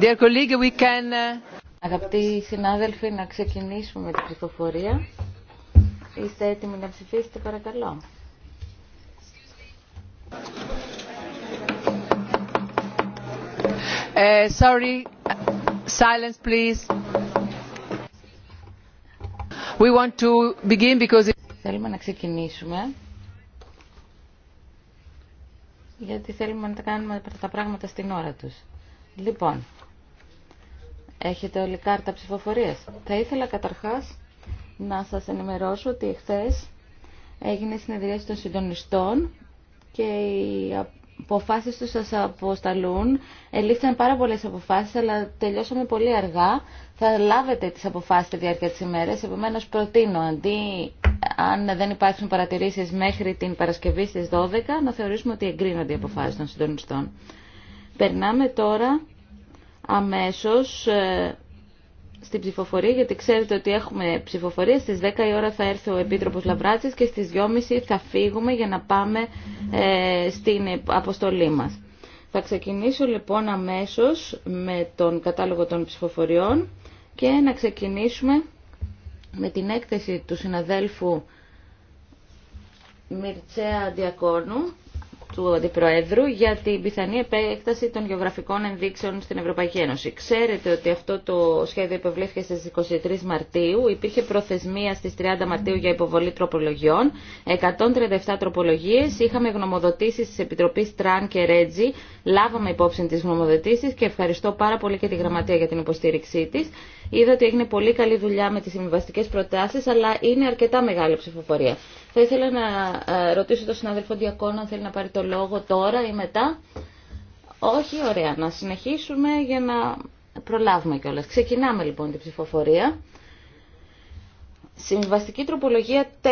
Uh, Αγαπητοί συνάδελφοι, να ξεκινήσουμε την ψηφοφορία. Είστε έτοιμοι να ψηφίσετε, παρακαλώ. Ε, sorry, silence please. We want to begin because... Θέλουμε να ξεκινήσουμε γιατί θέλουμε να τα κάνουμε τα πράγματα στην ώρα τους. Λοιπόν, Έχετε όλη κάρτα ψηφοφορίας. Θα ήθελα καταρχάς να σας ενημερώσω ότι χθες έγινε συνεδρίαση των συντονιστών και οι αποφάσεις τους σας αποσταλούν. Ελήφθηκαν πάρα πολλές αποφάσεις, αλλά τελειώσαμε πολύ αργά. Θα λάβετε τις αποφάσεις τη διάρκεια της ημέρας. Επομένως, προτείνω, αντί αν δεν υπάρχουν παρατηρήσεις μέχρι την Παρασκευή στις 12, να θεωρήσουμε ότι εγκρίνονται οι αποφάσεις των συντονιστών. Περνάμε τώρα αμέσως ε, στην ψηφοφορία, γιατί ξέρετε ότι έχουμε ψηφοφορία. Στις 10 η ώρα θα έρθει ο Επίτροπος Λαβράτσης και στις 2.30 θα φύγουμε για να πάμε ε, στην αποστολή μας. Θα ξεκινήσω λοιπόν αμέσως με τον κατάλογο των ψηφοφοριών και να ξεκινήσουμε με την έκθεση του συναδέλφου Μιρτσέα Διακόνου του Αντιπροέδρου για την πιθανή επέκταση των γεωγραφικών ενδείξεων στην Ευρωπαϊκή Ένωση. Ξέρετε ότι αυτό το σχέδιο υποβλήθηκε στις 23 Μαρτίου. Υπήρχε προθεσμία στις 30 Μαρτίου για υποβολή τροπολογιών. 137 τροπολογίες. Είχαμε γνωμοδοτήσει τη επιτροπή Τραν και Ρέτζι. Λάβαμε υπόψη τις γνωμοδοτήσεις και ευχαριστώ πάρα πολύ και τη Γραμματεία για την υποστήριξή της. Είδα ότι έγινε πολύ καλή δουλειά με τις συμβιβαστικέ προτάσεις, αλλά είναι αρκετά μεγάλη ψηφοφορία. Θα ήθελα να ε, ρωτήσω τον συναδελφό Διακόνο αν θέλει να πάρει το λόγο τώρα ή μετά. Όχι, ωραία. Να συνεχίσουμε για να προλάβουμε κιόλας. Ξεκινάμε λοιπόν την ψηφοφορία. Συμβιβαστική τροπολογία 4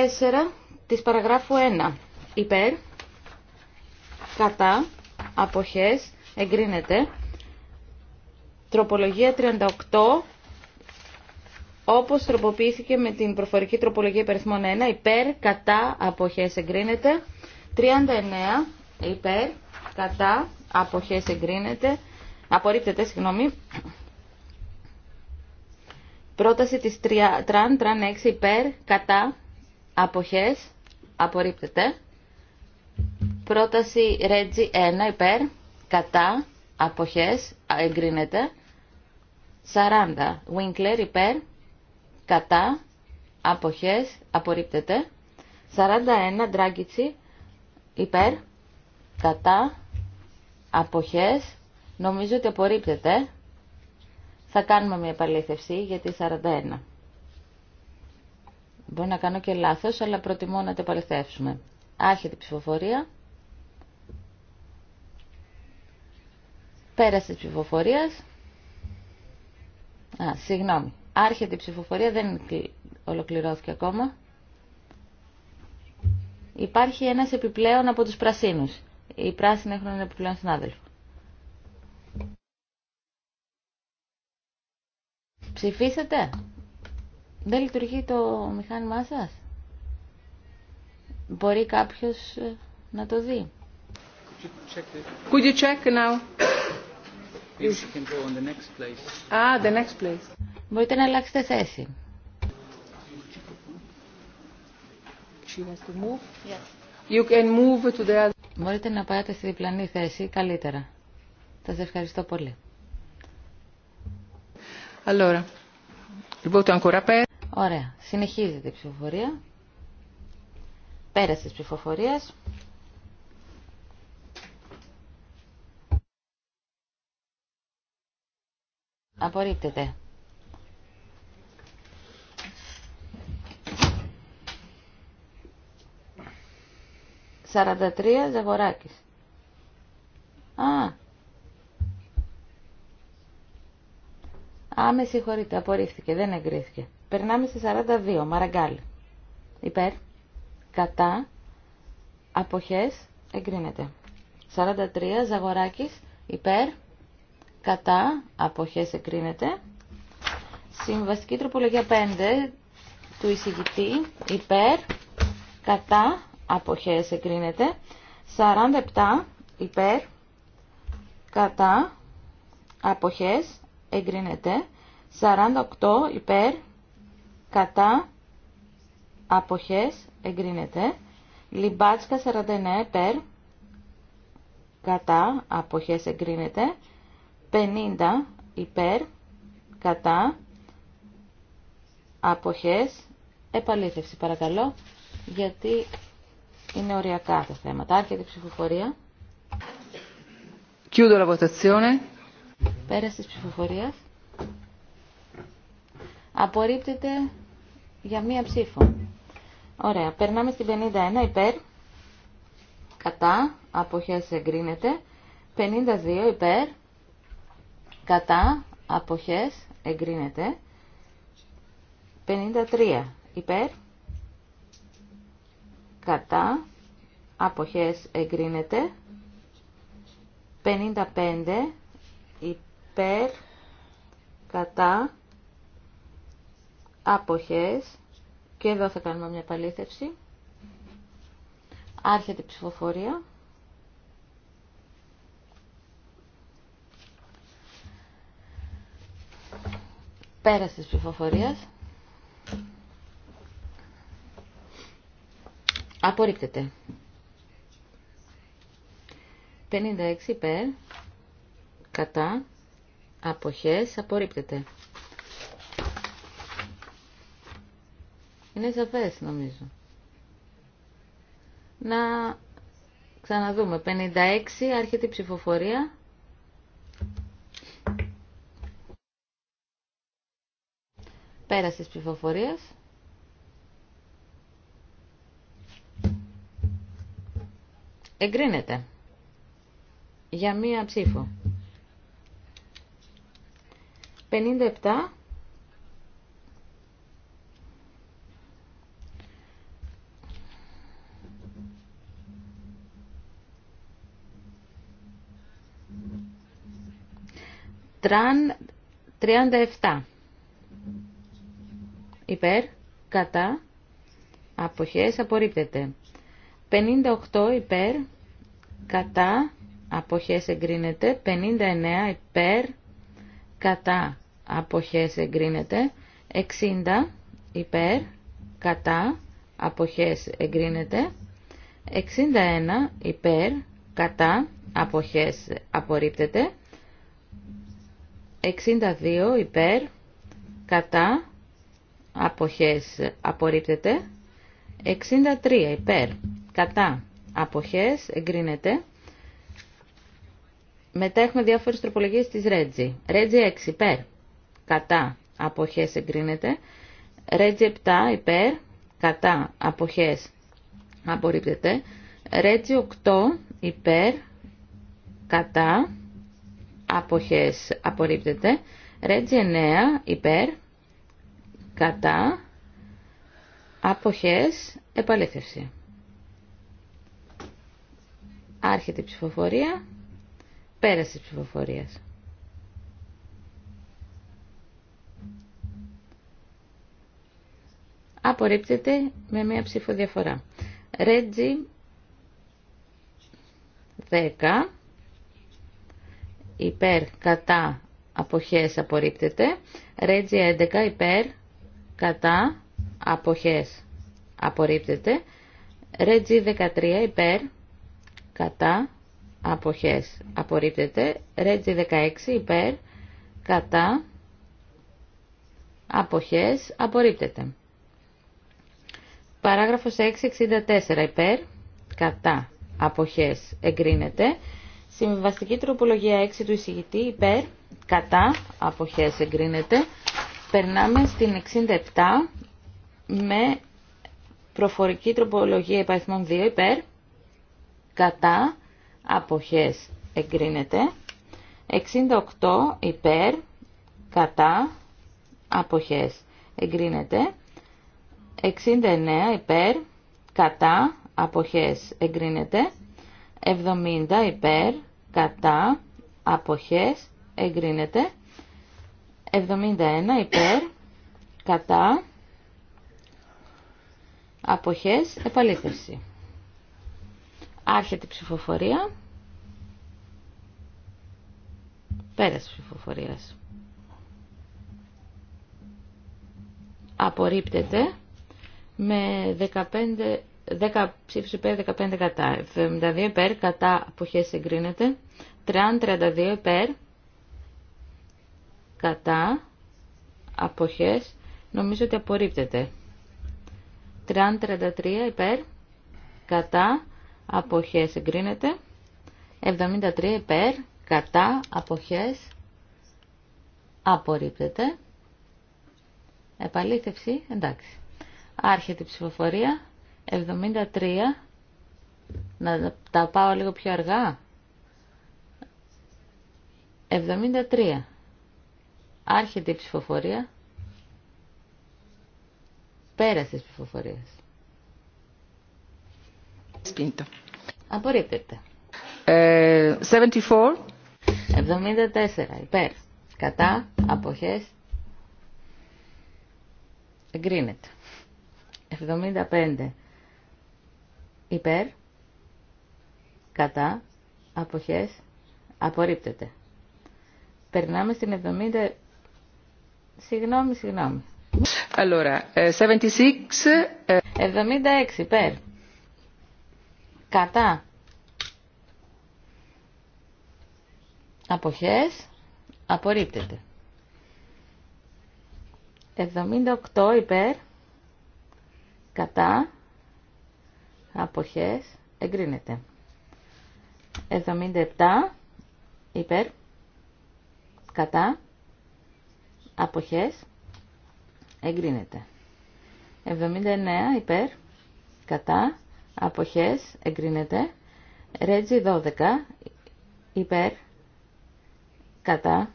της παραγράφου 1. Υπέρ, κατά, αποχές, εγκρίνεται. Τροπολογία 38 όπως τροποποιήθηκε με την προφορική τροπολογία υπεριθμών 1, υπέρ, κατά, αποχές εγκρίνεται. 39, υπέρ, κατά, αποχές εγκρίνεται. Απορρίπτεται, συγγνώμη. Πρόταση της τραν, τραν 6, υπέρ, κατά, αποχές, απορρίπτεται. Πρόταση Ρέτζι 1, υπέρ, κατά, αποχές, εγκρίνεται. 40, Winkler, υπέρ, κατά, αποχές, απορρίπτεται. 41 ντράγκητσι, υπέρ, κατά, αποχές, νομίζω ότι απορρίπτεται. Θα κάνουμε μια επαλήθευση για τη 41. Μπορεί να κάνω και λάθος, αλλά προτιμώ να το επαληθεύσουμε. Άρχεται η ψηφοφορία. Πέρασε τη ψηφοφορία. Α, συγγνώμη. Άρχεται η ψηφοφορία, δεν ολοκληρώθηκε ακόμα. Υπάρχει ένας επιπλέον από τους πρασίνους. Οι πράσινοι έχουν ένα επιπλέον συνάδελφο. Ψηφίσατε. Δεν λειτουργεί το μηχάνημά σας. Μπορεί κάποιος ε, να το δει. Could you check now? Ah, the next place. Μπορείτε να αλλάξετε θέση. She has to move. Yes. You can move to the other. Μπορείτε να πάτε στη διπλανή θέση καλύτερα. Θα σας ευχαριστώ πολύ. Allora, il voto ancora per. Ωραία. Συνεχίζεται η ψηφοφορία. Πέρασε της ψηφοφορίας. Απορρίπτεται. Σαράντα τρία Ζαγοράκης. Α. Α, με συγχωρείτε, απορρίφθηκε, δεν εγκρίθηκε. Περνάμε σε 42, Μαραγκάλι. Υπέρ, κατά, αποχές, εγκρίνεται. 43, Ζαγοράκης, υπέρ, κατά, αποχές εκρίνεται. Συμβαστική τροπολογία 5 του εισηγητή, υπέρ, κατά, αποχές εγκρίνεται. 47 υπέρ, κατά, αποχές εγκρίνεται. 48 υπέρ, κατά, αποχές εγκρίνεται. Λιμπάτσκα 49 υπέρ, κατά, αποχές εγκρίνεται. 50 υπέρ, κατά, αποχές, επαλήθευση παρακαλώ, γιατί είναι οριακά τα θέματα. Άρχεται η ψηφοφορία. Chiudo la votazione. Πέρα της ψηφοφορίας. Απορρίπτεται για μία ψήφο. Ωραία. Περνάμε στην 51 υπέρ. Κατά. Αποχές εγκρίνεται. 52 υπέρ κατά, αποχές, εγκρίνεται. 53 υπέρ, κατά, αποχές, εγκρίνεται. 55 υπέρ, κατά, αποχές, και εδώ θα κάνουμε μια παλήθευση. Άρχεται η ψηφοφορία. Πέρας τη ψηφοφορίας. Απορρίπτεται. 56 υπέρ. Κατά. Αποχές. Απορρίπτεται. Είναι σαφές νομίζω. Να ξαναδούμε. 56 άρχεται η ψηφοφορία. Πέρα της ψηφοφορίες. Εγκρίνεται. Για μία ψήφο. 57. Τραν 37 υπέρ, κατά, αποχές, απορρίπτεται. 58 υπέρ, κατά, αποχές εγκρίνεται. 59 υπέρ, κατά, αποχές εγκρίνεται. 60 υπέρ, κατά, αποχές εγκρίνεται. 61 υπέρ, κατά, αποχές απορρίπτεται. 62 υπέρ, κατά, αποχές απορρίπτεται. 63 υπέρ κατά αποχές εγκρίνεται. Μετά έχουμε διάφορες τροπολογίες της Ρέτζη. Ρέτζη 6 υπέρ κατά αποχές εγκρίνεται. Ρέτζη 7 υπέρ κατά αποχές απορρίπτεται. Ρέτζη 8 υπέρ κατά αποχές απορρίπτεται. Ρέτζη 9 υπέρ κατά, αποχές, επαλήθευση. Άρχεται η ψηφοφορία, πέρασε η ψηφοφορία. Απορρίπτεται με μία ψηφοδιαφορά. Ρέτζι 10 υπέρ κατά αποχές απορρίπτεται. Ρέτζι 11 υπέρ κατά, αποχές, απορρίπτεται. Ρέτζι 13 υπέρ, κατά, αποχές, απορρίπτεται. Ρέτζι 16 υπέρ, κατά, αποχές, απορρίπτεται. Παράγραφος 664 υπέρ, κατά, αποχές, εγκρίνεται. Συμβιβαστική τροπολογία 6 του εισηγητή υπέρ, κατά, αποχές εγκρίνεται. Περνάμε στην 67 με προφορική τροπολογία υπαριθμών 2 υπέρ, κατά, αποχές εγκρίνεται, 68 υπέρ, κατά, αποχές εγκρίνεται, 69 υπέρ, κατά, αποχές εγκρίνεται, 70 υπέρ, κατά, αποχές εγκρίνεται, 71 υπέρ, κατά, αποχές, επαλήθευση. Άρχεται η ψηφοφορία. Πέρας ψηφοφορίας. Απορρίπτεται με 15 10 ψήφους υπέρ, 15 κατά. 72 υπέρ, κατά αποχές εγκρίνεται. 30-32 υπέρ, κατά, αποχές, νομίζω ότι 333 30-33 υπέρ, κατά, αποχές εγκρίνεται. 73 υπέρ, κατά, αποχές, απορρίπτεται. Επαλήθευση, εντάξει. Άρχεται η ψηφοφορία, 73, να τα πάω λίγο πιο αργά. 73. Άρχεται η ψηφοφορία. Πέρασε της ψηφοφορίας. Σπίντο. Απορρίπτεται. 74. Ε, 74. Υπέρ. Κατά. Αποχές. Εγκρίνεται. 75. Υπέρ. Κατά. Αποχές. Απορρίπτεται. Περνάμε στην 75. Συγγνώμη, συγγνώμη. Allora, 76... Ε, 76 ε, υπέρ. Κατά. Αποχές. Απορρίπτεται. 78 υπέρ. Κατά. Αποχές. Εγκρίνεται. 77 υπέρ. Κατά. Αποχές. Εγκρίνεται. 79 υπέρ. Κατά. Αποχές. Εγκρίνεται. Ρέτζι 12 υπέρ. Κατά.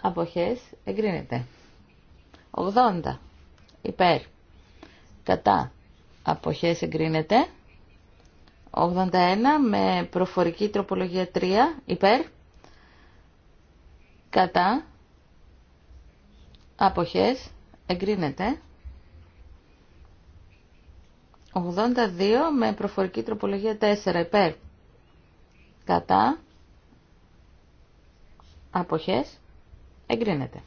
Αποχές. Εγκρίνεται. 80 υπέρ. Κατά. Αποχές εγκρίνεται. 81 με προφορική τροπολογία 3 υπέρ. Κατά. Αποχές. Εγκρίνεται. 82 με προφορική τροπολογία 4 υπέρ. Κατά. Αποχές. Εγκρίνεται.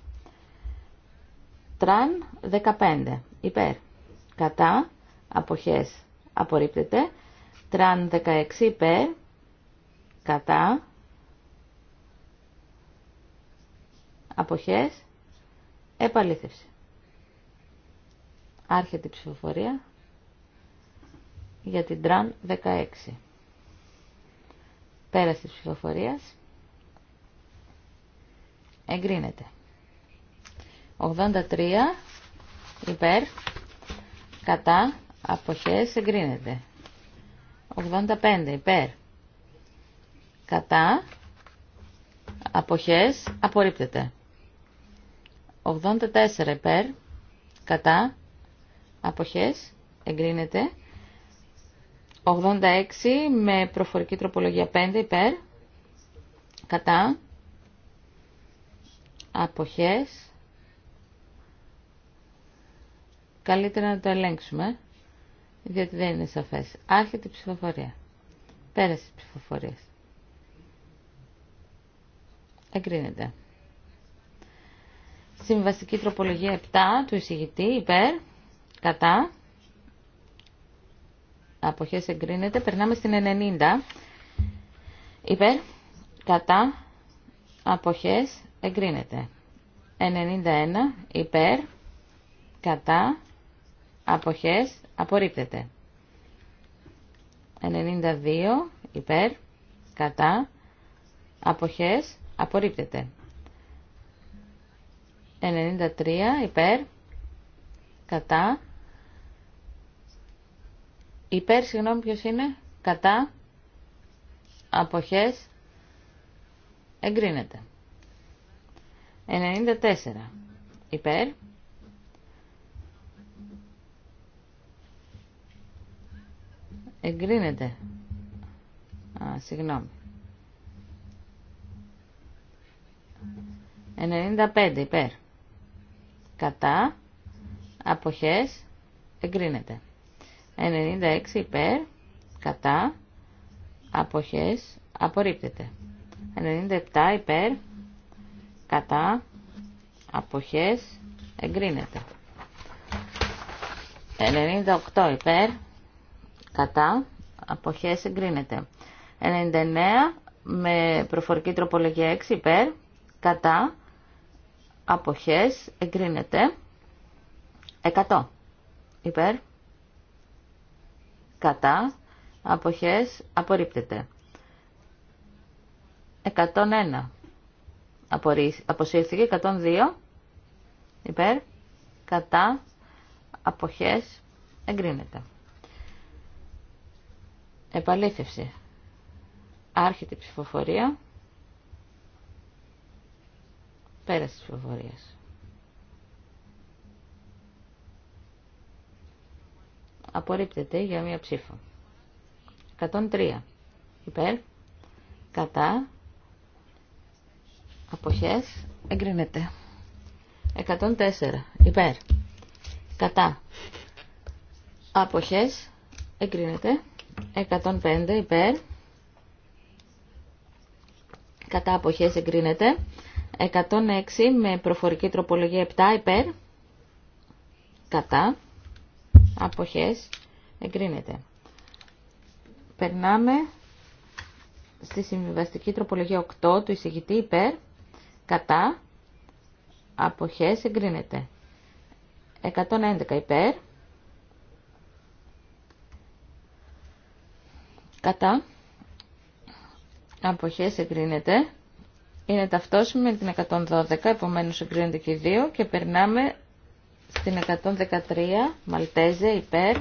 Τραν 15 υπέρ. Κατά. Αποχές. Απορρίπτεται. Τραν 16 υπέρ. Κατά. Αποχές. Επαλήθευση. Άρχεται η ψηφοφορία για την τραν 16. Πέραση της ψηφοφορίας. Εγκρίνεται. 83 υπέρ κατά αποχές εγκρίνεται. 85 υπέρ κατά αποχές απορρίπτεται. 84 υπέρ, κατά, αποχές, εγκρίνεται. 86 με προφορική τροπολογία 5 υπέρ, κατά, αποχές. Καλύτερα να το ελέγξουμε, διότι δεν είναι σαφές. Άρχεται η ψηφοφορία. Πέρασε η ψηφοφορία. Εγκρίνεται. Συμβαστική τροπολογία 7 του εισηγητή υπέρ, κατά, αποχές εγκρίνεται. Περνάμε στην 90. Υπέρ, κατά, αποχές εγκρίνεται. 91. Υπέρ, κατά, αποχές απορρίπτεται. 92. Υπέρ, κατά, αποχές απορρίπτεται. 93 υπέρ, κατά. Υπέρ, συγγνώμη, ποιος είναι, κατά. Αποχές, εγκρίνεται. 94 υπέρ. Εγκρίνεται. Α, συγγνώμη. 95 υπέρ κατά, αποχές, εγκρίνεται. 96 υπέρ, κατά, αποχές, απορρίπτεται. 97 υπέρ, κατά, αποχές, εγκρίνεται. 98 υπέρ, κατά, αποχές, εγκρίνεται. 99 με προφορική τροπολογία 6 υπέρ, κατά, αποχές εγκρίνεται 100 υπέρ κατά αποχές απορρίπτεται 101 αποσύρθηκε 102 υπέρ κατά αποχές εγκρίνεται επαλήθευση άρχεται η ψηφοφορία Πέρα τη ψηφοφορίας. Απορρίπτεται για μία ψήφο. 103. Υπέρ. Κατά. Αποχές. Εγκρίνεται. 104. Υπέρ. Κατά. Αποχές. Εγκρίνεται. 105. Υπέρ. Κατά αποχές εγκρίνεται. 106 με προφορική τροπολογία 7 υπέρ. Κατά. Αποχές. Εγκρίνεται. Περνάμε στη συμβιβαστική τροπολογία 8 του εισηγητή υπέρ. Κατά. Αποχές. Εγκρίνεται. 111 υπέρ. Κατά. Αποχές εγκρίνεται είναι ταυτόσιμη με την 112, επομένως εγκρίνεται και οι δύο και περνάμε στην 113, Μαλτέζε, υπέρ,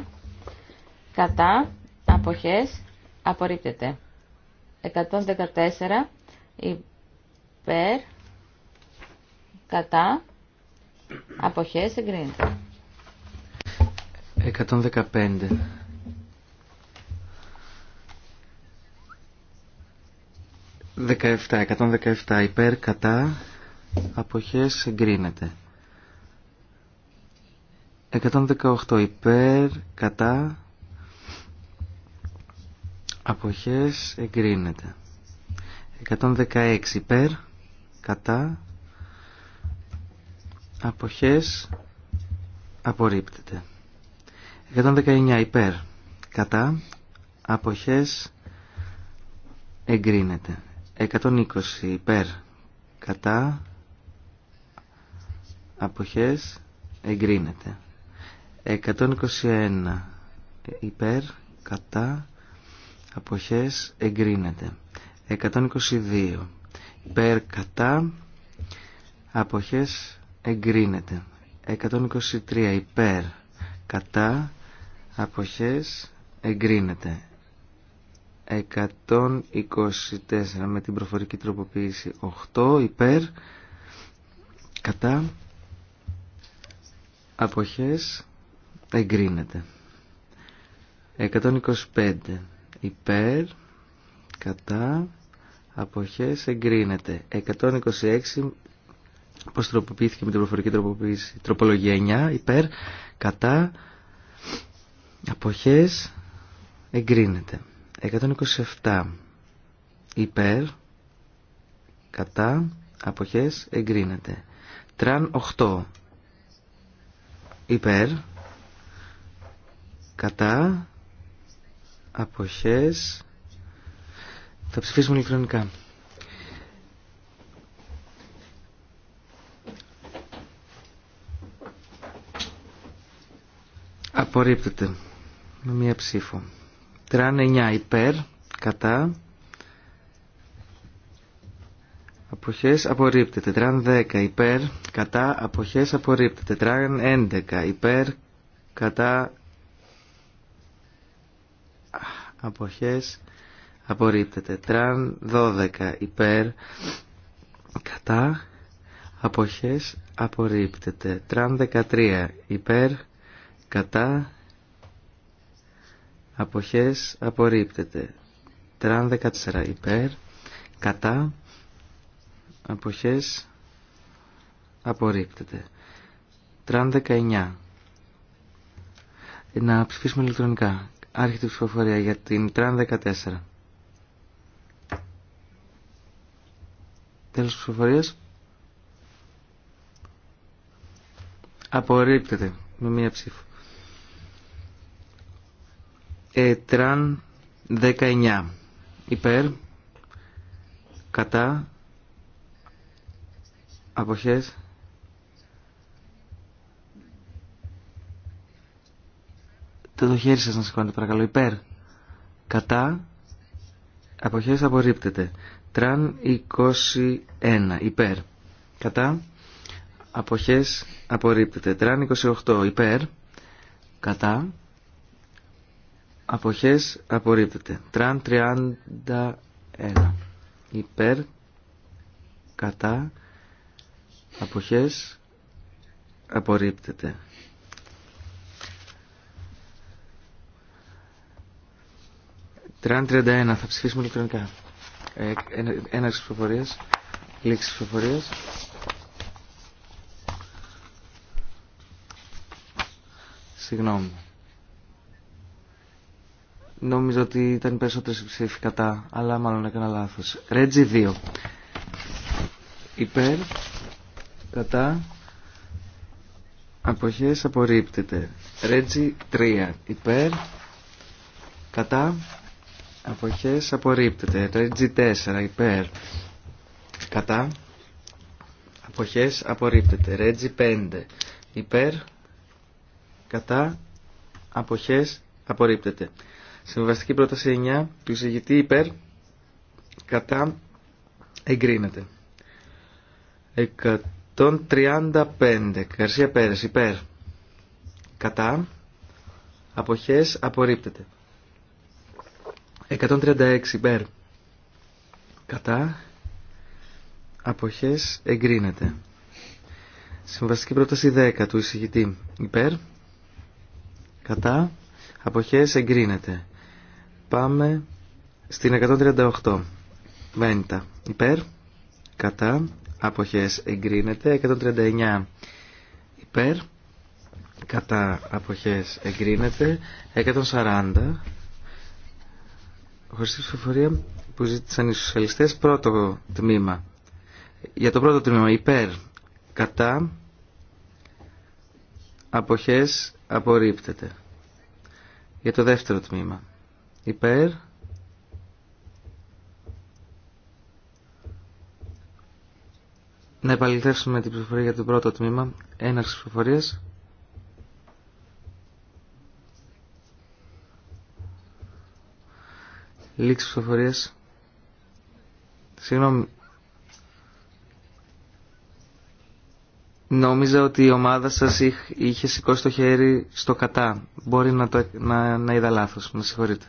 κατά, αποχές, απορρίπτεται. 114, υπέρ, κατά, αποχές, εγκρίνεται. 115 17, 117 υπέρ κατά αποχές εγκρίνεται. 118 υπέρ κατά αποχές εγκρίνεται. 116 υπέρ κατά αποχές απορρίπτεται. 119 υπέρ κατά αποχές εγκρίνεται. 120 υπέρ κατά αποχές εγκρίνεται 121 υπέρ κατά αποχές εγκρίνεται 122 υπέρ κατά αποχές εγκρίνεται 123 υπέρ κατά αποχές εγκρίνεται 124 με την προφορική τροποποίηση 8 υπέρ κατά αποχές εγκρίνεται 125 υπέρ κατά αποχές εγκρίνεται 126 πως τροποποιήθηκε με την προφορική τροποποίηση τροπολογία 9 υπέρ κατά αποχές εγκρίνεται 127 υπέρ κατά αποχές εγκρίνεται τραν 8 υπέρ κατά αποχές θα ψηφίσουμε ηλεκτρονικά απορρίπτεται με μία ψήφο 39 υπέρ, κατά, αποχές απορρίπτεται. Τραν 10 υπέρ, κατά, αποχές απορρίπτεται. Τραν 11 υπέρ, κατά, αποχές απορρίπτεται. Τραν 12 υπέρ, κατά, αποχές απορρίπτεται. Τραν 13 υπέρ, κατά, αποχές απορρίπτεται. Τραν 14 υπέρ, κατά, αποχές απορρίπτεται. Τραν 19. Να ψηφίσουμε ηλεκτρονικά. Άρχεται ψηφοφορία για την Τραν 14. Τέλος της ψηφοφορίας. Απορρίπτεται με μία ψήφο. Ετράν τραν 19 υπέρ κατά αποχές το, το χέρι σας να σηκώνετε παρακαλώ υπέρ κατά αποχές απορρίπτεται τραν 21 υπέρ κατά αποχές απορρίπτεται τραν 28 υπέρ κατά Αποχές απορρίπτεται. Τραν 31. Υπέρ. Κατά. Αποχές απορρίπτεται. Τραν 31. Θα ψηφίσουμε ηλεκτρονικά. Ε, ένα ψηφοφορίας. Λήξη ψηφοφορίας. Συγγνώμη. Νόμιζα ότι ήταν περισσότερε ψήφοι κατά, αλλά μάλλον έκανα λάθο. Ρέτζι 2. Υπέρ, κατά, αποχέ, απορρίπτεται. Ρέτζι 3. Υπέρ, κατά, αποχέ, απορρίπτεται. Ρέτζι 4. Υπέρ, κατά, αποχέ, απορρίπτεται. Ρέτζι 5. Υπέρ, κατά, αποχέ, απορρίπτεται. Συμβαστική πρόταση 9 του εισηγητή υπέρ κατά εγκρίνεται. 135. Καρσία Πέρες υπέρ κατά αποχές απορρίπτεται. 136 υπέρ κατά αποχές εγκρίνεται. Συμβαστική πρόταση 10 του εισηγητή υπέρ κατά αποχές εγκρίνεται. Πάμε στην 138. Βέντα. Υπέρ. Κατά. Αποχές εγκρίνεται. 139. Υπέρ. Κατά. Αποχές εγκρίνεται. 140. Χωριστή ψηφοφορία που ζήτησαν οι σοσιαλιστές. Πρώτο τμήμα. Για το πρώτο τμήμα. Υπέρ. Κατά. Αποχές απορρίπτεται. Για το δεύτερο τμήμα υπέρ να επαληθεύσουμε την ψηφοφορία για το πρώτο τμήμα έναρξη ψηφοφορίας λήξη ψηφοφορίας συγγνώμη Νόμιζα ότι η ομάδα σας είχε σηκώσει το χέρι στο κατά. Μπορεί να, το, να, να είδα λάθος. Με συγχωρείτε.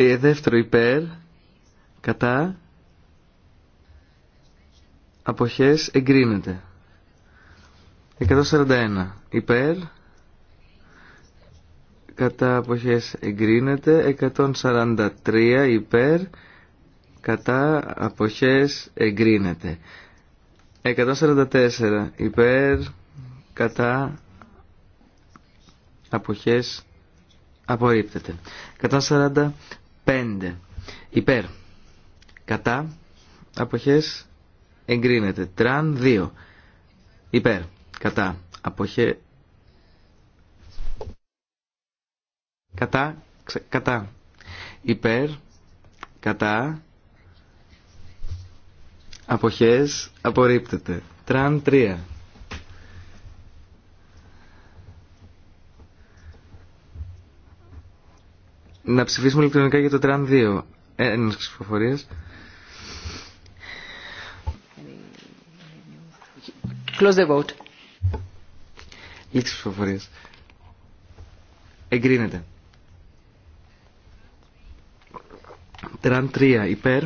Ε, δεύτερο υπέρ, κατά, αποχές εγκρίνεται. 141 υπέρ, κατά αποχές εγκρίνεται. 143 υπέρ, κατά αποχές εγκρίνεται. 144 υπέρ, κατά αποχές απορρίπτεται. 140. 5 υπέρ κατά αποχές εγκρίνεται. Τραν 2 υπέρ κατά αποχέ κατά κατά υπέρ κατά αποχές απορρίπτεται. Τραν 3 Να ψηφίσουμε ηλεκτρονικά για το τραν 2. Ε, ενα ψηφοφορίας. Close the vote. Λήξη ψηφοφορίας. Εγκρίνεται. Τραν 3 υπέρ.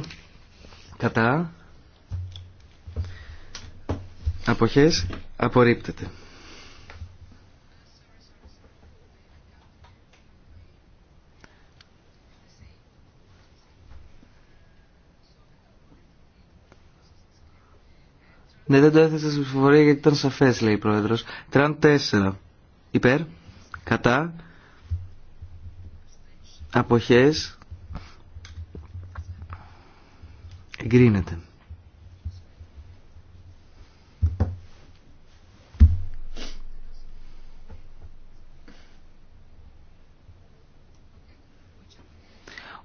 Κατά. Αποχές. Απορρίπτεται. Ναι, δεν το έθεσα σε ψηφοφορία γιατί ήταν σαφέ, λέει η πρόεδρο. Τραν 4. Υπέρ. Κατά. Αποχέ. Εγκρίνεται.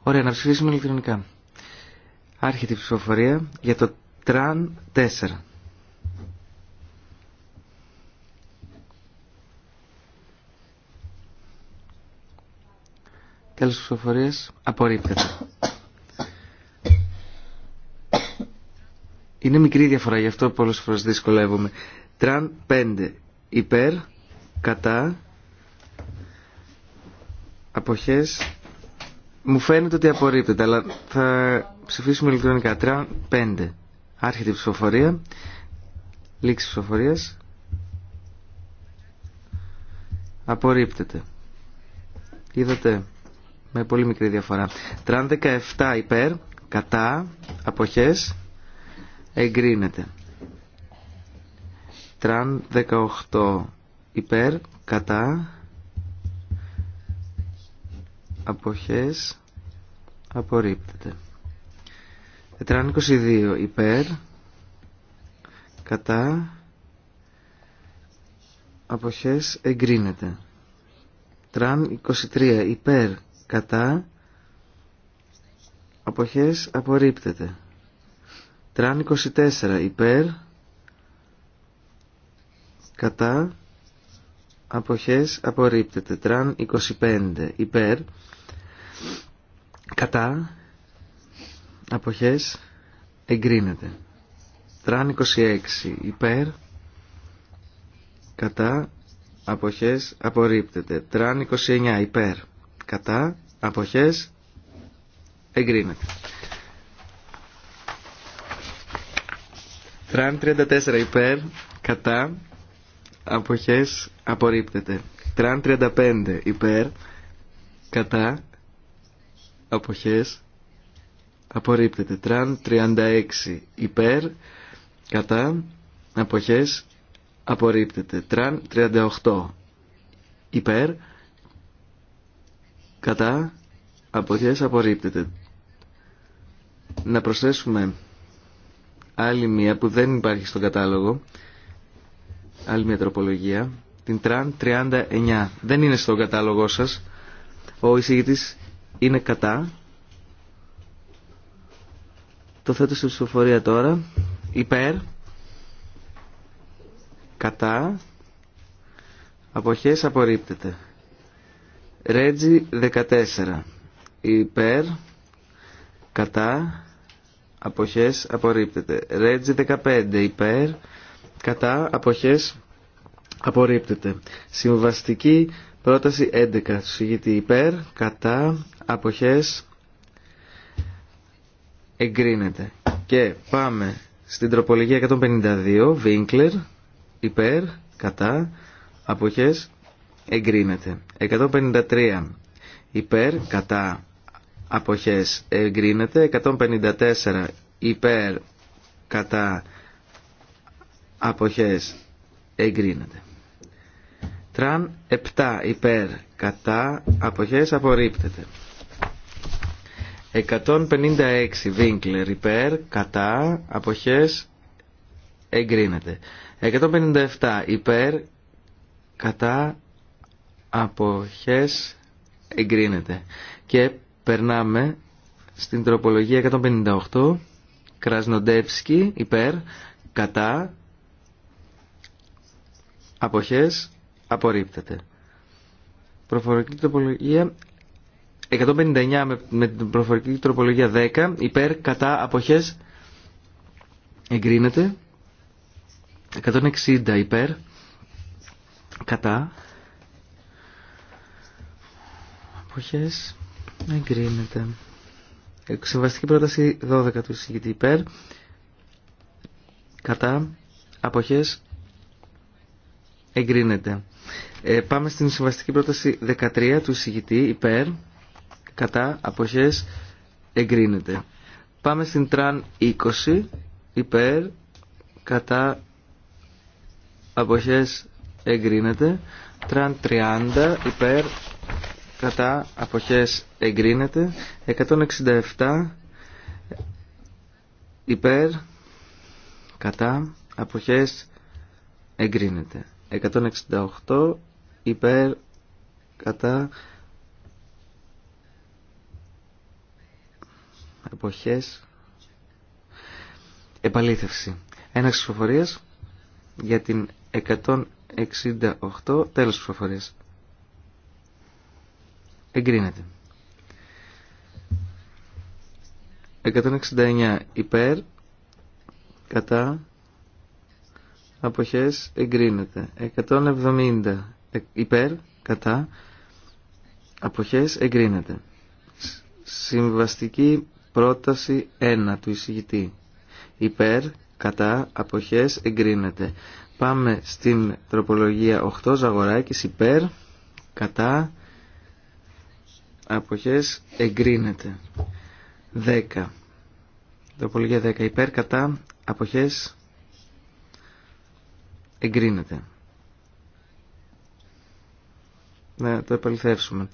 Ωραία, να ψηφίσουμε ηλεκτρονικά. Άρχεται η ψηφοφορία για το τραν 4. Τέλος ψηφοφορίας. Απορρίπτεται. Είναι μικρή διαφορά, γι' αυτό πολλές φορές δυσκολεύομαι. Τραν 5. Υπέρ, κατά, αποχές. Μου φαίνεται ότι απορρίπτεται, αλλά θα ψηφίσουμε ηλεκτρονικά. Τραν 5. Άρχεται η ψηφοφορία. Λήξη ψηφοφορίας. Απορρίπτεται. Είδατε με πολύ μικρή διαφορά. Τραν 17 υπέρ, κατά, αποχές, εγκρίνεται. Τραν 18 υπέρ, κατά, αποχές, απορρίπτεται. Τραν 22 υπέρ, κατά, αποχές, εγκρίνεται. Τραν 23 υπέρ, κατά αποχές απορρίπτεται. Τραν 24 υπέρ κατά αποχές απορρίπτεται. Τραν 25 υπέρ κατά αποχές εγκρίνεται. Τραν 26 υπέρ κατά αποχές απορρίπτεται. Τραν 29 υπέρ κατά αποχές εγκρίνεται. Τραν 34 υπέρ κατά αποχές απορρίπτεται. Τραν 35 υπέρ κατά αποχές απορρίπτεται. Τραν 36 υπέρ κατά αποχές απορρίπτεται. Τραν 38 υπέρ κατά αποχές απορρίπτεται. Να προσθέσουμε άλλη μία που δεν υπάρχει στον κατάλογο, άλλη μία τροπολογία, την Τραν 39. Δεν είναι στον κατάλογό σας. Ο εισηγητής είναι κατά. Το θέτω στην ψηφοφορία τώρα. Υπέρ. Κατά. Αποχές απορρίπτεται. Ρέτζι 14. Υπέρ, κατά, αποχές, απορρίπτεται. Ρέτζι 15. Υπέρ, κατά, αποχές, απορρίπτεται. Συμβαστική πρόταση 11. Συγητή υπέρ, κατά, αποχές, εγκρίνεται. Και πάμε στην τροπολογία 152, Βίνκλερ, υπέρ, κατά, αποχές, εγκρίνεται. 153 υπέρ κατά αποχές εγκρίνεται. 154 υπέρ κατά αποχές εγκρίνεται. Τραν 7 υπέρ κατά αποχές απορρίπτεται. 156 Βίνκλερ υπέρ κατά αποχές εγκρίνεται. 157 υπέρ κατά αποχές εγκρίνεται. Και περνάμε στην τροπολογία 158, Κρασνοντεύσκη, υπέρ, κατά, αποχές, απορρίπτεται. Προφορική τροπολογία 159 με, την προφορική τροπολογία 10, υπέρ, κατά, αποχές, εγκρίνεται. 160 υπέρ, κατά, αποχές εγκρίνεται. Συμβαστική πρόταση 12 του εισηγητή υπέρ. Κατά αποχές εγκρίνεται. Ε, πάμε στην συμβαστική πρόταση 13 του εισηγητή υπέρ. Κατά αποχές εγκρίνεται. Πάμε στην τραν 20 υπέρ. Κατά αποχές εγκρίνεται. Τραν 30 υπέρ κατά αποχές εγκρίνεται 167 υπέρ κατά αποχές εγκρίνεται 168 υπέρ κατά αποχές επαλήθευση ένα ψηφοφορίας για την 168 τέλος ψηφοφορίας εγκρίνεται. 169 υπέρ, κατά, αποχές εγκρίνεται. 170 υπέρ, κατά, αποχές εγκρίνεται. Συμβαστική πρόταση 1 του εισηγητή. Υπέρ, κατά, αποχές εγκρίνεται. Πάμε στην τροπολογία 8 Ζαγοράκης υπέρ, κατά, αποχές εγκρίνεται. 10. Τροπολογία 10. Υπέρ κατά αποχές εγκρίνεται. Να το επαληθεύσουμε.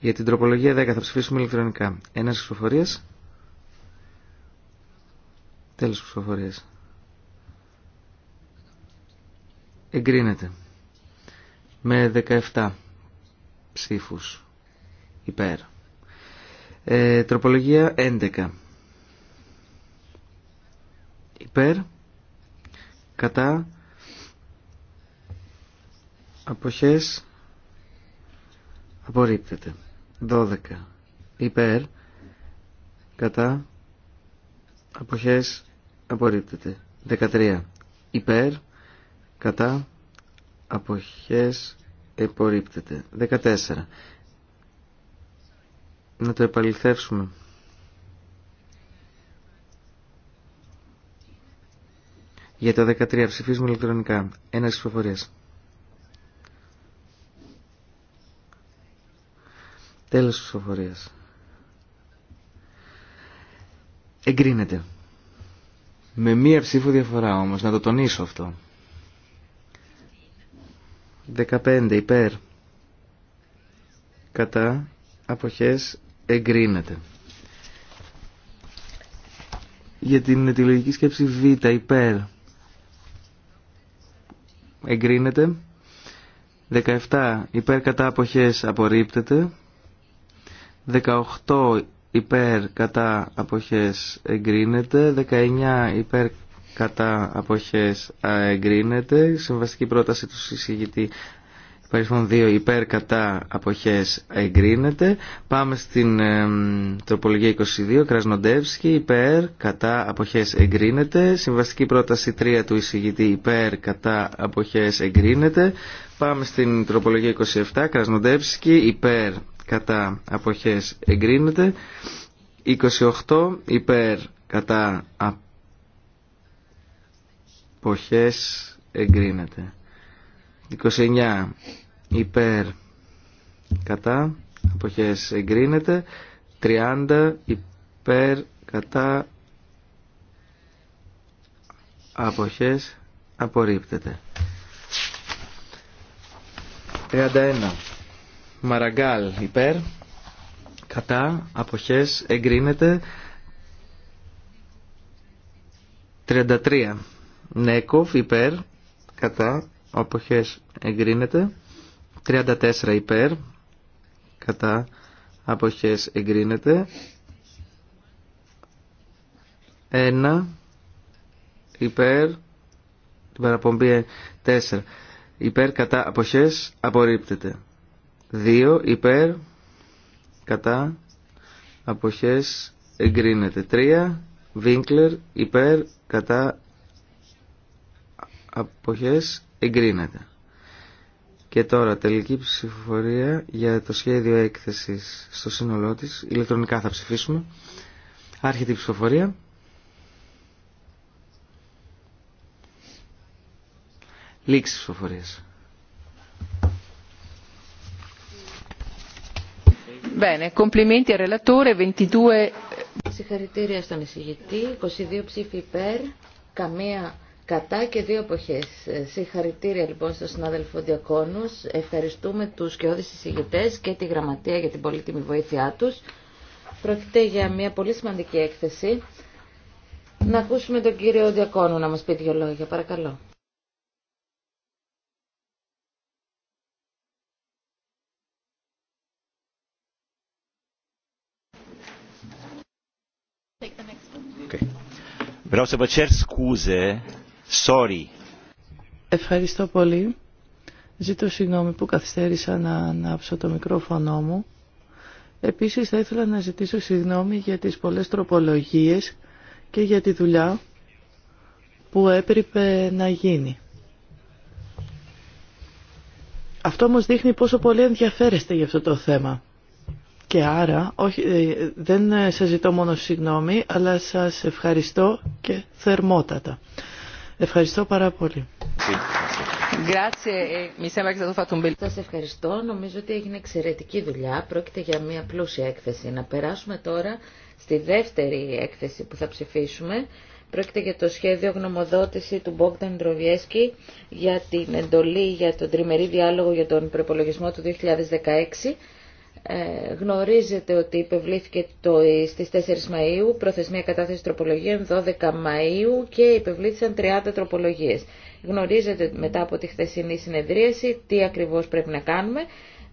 Για την τροπολογία 10 θα ψηφίσουμε ηλεκτρονικά. Ένα ψηφοφορίας. Τέλο ψηφοφορία. Εγκρίνεται. Με 17 ψήφου υπέρ. Ε, τροπολογία 11. Υπέρ. Κατά. Αποχές. Απορρίπτεται. 12. Υπέρ. Κατά. Αποχές. Απορρίπτεται. 13. Υπέρ. Κατά. Αποχές. Απορρίπτεται. 14 να το επαληθεύσουμε. Για το 13 ψηφίζουμε ηλεκτρονικά. Ένα ψηφοφορία. Τέλος ψηφοφορία. Εγκρίνεται. Με μία ψήφο διαφορά όμως, να το τονίσω αυτό. 15 υπέρ. Κατά αποχές εγκρίνεται. Για την αιτιολογική σκέψη Β, υπέρ, εγκρίνεται. 17, υπέρ κατά αποχές απορρίπτεται. 18, υπέρ κατά αποχές εγκρίνεται. 19, υπέρ κατά αποχές εγκρίνεται. Συμβαστική πρόταση του συζητητή Παριθμόν 2 υπέρ κατά αποχές εγκρίνεται. Πάμε στην ε, τροπολογία 22, Κρασνοντεύσκη, υπέρ κατά αποχές εγκρίνεται. Συμβαστική πρόταση 3 του εισηγητή υπέρ κατά αποχές εγκρίνεται. Πάμε στην τροπολογία 27, Κρασνοντεύσκη, υπέρ κατά αποχές εγκρίνεται. 28 υπέρ κατά αποχές εγκρίνεται. 29 υπέρ κατά αποχές εγκρίνεται 30 υπέρ κατά αποχές απορρίπτεται 31 Μαραγκάλ υπέρ κατά αποχές εγκρίνεται 33 Νέκοφ υπέρ κατά αποχές εγκρίνεται 34 υπέρ, κατά αποχές εγκρίνεται. 1 υπέρ, την παραπομπή 4 ε, υπέρ κατά αποχές απορρίπτεται. 2 υπέρ κατά αποχές εγκρίνεται. 3 Βίνκλερ υπέρ κατά αποχές εγκρίνεται. Και τώρα τελική ψηφοφορία για το σχέδιο έκθεσης στο σύνολό της. Ηλεκτρονικά θα ψηφίσουμε. Άρχεται η ψηφοφορία. Λήξη ψηφοφορίας. Bene, complimenti al relatore, 22... Συγχαρητήρια στον εισηγητή, 22 ψήφοι υπέρ, καμία Κατά και δύο εποχές. Ε, συγχαρητήρια λοιπόν στον συνάδελφο Διακόνους. Ευχαριστούμε τους και όδης και τη Γραμματεία για την πολύτιμη βοήθειά τους. Πρόκειται για μια πολύ σημαντική έκθεση. Να ακούσουμε τον κύριο Διακόνου να μας πει δύο λόγια. Παρακαλώ. Ευχαριστώ πολύ. Ζήτω συγγνώμη που καθυστέρησα να ανάψω το μικρόφωνο μου. Επίσης θα ήθελα να ζητήσω συγγνώμη για τις πολλές τροπολογίες και για τη δουλειά που έπρεπε να γίνει. Αυτό όμως δείχνει πόσο πολύ ενδιαφέρεστε για αυτό το θέμα. Και άρα, όχι, ε, δεν σας ζητώ μόνο συγγνώμη, αλλά σας ευχαριστώ και θερμότατα. Ευχαριστώ πάρα πολύ. E Σα ευχαριστώ. Νομίζω ότι έγινε εξαιρετική δουλειά. Πρόκειται για μια πλούσια έκθεση. Να περάσουμε τώρα στη δεύτερη έκθεση που θα ψηφίσουμε. Πρόκειται για το σχέδιο γνωμοδότηση του Μπόγκταν Ντροβιέσκη για την εντολή για τον τριμερή διάλογο για τον προπολογισμό του 2016. Ε, γνωρίζετε ότι υπευλήθηκε το, στις 4 Μαΐου, προθεσμία κατάθεση τροπολογίων 12 Μαΐου και υπευλήθησαν 30 τροπολογίες. Γνωρίζετε μετά από τη χθεσινή συνεδρίαση τι ακριβώς πρέπει να κάνουμε.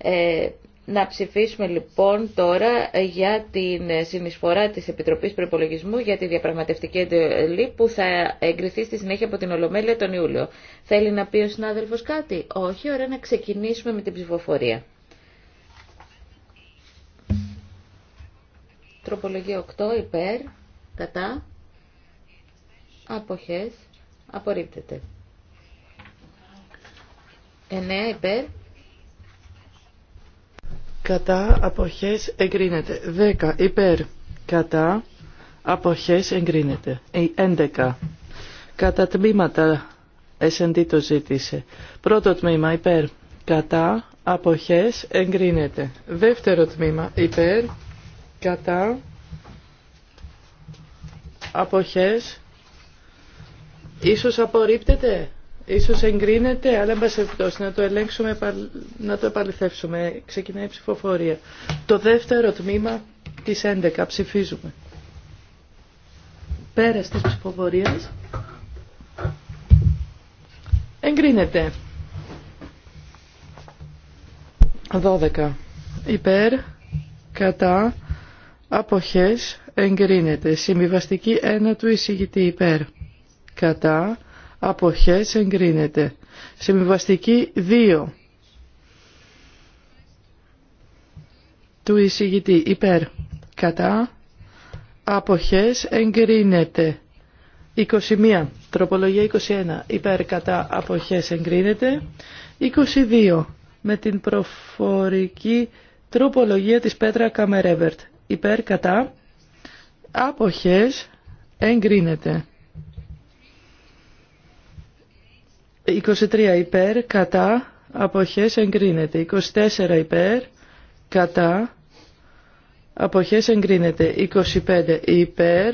Ε, να ψηφίσουμε λοιπόν τώρα για την συνεισφορά της Επιτροπής Προπολογισμού για τη διαπραγματευτική εντολή που θα εγκριθεί στη συνέχεια από την Ολομέλεια τον Ιούλιο. Θέλει να πει ο συνάδελφος κάτι? Όχι, ωραία να ξεκινήσουμε με την ψηφοφορία. Τροπολογία 8 υπέρ, κατά, αποχές, απορρίπτεται. 9 υπέρ, κατά, αποχές, εγκρίνεται. 10 υπέρ, κατά, αποχές, εγκρίνεται. 11. Ε, κατά τμήματα, Εσεντή το ζήτησε. Πρώτο τμήμα υπέρ, κατά, αποχές, εγκρίνεται. Δεύτερο τμήμα υπέρ, κατά αποχές ίσως απορρίπτεται ίσως εγκρίνεται αλλά εμπασευτός να το ελέγξουμε να το επαληθεύσουμε ξεκινάει η ψηφοφορία το δεύτερο τμήμα της 11 ψηφίζουμε πέρας της ψηφοφορίας εγκρίνεται 12 υπέρ κατά Αποχές εγκρίνεται. Συμβιβαστική 1 του εισηγητή υπέρ. Κατά. Αποχές εγκρίνεται. Συμβιβαστική 2 του εισηγητή υπέρ. Κατά. Αποχές εγκρίνεται. 21. Τροπολογία 21. Υπέρ κατά αποχές εγκρίνεται. 22. Με την προφορική τροπολογία της Πέτρα Καμερέβερτ υπέρ κατά άποχες εγκρίνεται 23 υπέρ κατά αποχές εγκρίνεται 24 υπέρ κατά αποχές εγκρίνεται 25 υπέρ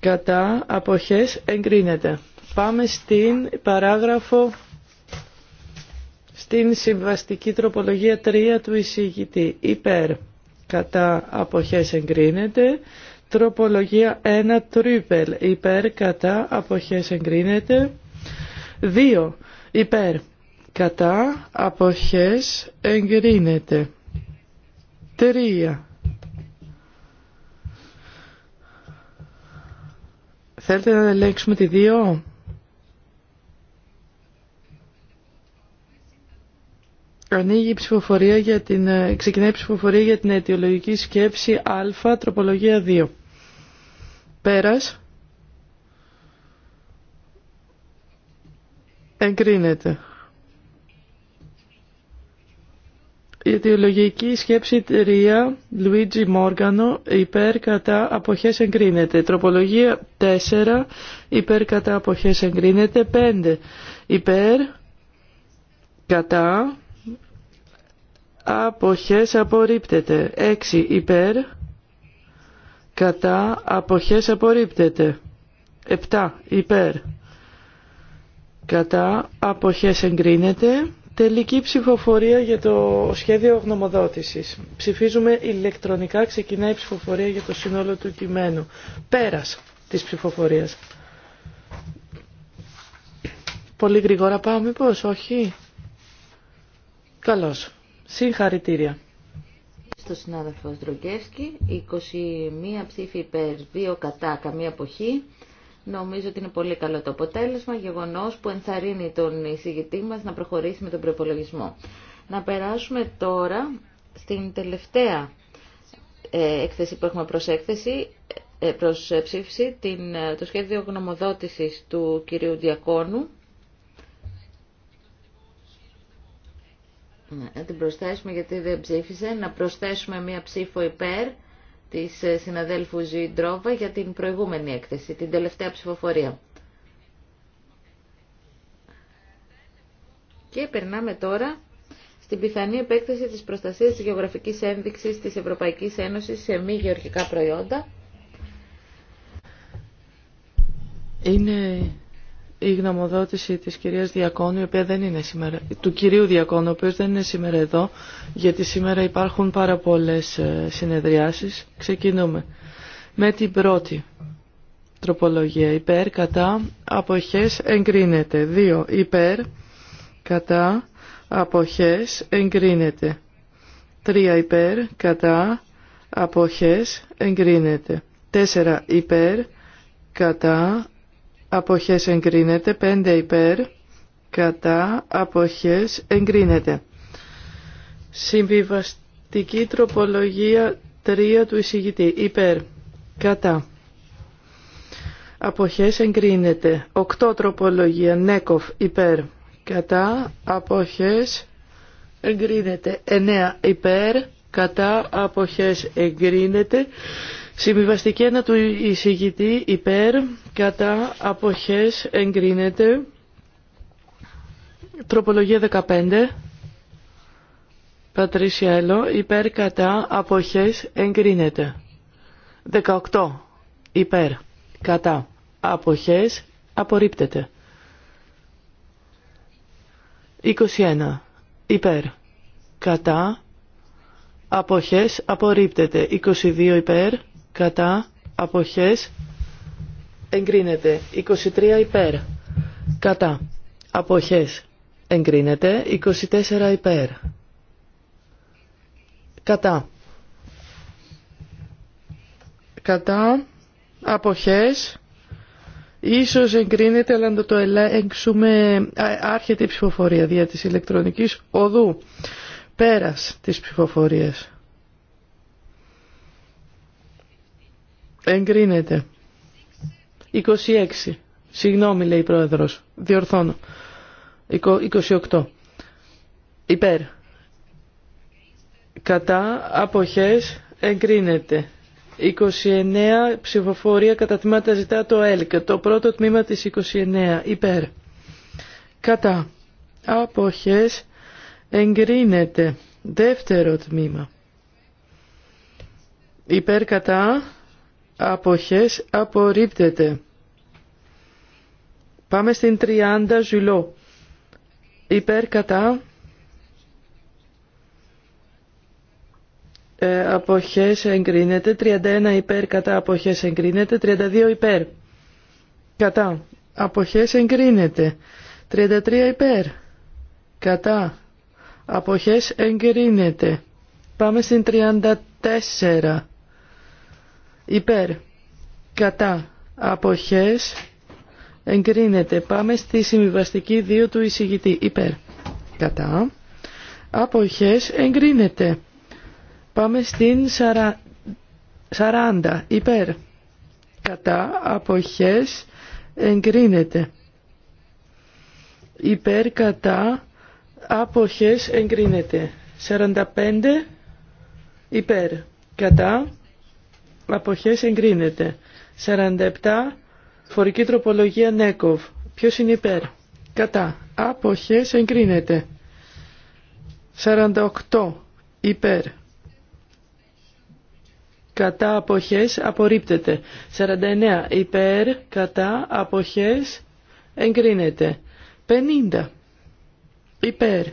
κατά αποχές εγκρίνεται πάμε στην παράγραφο στην συμβαστική τροπολογία 3 του εισηγητή υπέρ κατά αποχές εγκρίνεται. Τροπολογία 1 τρίπελ υπέρ κατά αποχές εγκρίνεται. 2 υπέρ κατά αποχές εγκρίνεται. 3 Θέλετε να ελέγξουμε τη 2 Ανοίγει η ψηφοφορία για την, ε, ξεκινάει η ψηφοφορία για την αιτιολογική σκέψη Α, τροπολογία 2. Πέρας. Εγκρίνεται. Η αιτιολογική σκέψη 3, Λουίτζι Μόργανο, υπέρ κατά αποχές εγκρίνεται. Τροπολογία 4, υπέρ κατά αποχές εγκρίνεται. 5, υπέρ κατά αποχές απορρίπτεται. 6 υπέρ, κατά, αποχές απορρίπτεται. 7 υπέρ, κατά, αποχές εγκρίνεται. Τελική ψηφοφορία για το σχέδιο γνωμοδότησης. Ψηφίζουμε ηλεκτρονικά, ξεκινάει η ψηφοφορία για το σύνολο του κειμένου. Πέρας της ψηφοφορίας. Πολύ γρήγορα πάμε, πώς, όχι. Καλώς. Συγχαρητήρια. Στο συνάδελφο Δρογκεύσκη, 21 ψήφοι υπέρ, 2 κατά, καμία αποχή. Νομίζω ότι είναι πολύ καλό το αποτέλεσμα, γεγονός που ενθαρρύνει τον εισηγητή μας να προχωρήσει με τον προπολογισμό. Να περάσουμε τώρα στην τελευταία ε, έκθεση που έχουμε προς, έκθεση, ε, προς ψήφιση, την, ε, το σχέδιο γνωμοδότησης του κυρίου Διακόνου Να την προσθέσουμε γιατί δεν ψήφισε. Να προσθέσουμε μία ψήφο υπέρ της ε, συναδέλφου Ζιντρόβα για την προηγούμενη έκθεση, την τελευταία ψηφοφορία. Και περνάμε τώρα στην πιθανή επέκταση της προστασίας της γεωγραφικής ένδειξης της Ευρωπαϊκής Ένωσης σε μη γεωργικά προϊόντα. Είναι η γνωμοδότηση της κυρίας Διακόνου, η οποία δεν είναι σήμερα, του κυρίου Διακόνου, ο οποίος δεν είναι σήμερα εδώ, γιατί σήμερα υπάρχουν πάρα πολλές ε, συνεδριάσεις. Ξεκινούμε με την πρώτη τροπολογία. Υπέρ, κατά, αποχές, εγκρίνεται. Δύο, υπέρ, κατά, αποχές, εγκρίνεται. Τρία, υπέρ, κατά, αποχές, εγκρίνεται. Τέσσερα, υπέρ, κατά, αποχές εγκρίνεται, 5 υπέρ, κατά, αποχές εγκρίνεται. Συμβιβαστική τροπολογία 3 του εισηγητή, υπέρ, κατά. Αποχές εγκρίνεται. 8 τροπολογία, νέκοφ, υπέρ, κατά, αποχές εγκρίνεται. 9 υπέρ, κατά, αποχές εγκρίνεται. Συμβιβαστική 1 του εισηγητή υπέρ, κατά, αποχές, εγκρίνεται. Τροπολογία 15. Πατρίσια Πατρίσιαλο, υπέρ, κατά, αποχές, εγκρίνεται. 18. Υπέρ, κατά, αποχές, απορρίπτεται. 21. Υπέρ, κατά, αποχές, απορρίπτεται. 22. Υπέρ, κατά, αποχές, εγκρίνεται. 23 υπέρ, κατά, αποχές, εγκρίνεται. 24 υπέρ, κατά, κατά, αποχές, Ίσως εγκρίνεται, αλλά να το ελέγξουμε άρχεται η ψηφοφορία δια της ηλεκτρονικής οδού πέρας της ψηφοφορίας. Εγκρίνεται. 26. Συγγνώμη, λέει η πρόεδρος. Διορθώνω. 28. Υπέρ. Κατά αποχές εγκρίνεται. 29 ψηφοφορία κατά τμήματα ζητά το ΕΛΚ. Το πρώτο τμήμα της 29. Υπέρ. Κατά. Αποχές εγκρίνεται. Δεύτερο τμήμα. Υπέρ κατά αποχές απορρίπτεται. Πάμε στην 30 ζουλό. Υπέρ κατά ε, αποχές εγκρίνεται. 31 υπέρ κατά αποχές εγκρίνεται. 32 υπέρ κατά αποχές εγκρίνεται. 33 υπέρ κατά αποχές εγκρίνεται. Πάμε στην 34 υπέρ κατά αποχές εγκρίνεται. Πάμε στη συμβιβαστική 2 του εισηγητή υπέρ κατά αποχές εγκρίνεται. Πάμε στην 40 υπέρ κατά αποχές εγκρίνεται. Υπέρ κατά αποχές εγκρίνεται. 45 υπέρ κατά αποχές εγκρίνεται. 47 φορική τροπολογία Νέκοβ. Ποιος είναι υπέρ. Κατά. Αποχές εγκρίνεται. 48 υπέρ. Κατά αποχές απορρίπτεται. 49 υπέρ. Κατά αποχές εγκρίνεται. 50 υπέρ.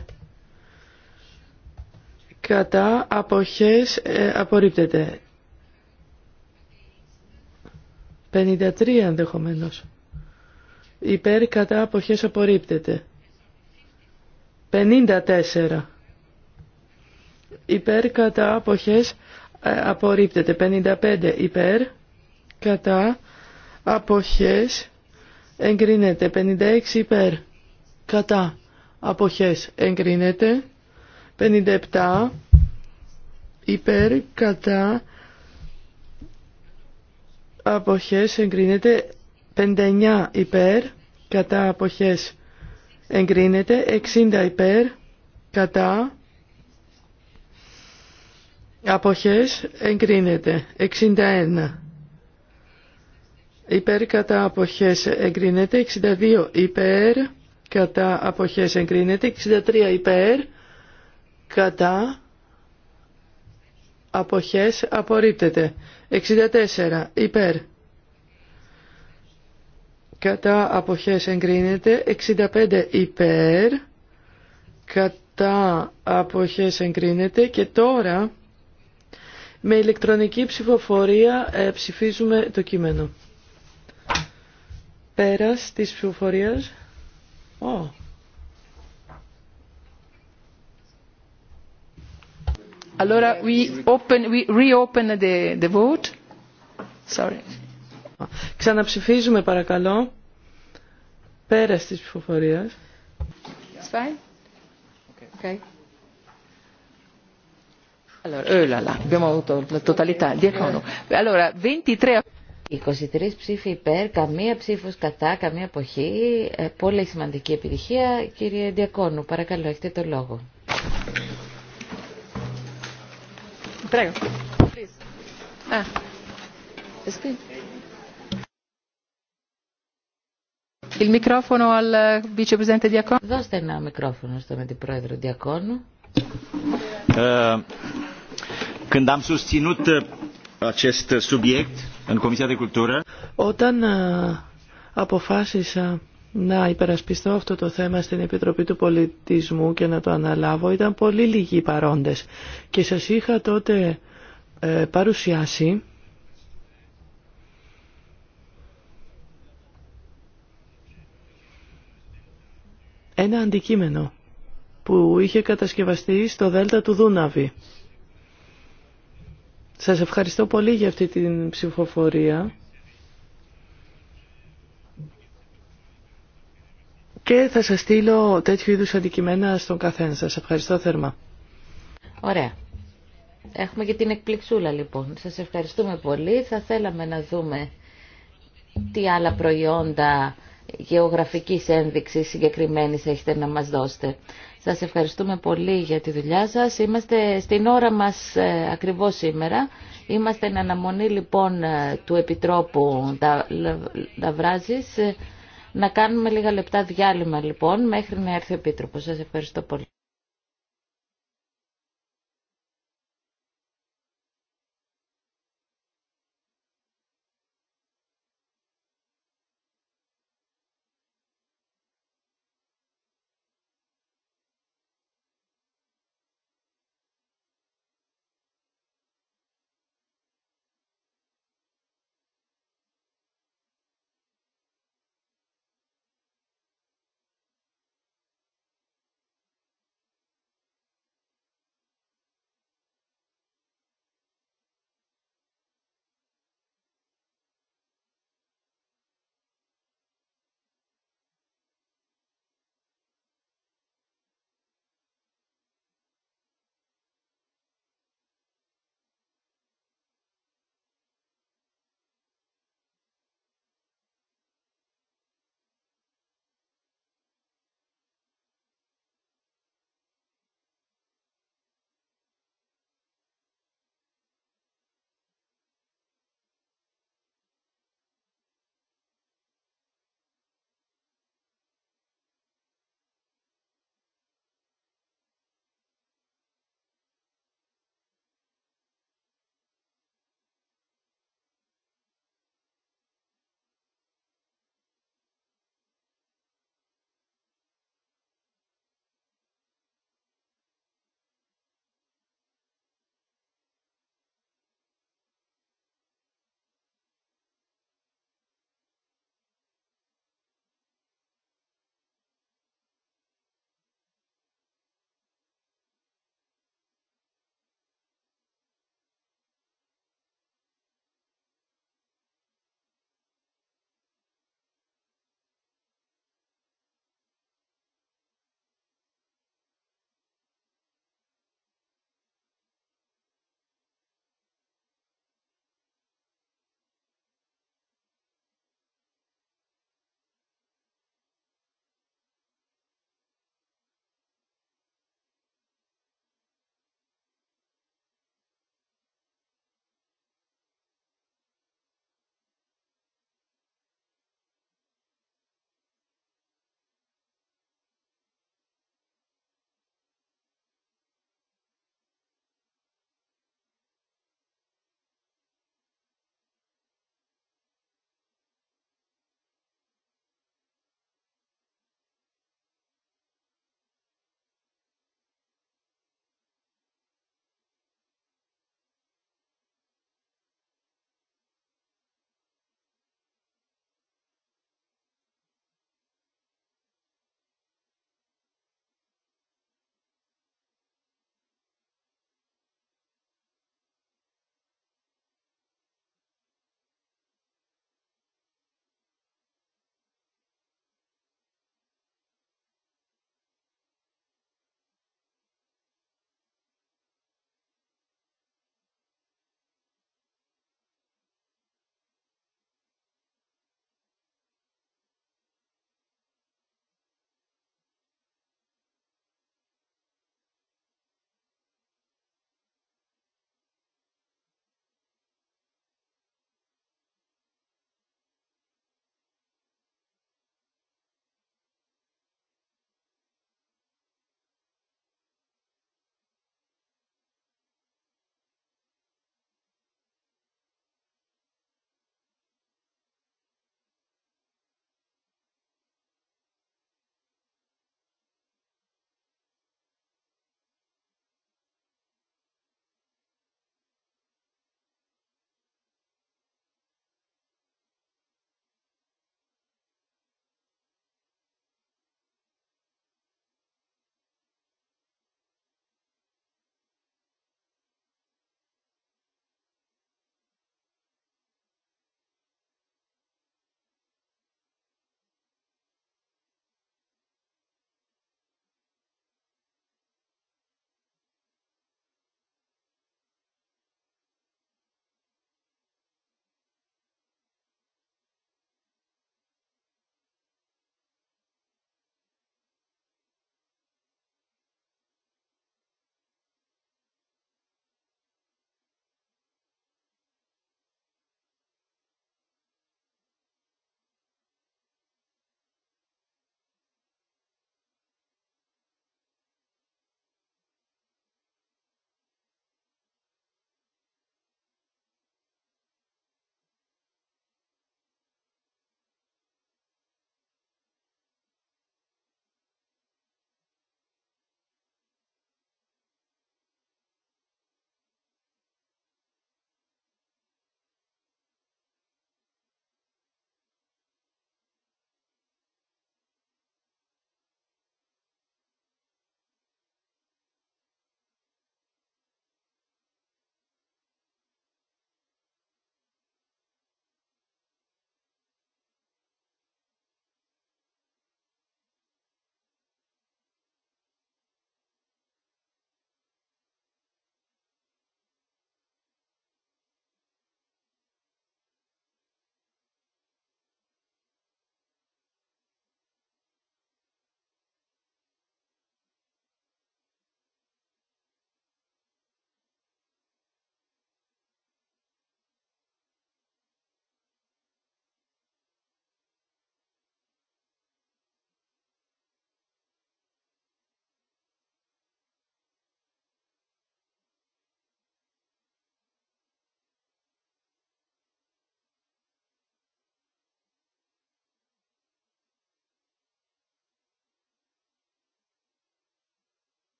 Κατά αποχές ε, απορρίπτεται. 53 ενδεχομένως. Υπέρ κατά αποχές απορρίπτεται. 54. Υπέρ κατά αποχές ε, απορρίπτεται. 55. Υπέρ κατά αποχές εγκρίνεται. 56. Υπέρ κατά αποχές εγκρίνεται. 57. Υπέρ κατά αποχές εγκρίνεται 59 υπέρ κατά αποχές εγκρίνεται 60 υπέρ κατά αποχές εγκρίνεται 61 υπέρ κατά αποχές εγκρίνεται 62 υπέρ κατά αποχές εγκρίνεται 63 υπέρ κατά αποχές απορρίπτεται 64 υπέρ κατά αποχές εγκρίνεται 65 υπέρ κατά αποχές εγκρίνεται και τώρα με ηλεκτρονική ψηφοφορία ε, ψηφίζουμε το κείμενο πέρας της ψηφοφορίας oh. Ξαναψηφίζουμε παρακαλώ. πέρα της ψηφοφορία. 23... 23 ψήφοι υπέρ, καμία ψήφος κατά, καμία αποχή. Ε, πολύ σημαντική επιτυχία. Κύριε Διακόνου, παρακαλώ, έχετε το λόγο. Ε, ε, Δώστε ένα μικρόφωνο στον Αντιπρόεδρο Διακόνου. όταν αποφάσισα να υπερασπιστώ αυτό το θέμα στην Επιτροπή του Πολιτισμού και να το αναλάβω. Ήταν πολύ λίγοι παρόντες και σας είχα τότε ε, παρουσιάσει ένα αντικείμενο που είχε κατασκευαστεί στο Δέλτα του Δούναβη. Σας ευχαριστώ πολύ για αυτή την ψηφοφορία. και θα σας στείλω τέτοιου είδους αντικειμένα στον καθένα σας. Ευχαριστώ θερμά. Ωραία. Έχουμε και την εκπληξούλα λοιπόν. Σας ευχαριστούμε πολύ. Θα θέλαμε να δούμε τι άλλα προϊόντα γεωγραφικής ένδειξης συγκεκριμένης έχετε να μας δώσετε. Σας ευχαριστούμε πολύ για τη δουλειά σας. Είμαστε στην ώρα μας ε, ακριβώς σήμερα. Είμαστε εν αναμονή λοιπόν ε, του Επιτρόπου Νταβράζης. Τα, να κάνουμε λίγα λεπτά διάλειμμα λοιπόν μέχρι να έρθει ο Επίτροπος. Σας ευχαριστώ πολύ.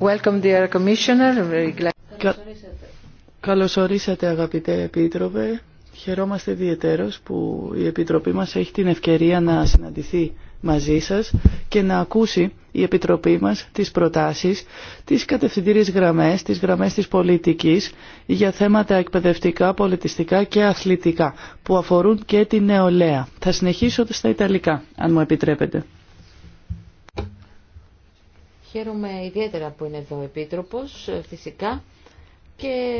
Welcome, Καλώς ορίσατε αγαπητέ Επίτροπε. Χαιρόμαστε ιδιαιτέρως που η Επιτροπή μας έχει την ευκαιρία να συναντηθεί μαζί σας και να ακούσει η Επιτροπή μας τις προτάσεις, τις κατευθυντήριες γραμμές, τις γραμμές της πολιτικής για θέματα εκπαιδευτικά, πολιτιστικά και αθλητικά που αφορούν και την νεολαία. Θα συνεχίσω στα Ιταλικά, αν μου επιτρέπετε. Χαίρομαι ιδιαίτερα που είναι εδώ ο Επίτροπος, ε, φυσικά, και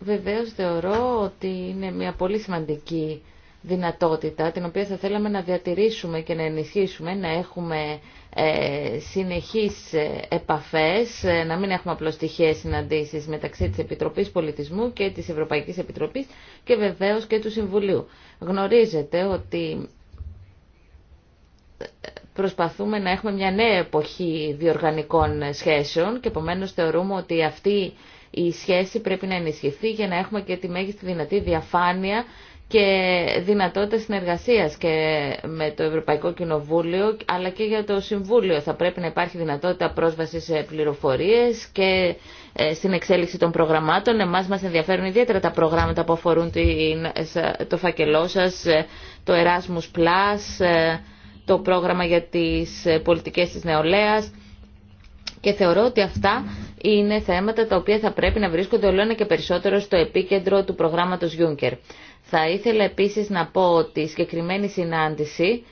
βεβαίως θεωρώ ότι είναι μια πολύ σημαντική δυνατότητα, την οποία θα θέλαμε να διατηρήσουμε και να ενισχύσουμε, να έχουμε ε, συνεχείς ε, επαφές, ε, να μην έχουμε απλώς τυχαίες συναντήσεις μεταξύ της Επιτροπής Πολιτισμού και της Ευρωπαϊκής Επιτροπής και βεβαίως και του Συμβουλίου. Γνωρίζετε ότι προσπαθούμε να έχουμε μια νέα εποχή διοργανικών σχέσεων και επομένως θεωρούμε ότι αυτή η σχέση πρέπει να ενισχυθεί για να έχουμε και τη μέγιστη δυνατή διαφάνεια και δυνατότητα συνεργασίας και με το Ευρωπαϊκό Κοινοβούλιο αλλά και για το Συμβούλιο. Θα πρέπει να υπάρχει δυνατότητα πρόσβαση σε πληροφορίες και ε, στην εξέλιξη των προγραμμάτων. Εμάς μας ενδιαφέρουν ιδιαίτερα τα προγράμματα που αφορούν ε, το φακελό σας, ε, το Erasmus το πρόγραμμα για τις ε, πολιτικές της νεολαίας και θεωρώ ότι αυτά είναι θέματα τα οποία θα πρέπει να βρίσκονται όλο και περισσότερο στο επίκεντρο του προγράμματος Juncker. Θα ήθελα επίσης να πω ότι η συγκεκριμένη συνάντηση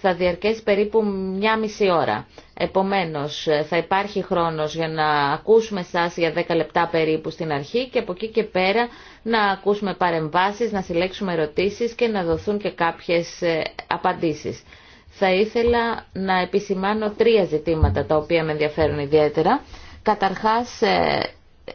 θα διαρκέσει περίπου μια μισή ώρα. Επομένως, θα υπάρχει χρόνος για να ακούσουμε εσά για 10 λεπτά περίπου στην αρχή και από εκεί και πέρα να ακούσουμε παρεμβάσεις, να συλλέξουμε ερωτήσεις και να δοθούν και κάποιες ε, απαντήσεις θα ήθελα να επισημάνω τρία ζητήματα τα οποία με ενδιαφέρουν ιδιαίτερα. Καταρχάς ε,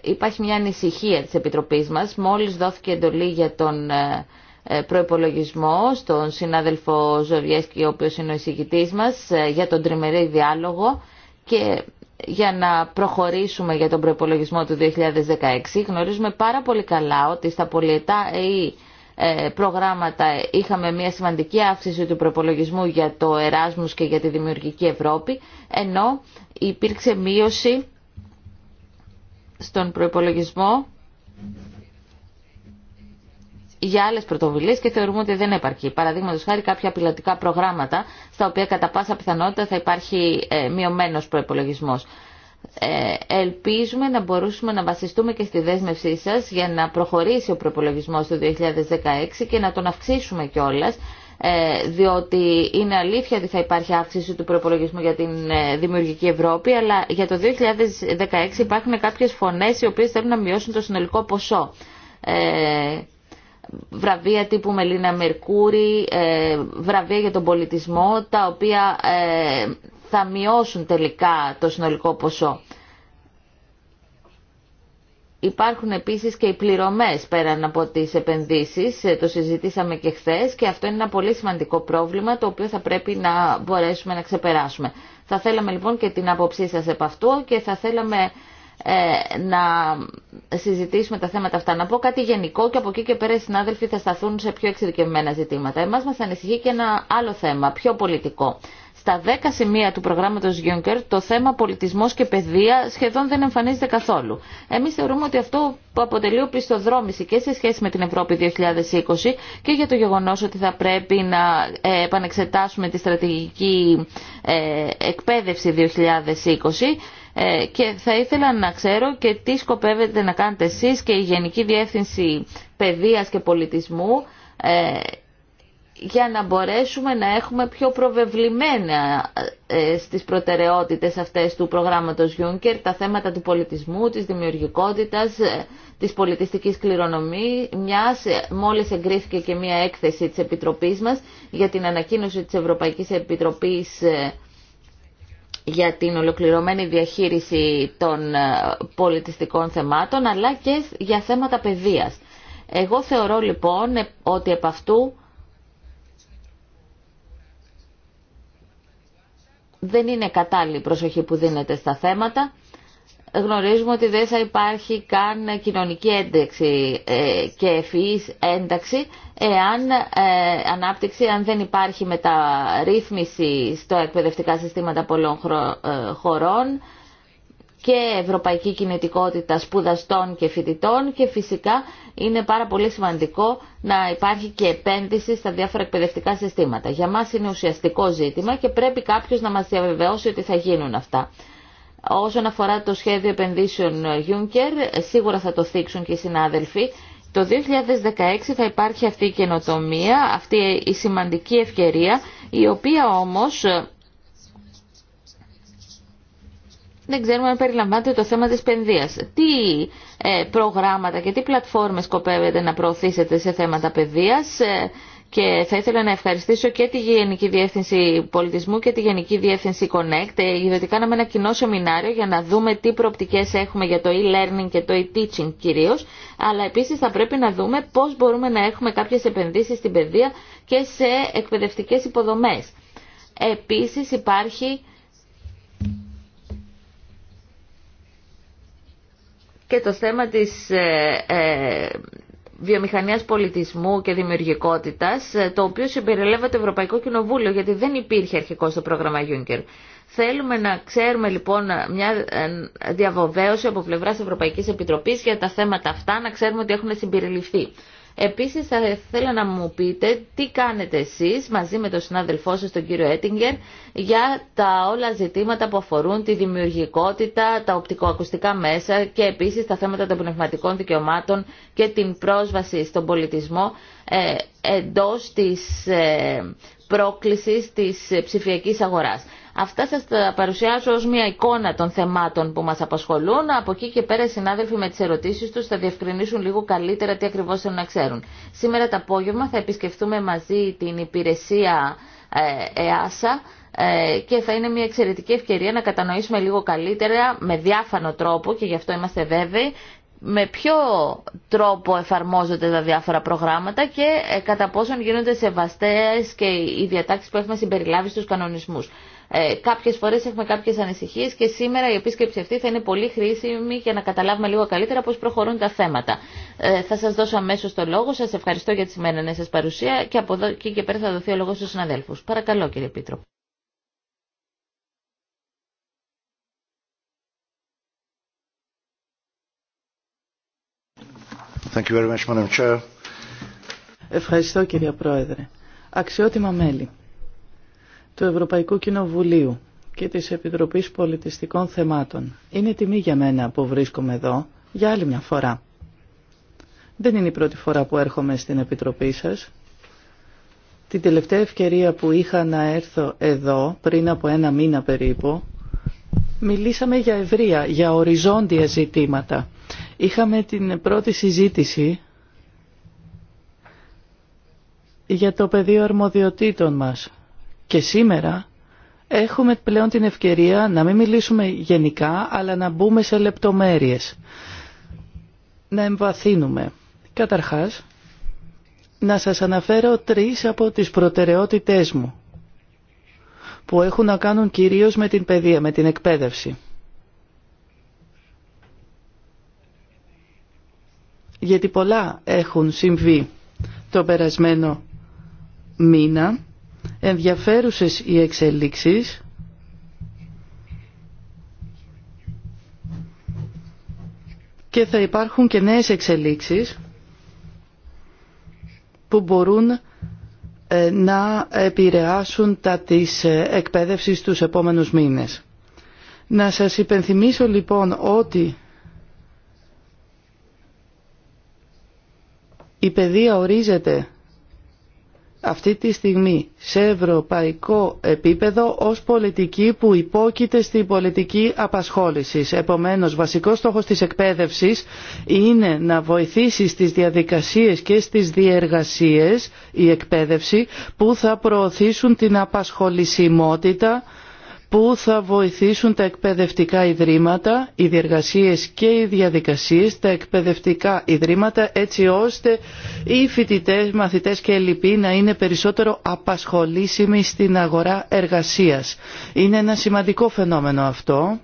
υπάρχει μια ανησυχία της Επιτροπής μας. Μόλις δόθηκε εντολή για τον ε, ε, προϋπολογισμό στον συνάδελφο Ζωβιέσκη, ο οποίος είναι ο εισηγητής μας, για τον τριμερή διάλογο και για να προχωρήσουμε για τον προπολογισμό του 2016. Γνωρίζουμε πάρα πολύ καλά ότι στα πολιετά ε, προγράμματα είχαμε μια σημαντική αύξηση του προπολογισμού για το Εράσμους και για τη Δημιουργική Ευρώπη, ενώ υπήρξε μείωση στον προπολογισμό για άλλε πρωτοβουλίε και θεωρούμε ότι δεν υπάρχει. Παραδείγματο χάρη κάποια πιλωτικά προγράμματα, στα οποία κατά πάσα πιθανότητα θα υπάρχει ε, μειωμένο προπολογισμό. Ε, ελπίζουμε να μπορούσουμε να βασιστούμε και στη δέσμευσή σας για να προχωρήσει ο προπολογισμό του 2016 και να τον αυξήσουμε κιόλας ε, διότι είναι αλήθεια ότι θα υπάρχει αύξηση του προπολογισμού για την ε, δημιουργική Ευρώπη, αλλά για το 2016 υπάρχουν κάποιες φωνές οι οποίες θέλουν να μειώσουν το συνολικό ποσό. Ε, βραβεία τύπου Μελίνα Μερκούρη, ε, βραβεία για τον πολιτισμό, τα οποία ε, θα μειώσουν τελικά το συνολικό ποσό. Υπάρχουν επίσης και οι πληρωμές πέραν από τις επενδύσεις, ε, το συζητήσαμε και χθε και αυτό είναι ένα πολύ σημαντικό πρόβλημα το οποίο θα πρέπει να μπορέσουμε να ξεπεράσουμε. Θα θέλαμε λοιπόν και την άποψή σας επ' αυτού και θα θέλαμε ε, να συζητήσουμε τα θέματα αυτά. Να πω κάτι γενικό και από εκεί και πέρα οι συνάδελφοι θα σταθούν σε πιο εξειδικευμένα ζητήματα. Εμάς μας ανησυχεί και ένα άλλο θέμα, πιο πολιτικό. Στα δέκα σημεία του προγράμματος Juncker το θέμα πολιτισμός και παιδεία σχεδόν δεν εμφανίζεται καθόλου. Εμείς θεωρούμε ότι αυτό που αποτελεί οπισθοδρόμηση και σε σχέση με την Ευρώπη 2020 και για το γεγονός ότι θα πρέπει να ε, επανεξετάσουμε τη στρατηγική ε, εκπαίδευση 2020 ε, και θα ήθελα να ξέρω και τι σκοπεύετε να κάνετε εσείς και η Γενική Διεύθυνση Παιδείας και Πολιτισμού για να μπορέσουμε να έχουμε πιο προβεβλημένα ε, στις προτεραιότητες αυτές του προγράμματος Juncker τα θέματα του πολιτισμού, της δημιουργικότητας, ε, της πολιτιστικής κληρονομιάς. Ε, μόλις εγκρίθηκε και μία έκθεση της Επιτροπής μας για την ανακοίνωση της Ευρωπαϊκής Επιτροπής για την ολοκληρωμένη διαχείριση των πολιτιστικών θεμάτων αλλά και για θέματα παιδείας. Εγώ θεωρώ λοιπόν ότι επ' αυτού δεν είναι κατάλληλη η προσοχή που δίνεται στα θέματα. Γνωρίζουμε ότι δεν θα υπάρχει καν κοινωνική ένταξη ε, και ευφυής ένταξη εάν ε, ανάπτυξη, αν δεν υπάρχει μεταρρύθμιση στο εκπαιδευτικά συστήματα πολλών ε, χωρών, και ευρωπαϊκή κινητικότητα σπουδαστών και φοιτητών και φυσικά είναι πάρα πολύ σημαντικό να υπάρχει και επένδυση στα διάφορα εκπαιδευτικά συστήματα. Για μας είναι ουσιαστικό ζήτημα και πρέπει κάποιος να μας διαβεβαιώσει ότι θα γίνουν αυτά. Όσον αφορά το σχέδιο επενδύσεων Juncker, σίγουρα θα το θίξουν και οι συνάδελφοι. Το 2016 θα υπάρχει αυτή η καινοτομία, αυτή η σημαντική ευκαιρία, η οποία όμως δεν ξέρουμε αν περιλαμβάνεται το θέμα της παιδείας. Τι ε, προγράμματα και τι πλατφόρμες σκοπεύετε να προωθήσετε σε θέματα παιδείας ε, και θα ήθελα να ευχαριστήσω και τη Γενική Διεύθυνση Πολιτισμού και τη Γενική Διεύθυνση Connect. γιατί ε, κάναμε ένα κοινό σεμινάριο για να δούμε τι προοπτικές έχουμε για το e-learning και το e-teaching κυρίως. Αλλά επίσης θα πρέπει να δούμε πώς μπορούμε να έχουμε κάποιες επενδύσεις στην παιδεία και σε εκπαιδευτικές υποδομές. Επίσης υπάρχει και το θέμα της ε, ε, βιομηχανίας πολιτισμού και δημιουργικότητας, ε, το οποίο συμπεριλέβεται το Ευρωπαϊκό Κοινοβούλιο, γιατί δεν υπήρχε αρχικό στο πρόγραμμα Juncker. Θέλουμε να ξέρουμε λοιπόν μια διαβοβαίωση από πλευρά Ευρωπαϊκής Επιτροπής για τα θέματα αυτά, να ξέρουμε ότι έχουν συμπεριληφθεί. Επίσης θα θέλω να μου πείτε τι κάνετε εσείς μαζί με τον συνάδελφό σας τον κύριο Έτιγκερ για τα όλα ζητήματα που αφορούν τη δημιουργικότητα, τα οπτικοακουστικά μέσα και επίσης τα θέματα των πνευματικών δικαιωμάτων και την πρόσβαση στον πολιτισμό ε, εντός της ε, πρόκλησης της ψηφιακής αγοράς. Αυτά σας τα παρουσιάζω ως μια εικόνα των θεμάτων που μας απασχολούν. Από εκεί και πέρα οι συνάδελφοι με τις ερωτήσεις τους θα διευκρινίσουν λίγο καλύτερα τι ακριβώς θέλουν να ξέρουν. Σήμερα το απόγευμα θα επισκεφτούμε μαζί την υπηρεσία ε, ΕΑΣΑ ε, και θα είναι μια εξαιρετική ευκαιρία να κατανοήσουμε λίγο καλύτερα με διάφανο τρόπο και γι' αυτό είμαστε βέβαιοι με ποιο τρόπο εφαρμόζονται τα διάφορα προγράμματα και ε, κατά πόσον γίνονται σεβαστές και οι διατάξεις που έχουμε συμπεριλάβει στους κανονισμούς. Ε, κάποιες φορές έχουμε κάποιε ανησυχίε και σήμερα η επίσκεψη αυτή θα είναι πολύ χρήσιμη για να καταλάβουμε λίγο καλύτερα πώς προχωρούν τα θέματα. Ε, θα σας δώσω αμέσω το λόγο, σας ευχαριστώ για τη σημερινή σα παρουσία και από εδώ και, και πέρα θα δοθεί ο λόγο στους συναδέλφου. Παρακαλώ κύριε Πίτρο. Thank you very much, Ευχαριστώ κύριε Πρόεδρε. Αξιότιμα μέλη του Ευρωπαϊκού Κοινοβουλίου και της Επιτροπής Πολιτιστικών Θεμάτων. Είναι τιμή για μένα που βρίσκομαι εδώ για άλλη μια φορά. Δεν είναι η πρώτη φορά που έρχομαι στην Επιτροπή σας. Την τελευταία ευκαιρία που είχα να έρθω εδώ, πριν από ένα μήνα περίπου, μιλήσαμε για ευρεία, για οριζόντια ζητήματα. Είχαμε την πρώτη συζήτηση για το πεδίο αρμοδιοτήτων μας και σήμερα έχουμε πλέον την ευκαιρία να μην μιλήσουμε γενικά, αλλά να μπούμε σε λεπτομέρειες. Να εμβαθύνουμε. Καταρχάς, να σας αναφέρω τρεις από τις προτεραιότητές μου, που έχουν να κάνουν κυρίως με την παιδεία, με την εκπαίδευση. Γιατί πολλά έχουν συμβεί το περασμένο μήνα ενδιαφέρουσες οι εξελίξεις και θα υπάρχουν και νέες εξελίξεις που μπορούν ε, να επηρεάσουν τα της ε, εκπαίδευσης τους επόμενους μήνες. Να σας υπενθυμίσω λοιπόν ότι η παιδεία ορίζεται αυτή τη στιγμή σε ευρωπαϊκό επίπεδο ως πολιτική που υπόκειται στην πολιτική απασχόλησης. Επομένως, βασικός στόχος της εκπαίδευσης είναι να βοηθήσει στις διαδικασίες και στις διεργασίες η εκπαίδευση που θα προωθήσουν την απασχολησιμότητα που θα βοηθήσουν τα εκπαιδευτικά ιδρύματα, οι διεργασίες και οι διαδικασίες, τα εκπαιδευτικά ιδρύματα έτσι ώστε οι φοιτητές, μαθητές και λοιποί να είναι περισσότερο απασχολήσιμοι στην αγορά εργασίας. Είναι ένα σημαντικό φαινόμενο αυτό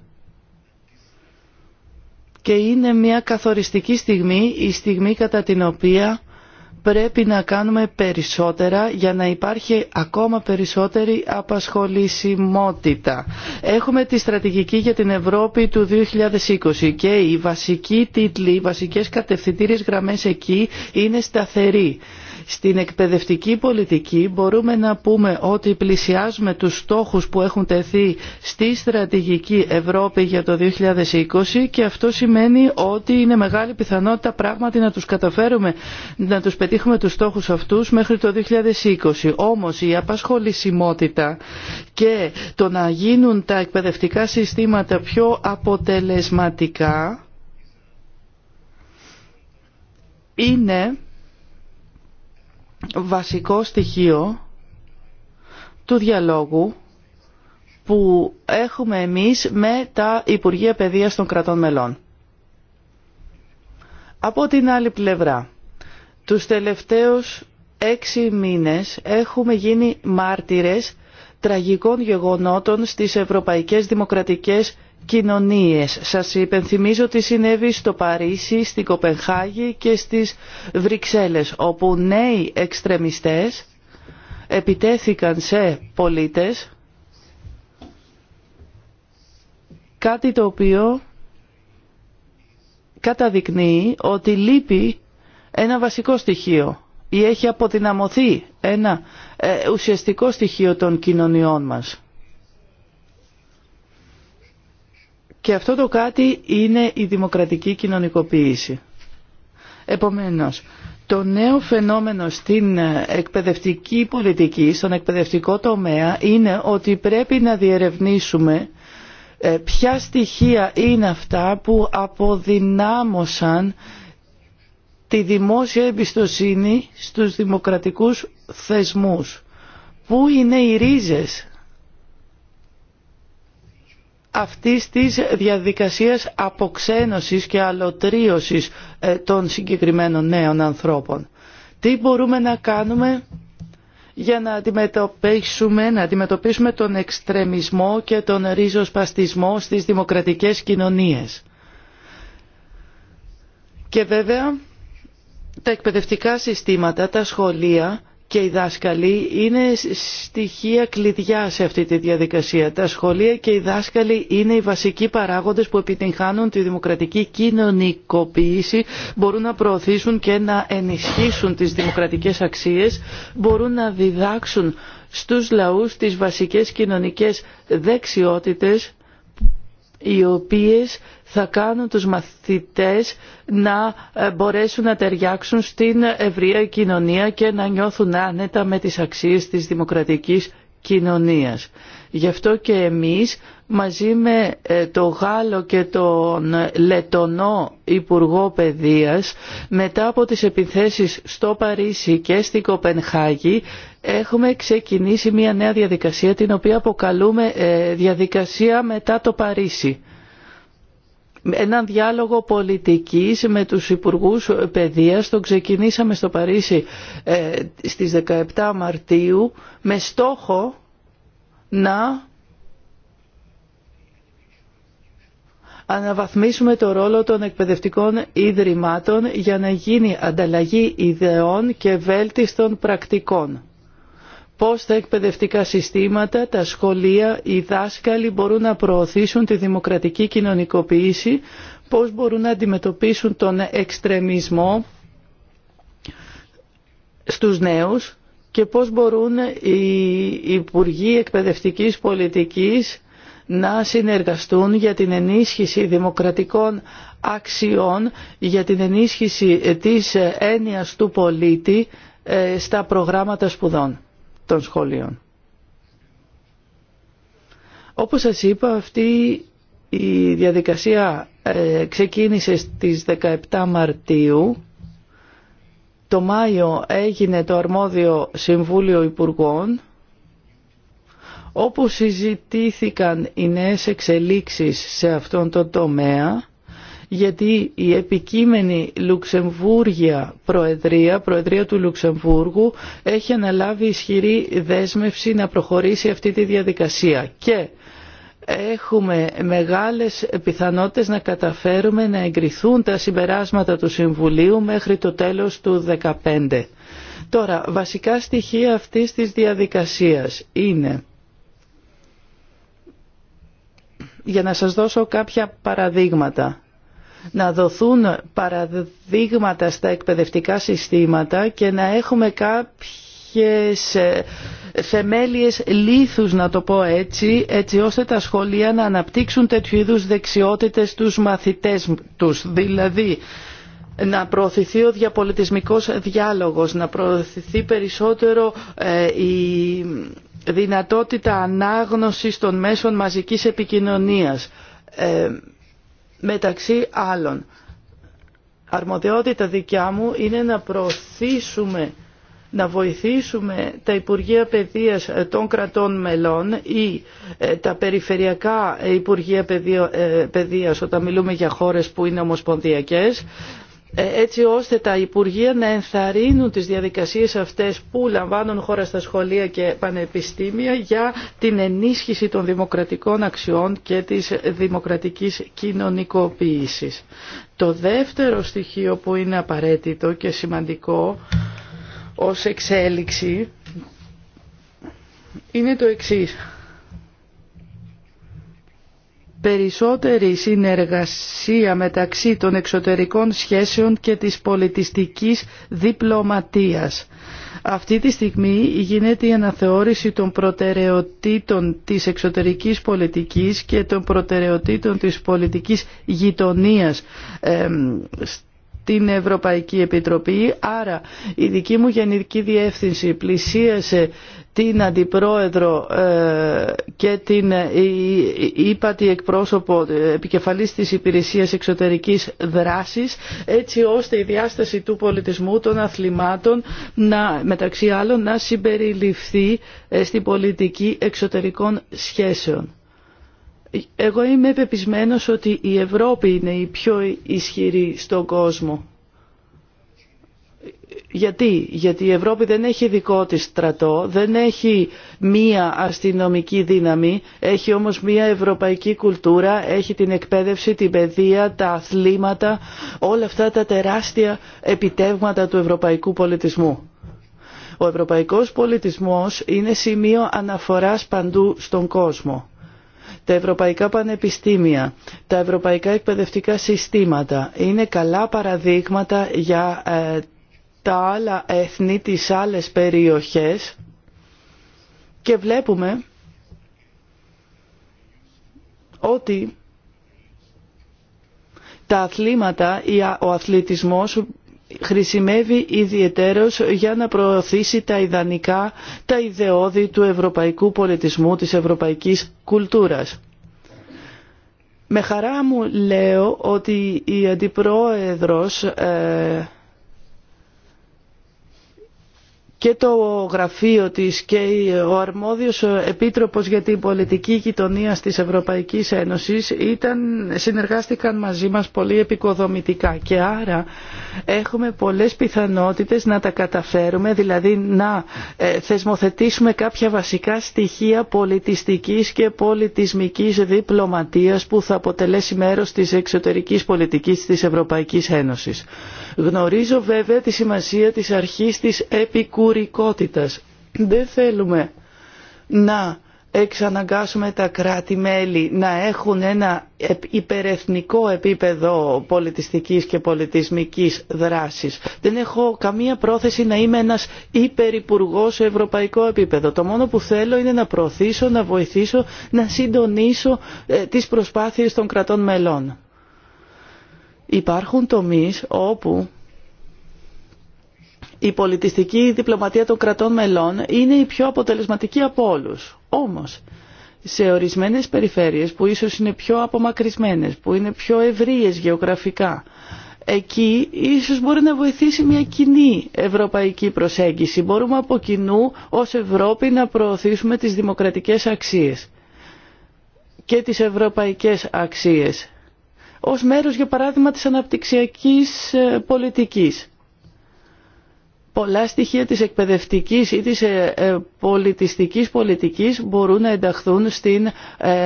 και είναι μια καθοριστική στιγμή, η στιγμή κατά την οποία πρέπει να κάνουμε περισσότερα για να υπάρχει ακόμα περισσότερη απασχολησιμότητα. Έχουμε τη στρατηγική για την Ευρώπη του 2020 και οι βασικοί τίτλοι, οι βασικές κατευθυντήριες γραμμές εκεί είναι σταθεροί. Στην εκπαιδευτική πολιτική μπορούμε να πούμε ότι πλησιάζουμε τους στόχους που έχουν τεθεί στη στρατηγική Ευρώπη για το 2020 και αυτό σημαίνει ότι είναι μεγάλη πιθανότητα πράγματι να τους καταφέρουμε, να τους πετύχουμε τους στόχους αυτούς μέχρι το 2020. Όμως η απασχολησιμότητα και το να γίνουν τα εκπαιδευτικά συστήματα πιο αποτελεσματικά είναι βασικό στοιχείο του διαλόγου που έχουμε εμείς με τα Υπουργεία Παιδείας των κρατών μελών. Από την άλλη πλευρά, τους τελευταίους έξι μήνες έχουμε γίνει μάρτυρες τραγικών γεγονότων στις ευρωπαϊκές δημοκρατικές κοινωνίες. Σας υπενθυμίζω ότι συνέβη στο Παρίσι, στην Κοπενχάγη και στις Βρυξέλλες, όπου νέοι εξτρεμιστές επιτέθηκαν σε πολίτες, κάτι το οποίο καταδεικνύει ότι λείπει ένα βασικό στοιχείο ή έχει αποδυναμωθεί ένα ε, ουσιαστικό στοιχείο των κοινωνιών μας. Και αυτό το κάτι είναι η δημοκρατική κοινωνικοποίηση. Επομένως, το νέο φαινόμενο στην εκπαιδευτική πολιτική, στον εκπαιδευτικό τομέα, είναι ότι πρέπει να διερευνήσουμε ε, ποια στοιχεία είναι αυτά που αποδυνάμωσαν τη δημόσια εμπιστοσύνη στους δημοκρατικούς θεσμούς. Πού είναι οι ρίζες αυτής της διαδικασίας αποξένωσης και αλωτρίωσης ε, των συγκεκριμένων νέων ανθρώπων. Τι μπορούμε να κάνουμε για να αντιμετωπίσουμε, να αντιμετωπίσουμε τον εξτρεμισμό και τον ρίζοσπαστισμό στις δημοκρατικές κοινωνίες. Και βέβαια τα εκπαιδευτικά συστήματα, τα σχολεία και οι δάσκαλοι είναι στοιχεία κλειδιά σε αυτή τη διαδικασία. Τα σχολεία και οι δάσκαλοι είναι οι βασικοί παράγοντες που επιτυγχάνουν τη δημοκρατική κοινωνικοποίηση, μπορούν να προωθήσουν και να ενισχύσουν τις δημοκρατικές αξίες, μπορούν να διδάξουν στους λαούς τις βασικές κοινωνικές δεξιότητες οι οποίες θα κάνουν τους μαθητές να ε, μπορέσουν να ταιριάξουν στην ευρεία κοινωνία και να νιώθουν άνετα με τις αξίες της δημοκρατικής κοινωνίας. Γι' αυτό και εμείς μαζί με ε, το Γάλλο και τον ε, Λετονό Υπουργό Παιδείας μετά από τις επιθέσεις στο Παρίσι και στην Κοπενχάγη έχουμε ξεκινήσει μια νέα διαδικασία την οποία αποκαλούμε διαδικασία μετά το Παρίσι έναν διάλογο πολιτικής με τους Υπουργούς Παιδείας. τον ξεκινήσαμε στο Παρίσι ε, στις 17 Μαρτίου με στόχο να αναβαθμίσουμε το ρόλο των εκπαιδευτικών ιδρυμάτων για να γίνει ανταλλαγή ιδεών και βέλτιστων πρακτικών πώς τα εκπαιδευτικά συστήματα, τα σχολεία, οι δάσκαλοι μπορούν να προωθήσουν τη δημοκρατική κοινωνικοποίηση, πώς μπορούν να αντιμετωπίσουν τον εξτρεμισμό στους νέους και πώς μπορούν οι Υπουργοί Εκπαιδευτικής Πολιτικής να συνεργαστούν για την ενίσχυση δημοκρατικών αξιών, για την ενίσχυση της έννοιας του πολίτη ε, στα προγράμματα σπουδών των σχολείων. Όπως σας είπα, αυτή η διαδικασία ε, ξεκίνησε στις 17 Μαρτίου. Το Μάιο έγινε το αρμόδιο Συμβούλιο Υπουργών όπου συζητήθηκαν οι νέες εξελίξεις σε αυτόν τον τομέα γιατί η επικείμενη Λουξεμβούργια Προεδρία, Προεδρία του Λουξεμβούργου, έχει αναλάβει ισχυρή δέσμευση να προχωρήσει αυτή τη διαδικασία και έχουμε μεγάλες πιθανότητες να καταφέρουμε να εγκριθούν τα συμπεράσματα του Συμβουλίου μέχρι το τέλος του 2015. Τώρα, βασικά στοιχεία αυτής της διαδικασίας είναι για να σας δώσω κάποια παραδείγματα να δοθούν παραδείγματα στα εκπαιδευτικά συστήματα και να έχουμε κάποιες ε, θεμέλιες λίθους να το πω έτσι έτσι ώστε τα σχολεία να αναπτύξουν τέτοιου είδους δεξιότητες τους μαθητές τους δηλαδή να προωθηθεί ο διαπολιτισμικός διάλογος, να προωθηθεί περισσότερο ε, η δυνατότητα ανάγνωσης των μέσων μαζικής επικοινωνίας ε, μεταξύ άλλων. Αρμοδιότητα δικιά μου είναι να προωθήσουμε να βοηθήσουμε τα Υπουργεία Παιδείας ε, των κρατών μελών ή ε, τα περιφερειακά ε, Υπουργεία Παιδείας όταν μιλούμε για χώρες που είναι ομοσπονδιακές ε, έτσι ώστε τα Υπουργεία να ενθαρρύνουν τις διαδικασίες αυτές που λαμβάνουν χώρα στα σχολεία και πανεπιστήμια για την ενίσχυση των δημοκρατικών αξιών και της δημοκρατικής κοινωνικοποίησης. Το δεύτερο στοιχείο που είναι απαραίτητο και σημαντικό ως εξέλιξη είναι το εξής περισσότερη συνεργασία μεταξύ των εξωτερικών σχέσεων και της πολιτιστικής διπλωματίας. Αυτή τη στιγμή γίνεται η αναθεώρηση των προτεραιοτήτων της εξωτερικής πολιτικής και των προτεραιοτήτων της πολιτικής γειτονίας την Ευρωπαϊκή Επιτροπή. Άρα η δική μου Γενική Διεύθυνση πλησίασε την Αντιπρόεδρο ε, και την ε, ύπατη εκπρόσωπο ε, επικεφαλής της Υπηρεσίας Εξωτερικής Δράσης έτσι ώστε η διάσταση του πολιτισμού των αθλημάτων να, μεταξύ άλλων να συμπεριληφθεί στην πολιτική εξωτερικών σχέσεων. Εγώ είμαι πεπισμένος ότι η Ευρώπη είναι η πιο ισχυρή στον κόσμο. Γιατί, γιατί η Ευρώπη δεν έχει δικό της στρατό, δεν έχει μία αστυνομική δύναμη, έχει όμως μία ευρωπαϊκή κουλτούρα, έχει την εκπαίδευση, την παιδεία, τα αθλήματα, όλα αυτά τα τεράστια επιτεύγματα του ευρωπαϊκού πολιτισμού. Ο ευρωπαϊκός πολιτισμός είναι σημείο αναφοράς παντού στον κόσμο τα ευρωπαϊκά πανεπιστήμια, τα ευρωπαϊκά εκπαιδευτικά συστήματα είναι καλά παραδείγματα για ε, τα άλλα έθνη, τις άλλες περιοχές και βλέπουμε ότι τα αθλήματα, ο αθλητισμός χρησιμεύει ιδιαιτέρως για να προωθήσει τα ιδανικά, τα ιδεώδη του ευρωπαϊκού πολιτισμού, της ευρωπαϊκής κουλτούρας. Με χαρά μου λέω ότι η Αντιπρόεδρος ε, και το γραφείο της και ο αρμόδιος επίτροπος για την πολιτική γειτονία της Ευρωπαϊκής Ένωσης ήταν, συνεργάστηκαν μαζί μας πολύ επικοδομητικά και άρα έχουμε πολλές πιθανότητες να τα καταφέρουμε, δηλαδή να ε, θεσμοθετήσουμε κάποια βασικά στοιχεία πολιτιστικής και πολιτισμικής διπλωματίας που θα αποτελέσει μέρος της εξωτερικής πολιτικής της Ευρωπαϊκής Ένωσης. Γνωρίζω βέβαια τη σημασία της αρχής της επικουρικότητας. Δεν θέλουμε να εξαναγκάσουμε τα κράτη-μέλη να έχουν ένα υπερεθνικό επίπεδο πολιτιστικής και πολιτισμικής δράσης. Δεν έχω καμία πρόθεση να είμαι ένας υπερυπουργός σε ευρωπαϊκό επίπεδο. Το μόνο που θέλω είναι να προωθήσω, να βοηθήσω, να συντονίσω ε, τις προσπάθειες των κρατών μελών. Υπάρχουν τομείς όπου η πολιτιστική διπλωματία των κρατών μελών είναι η πιο αποτελεσματική από όλους. Όμως, σε ορισμένες περιφέρειες που ίσως είναι πιο απομακρυσμένες, που είναι πιο ευρείες γεωγραφικά, εκεί ίσως μπορεί να βοηθήσει μια κοινή ευρωπαϊκή προσέγγιση. Μπορούμε από κοινού ως Ευρώπη να προωθήσουμε τις δημοκρατικές αξίες και τις ευρωπαϊκές αξίες ως μέρος για παράδειγμα της αναπτυξιακής ε, πολιτικής. Πολλά στοιχεία της εκπαιδευτικής ή της ε, ε, πολιτιστικής πολιτικής μπορούν να ενταχθούν στην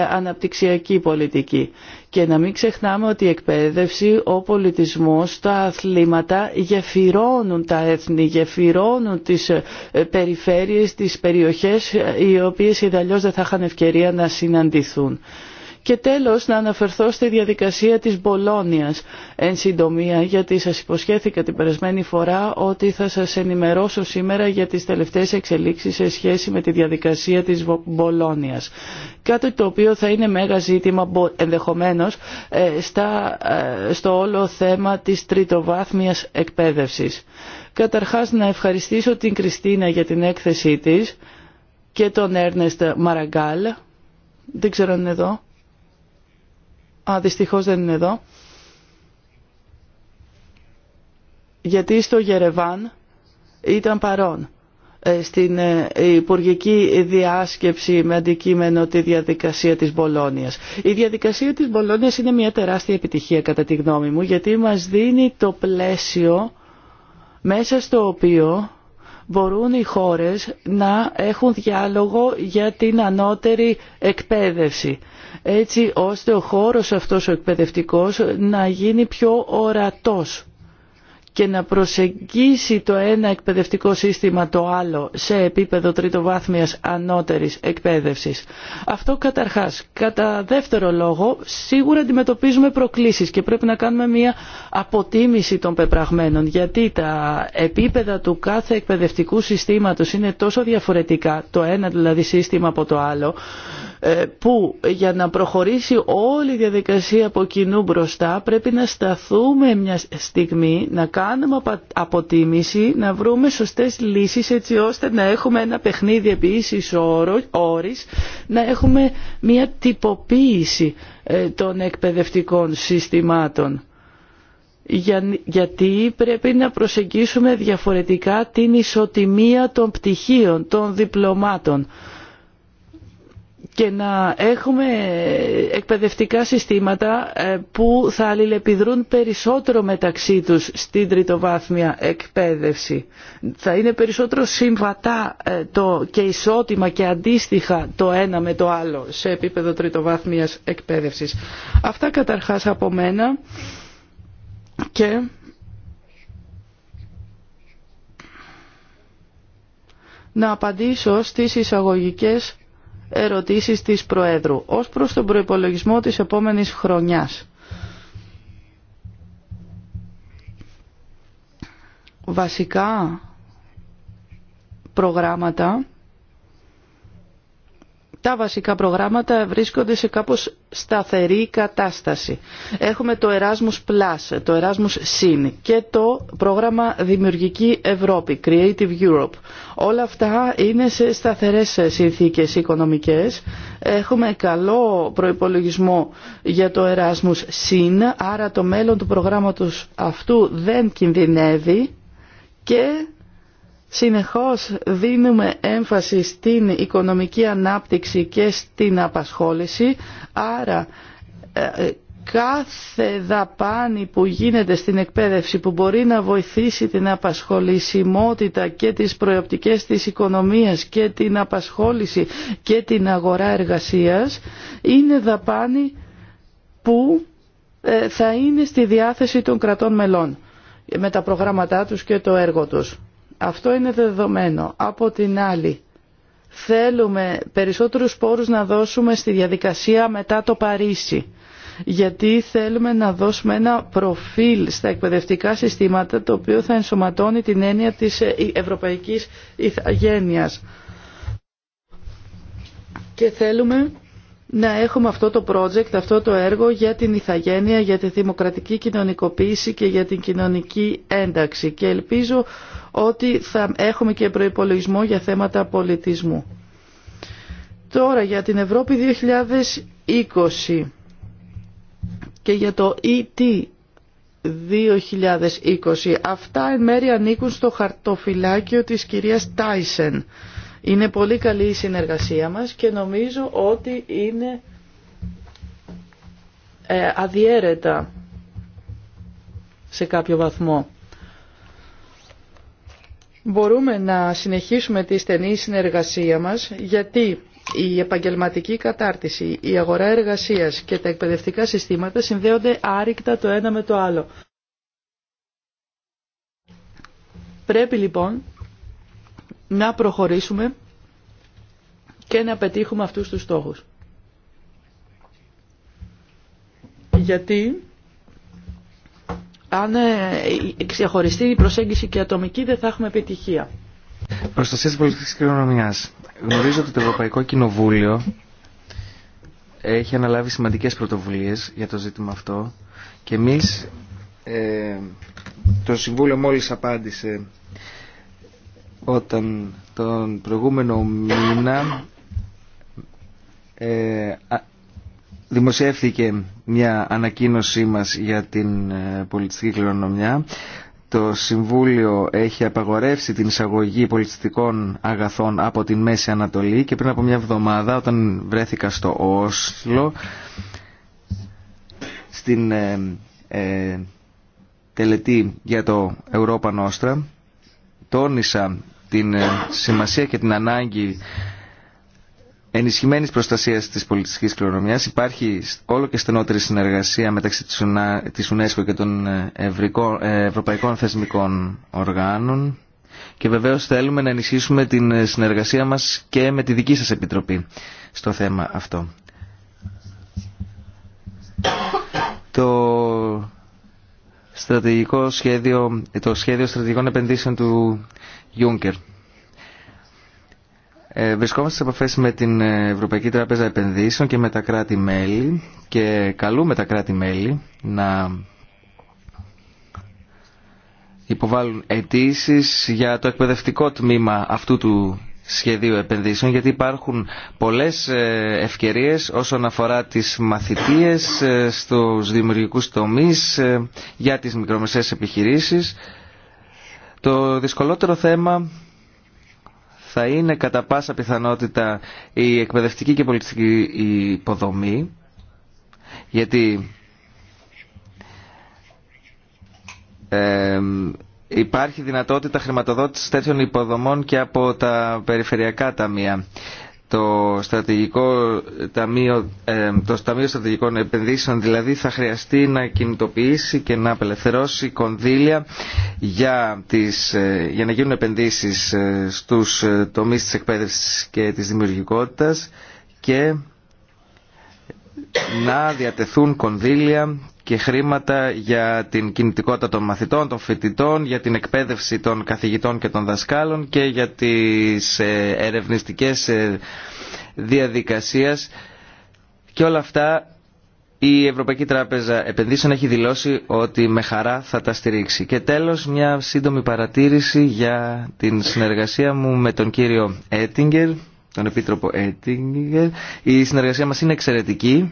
αναπτυξιακή πολιτική. Και να μην ξεχνάμε ότι η εκπαίδευση, ο πολιτισμός, τα αθλήματα γεφυρώνουν τα έθνη, γεφυρώνουν τις περιφέρειες, τις περιοχές οι οποίες ιδαλλιώς δεν θα είχαν ευκαιρία να συναντηθούν. Και τέλος να αναφερθώ στη διαδικασία της Μπολόνιας εν συντομία γιατί σας υποσχέθηκα την περασμένη φορά ότι θα σας ενημερώσω σήμερα για τις τελευταίες εξελίξεις σε σχέση με τη διαδικασία της Μπολόνιας. Κάτι το οποίο θα είναι μέγα ζήτημα ενδεχομένως ε, στα, ε, στο όλο θέμα της τριτοβάθμιας εκπαίδευσης. Καταρχάς να ευχαριστήσω την Κριστίνα για την έκθεσή της και τον Έρνεστ Μαραγκάλ. Δεν ξέρω αν είναι εδώ. Α, δυστυχώς δεν είναι εδώ. Γιατί στο Γερεβάν ήταν παρόν ε, στην ε, υπουργική διάσκεψη με αντικείμενο τη διαδικασία της Μπολόνιας. Η διαδικασία της Μπολόνιας είναι μια τεράστια επιτυχία κατά τη γνώμη μου γιατί μας δίνει το πλαίσιο μέσα στο οποίο μπορούν οι χώρες να έχουν διάλογο για την ανώτερη εκπαίδευση έτσι ώστε ο χώρος αυτός ο εκπαιδευτικός να γίνει πιο ορατός και να προσεγγίσει το ένα εκπαιδευτικό σύστημα το άλλο σε επίπεδο βάθμιας ανώτερης εκπαίδευσης. Αυτό καταρχάς. Κατά δεύτερο λόγο, σίγουρα αντιμετωπίζουμε προκλήσεις και πρέπει να κάνουμε μια αποτίμηση των πεπραγμένων, γιατί τα επίπεδα του κάθε εκπαιδευτικού συστήματος είναι τόσο διαφορετικά, το ένα δηλαδή σύστημα από το άλλο, ε, που για να προχωρήσει όλη η διαδικασία από κοινού μπροστά πρέπει να σταθούμε μια στιγμή, να κάνουμε αποτίμηση, να βρούμε σωστές λύσεις έτσι ώστε να έχουμε ένα παιχνίδι επίσης όρης, να έχουμε μια τυποποίηση ε, των εκπαιδευτικών συστημάτων. γιατί πρέπει να προσεγγίσουμε διαφορετικά την ισοτιμία των πτυχίων, των διπλωμάτων και να έχουμε εκπαιδευτικά συστήματα ε, που θα αλληλεπιδρούν περισσότερο μεταξύ τους στην τριτοβάθμια εκπαίδευση. Θα είναι περισσότερο συμβατά ε, το και ισότιμα και αντίστοιχα το ένα με το άλλο σε επίπεδο τριτοβάθμιας εκπαίδευσης. Αυτά καταρχάς από μένα και... Να απαντήσω στις εισαγωγικές ερωτήσεις της Προέδρου ως προς τον προϋπολογισμό της επόμενης χρονιάς. Βασικά προγράμματα τα βασικά προγράμματα βρίσκονται σε κάπως σταθερή κατάσταση. Έχουμε το Erasmus Plus, το Erasmus Sin και το πρόγραμμα Δημιουργική Ευρώπη, Creative Europe. Όλα αυτά είναι σε σταθερές συνθήκες οικονομικές. Έχουμε καλό προϋπολογισμό για το Erasmus Sin, άρα το μέλλον του προγράμματος αυτού δεν κινδυνεύει και Συνεχώς δίνουμε έμφαση στην οικονομική ανάπτυξη και στην απασχόληση, άρα ε, ε, κάθε δαπάνη που γίνεται στην εκπαίδευση που μπορεί να βοηθήσει την απασχολησιμότητα και τις προοπτικές της οικονομίας και την απασχόληση και την αγορά εργασίας είναι δαπάνη που ε, θα είναι στη διάθεση των κρατών μελών με τα προγράμματά τους και το έργο τους. Αυτό είναι δεδομένο. Από την άλλη, θέλουμε περισσότερους πόρους να δώσουμε στη διαδικασία μετά το Παρίσι. Γιατί θέλουμε να δώσουμε ένα προφίλ στα εκπαιδευτικά συστήματα το οποίο θα ενσωματώνει την έννοια της ε, ευρωπαϊκής ηθαγένειας. Και θέλουμε να έχουμε αυτό το project, αυτό το έργο για την ηθαγένεια, για τη δημοκρατική κοινωνικοποίηση και για την κοινωνική ένταξη. Και ελπίζω ότι θα έχουμε και προϋπολογισμό για θέματα πολιτισμού. Τώρα για την Ευρώπη 2020 και για το ET 2020. Αυτά εν μέρει ανήκουν στο χαρτοφυλάκιο της κυρίας Τάισεν. Είναι πολύ καλή η συνεργασία μας και νομίζω ότι είναι ε, αδιέρετα σε κάποιο βαθμό μπορούμε να συνεχίσουμε τη στενή συνεργασία μας γιατί η επαγγελματική κατάρτιση, η αγορά εργασίας και τα εκπαιδευτικά συστήματα συνδέονται άρρηκτα το ένα με το άλλο. Πρέπει λοιπόν να προχωρήσουμε και να πετύχουμε αυτούς τους στόχους. Γιατί αν ξεχωριστεί η προσέγγιση και η ατομική δεν θα έχουμε επιτυχία. Προστασία της πολιτικής κληρονομιάς. Γνωρίζω ότι το Ευρωπαϊκό Κοινοβούλιο έχει αναλάβει σημαντικές πρωτοβουλίες για το ζήτημα αυτό και εμείς ε, το Συμβούλιο μόλις απάντησε όταν τον προηγούμενο μήνα ε, δημοσιεύθηκε μια ανακοίνωσή μας για την ε, πολιτιστική κληρονομιά. Το Συμβούλιο έχει απαγορεύσει την εισαγωγή πολιτιστικών αγαθών από την Μέση Ανατολή και πριν από μια εβδομάδα όταν βρέθηκα στο Όσλο στην ε, ε, τελετή για το Europa Νόστρα. τόνισα την σημασία και την ανάγκη ενισχυμένης προστασίας της πολιτιστικής κληρονομιάς υπάρχει όλο και στενότερη συνεργασία μεταξύ της UNESCO και των ε, ε, ευρωπαϊκών θεσμικών οργάνων και βεβαίως θέλουμε να ενισχύσουμε την ε, συνεργασία μας και με τη δική σας επιτροπή στο θέμα αυτό. Το στρατηγικό σχέδιο, το σχέδιο στρατηγικών επενδύσεων του Juncker ε, βρισκόμαστε σε επαφές με την ε, Ευρωπαϊκή Τράπεζα Επενδύσεων και με τα κράτη-μέλη και καλούμε τα κράτη-μέλη να υποβάλουν αιτήσει για το εκπαιδευτικό τμήμα αυτού του σχεδίου επενδύσεων γιατί υπάρχουν πολλές ε, ευκαιρίες όσον αφορά τις μαθητείες στους δημιουργικούς τομείς για τις μικρομεσαίες επιχειρήσεις. Το δυσκολότερο θέμα θα είναι κατά πάσα πιθανότητα η εκπαιδευτική και πολιτιστική υποδομή γιατί ε, υπάρχει δυνατότητα χρηματοδότησης τέτοιων υποδομών και από τα περιφερειακά ταμεία το στρατηγικό ταμείο, ε, το ταμείο στρατηγικών επενδύσεων δηλαδή θα χρειαστεί να κινητοποιήσει και να απελευθερώσει κονδύλια για, τις, ε, για να γίνουν επενδύσεις ε, στους τομείς της εκπαίδευσης και της δημιουργικότητας και να διατεθούν κονδύλια και χρήματα για την κινητικότητα των μαθητών, των φοιτητών, για την εκπαίδευση των καθηγητών και των δασκάλων και για τις ε, ερευνηστικές ε, διαδικασίες και όλα αυτά η Ευρωπαϊκή Τράπεζα Επενδύσεων έχει δηλώσει ότι με χαρά θα τα στηρίξει. Και τέλος μια σύντομη παρατήρηση για την συνεργασία μου με τον κύριο Έτιγκερ, τον Επίτροπο Έτιγκερ. Η συνεργασία μας είναι εξαιρετική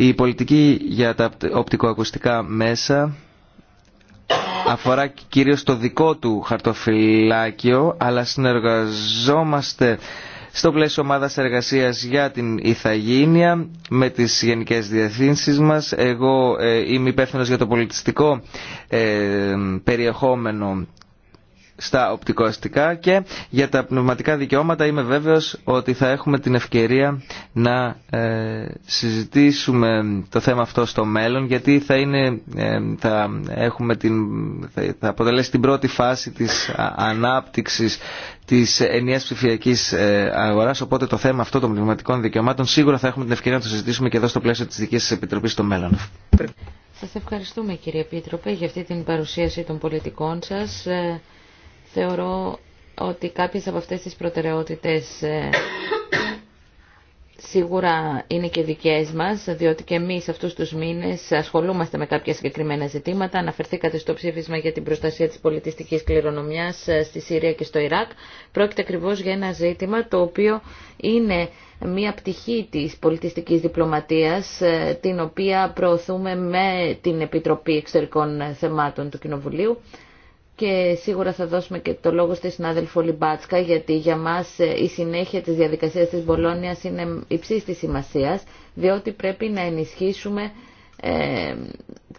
η πολιτική για τα οπτικοακουστικά μέσα αφορά κυρίως το δικό του χαρτοφυλάκιο, αλλά συνεργαζόμαστε στο πλαίσιο ομάδας εργασίας για την Ιθαγένεια με τις γενικές διευθύνσεις μας. Εγώ ε, είμαι υπεύθυνο για το πολιτιστικό ε, περιεχόμενο στα οπτικοαστικά και για τα πνευματικά δικαιώματα είμαι βέβαιος ότι θα έχουμε την ευκαιρία να ε, συζητήσουμε το θέμα αυτό στο μέλλον γιατί θα, είναι, ε, θα, έχουμε την, θα αποτελέσει την πρώτη φάση της ανάπτυξης της ενιαίας ψηφιακής ε, αγοράς οπότε το θέμα αυτό των πνευματικών δικαιωμάτων σίγουρα θα έχουμε την ευκαιρία να το συζητήσουμε και εδώ στο πλαίσιο της δικής σας επιτροπής στο μέλλον. Σας ευχαριστούμε κύριε Επίτροπε για αυτή την παρουσίαση των πολιτικών σας θεωρώ ότι κάποιες από αυτές τις προτεραιότητες ε, σίγουρα είναι και δικές μας, διότι και εμείς αυτούς τους μήνες ασχολούμαστε με κάποια συγκεκριμένα ζητήματα. Αναφερθήκατε στο ψήφισμα για την προστασία της πολιτιστικής κληρονομιάς ε, στη Συρία και στο Ιράκ. Πρόκειται ακριβώ για ένα ζήτημα το οποίο είναι μία πτυχή της πολιτιστικής διπλωματίας, ε, την οποία προωθούμε με την Επιτροπή Εξωτερικών Θεμάτων του Κοινοβουλίου και σίγουρα θα δώσουμε και το λόγο στη συνάδελφο Λιμπάτσκα γιατί για μας ε, η συνέχεια της διαδικασίας της Μπολόνιας είναι υψής της σημασίας διότι πρέπει να ενισχύσουμε ε,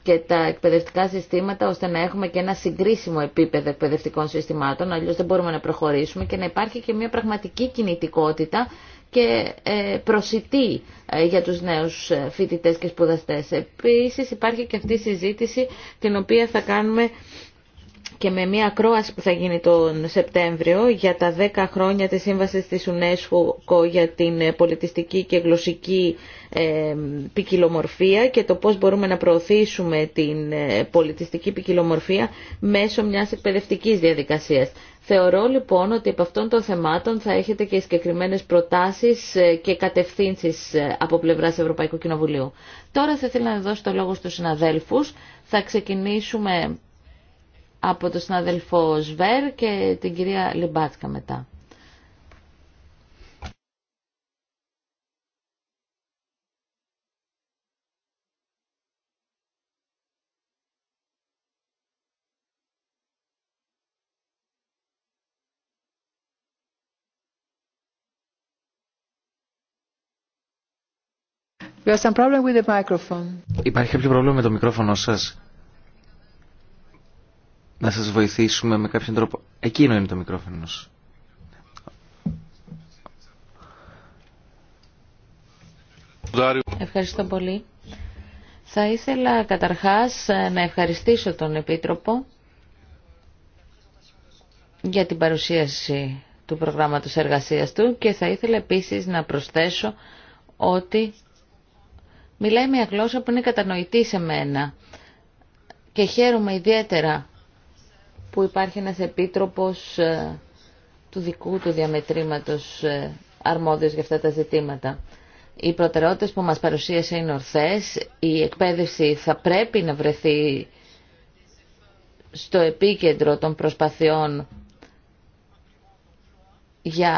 και τα εκπαιδευτικά συστήματα ώστε να έχουμε και ένα συγκρίσιμο επίπεδο εκπαιδευτικών συστημάτων αλλιώς δεν μπορούμε να προχωρήσουμε και να υπάρχει και μια πραγματική κινητικότητα και ε, προσιτή για τους νέους φοιτητές και σπουδαστές. Επίσης υπάρχει και αυτή η συζήτηση την οποία θα κάνουμε και με μια ακρόαση που θα γίνει τον Σεπτέμβριο για τα 10 χρόνια της σύμβασης της UNESCO για την ε, πολιτιστική και γλωσσική ε, ποικιλομορφία και το πώς μπορούμε να προωθήσουμε την ε, πολιτιστική ποικιλομορφία μέσω μιας εκπαιδευτικής διαδικασίας. Θεωρώ λοιπόν ότι από αυτών των θεμάτων θα έχετε και συγκεκριμένε προτάσεις και κατευθύνσεις από πλευράς Ευρωπαϊκού Κοινοβουλίου. Τώρα θα ήθελα να δώσω το λόγο στους συναδέλφους. Θα ξεκινήσουμε από τον συναδελφό Σβέρ και την κυρία Λιμπάτσκα μετά. Υπάρχει κάποιο πρόβλημα με το μικρόφωνο σας να σας βοηθήσουμε με κάποιον τρόπο. Εκείνο είναι το μικρόφωνο Ευχαριστώ πολύ. Θα ήθελα καταρχάς να ευχαριστήσω τον Επίτροπο για την παρουσίαση του προγράμματος εργασίας του και θα ήθελα επίσης να προσθέσω ότι μιλάει μια γλώσσα που είναι κατανοητή σε μένα και χαίρομαι ιδιαίτερα που υπάρχει ένας επίτροπος ε, του δικού του διαμετρήματος ε, αρμόδιος για αυτά τα ζητήματα. Οι προτεραιότητες που μας παρουσίασε είναι ορθές. Η εκπαίδευση θα πρέπει να βρεθεί στο επίκεντρο των προσπαθειών για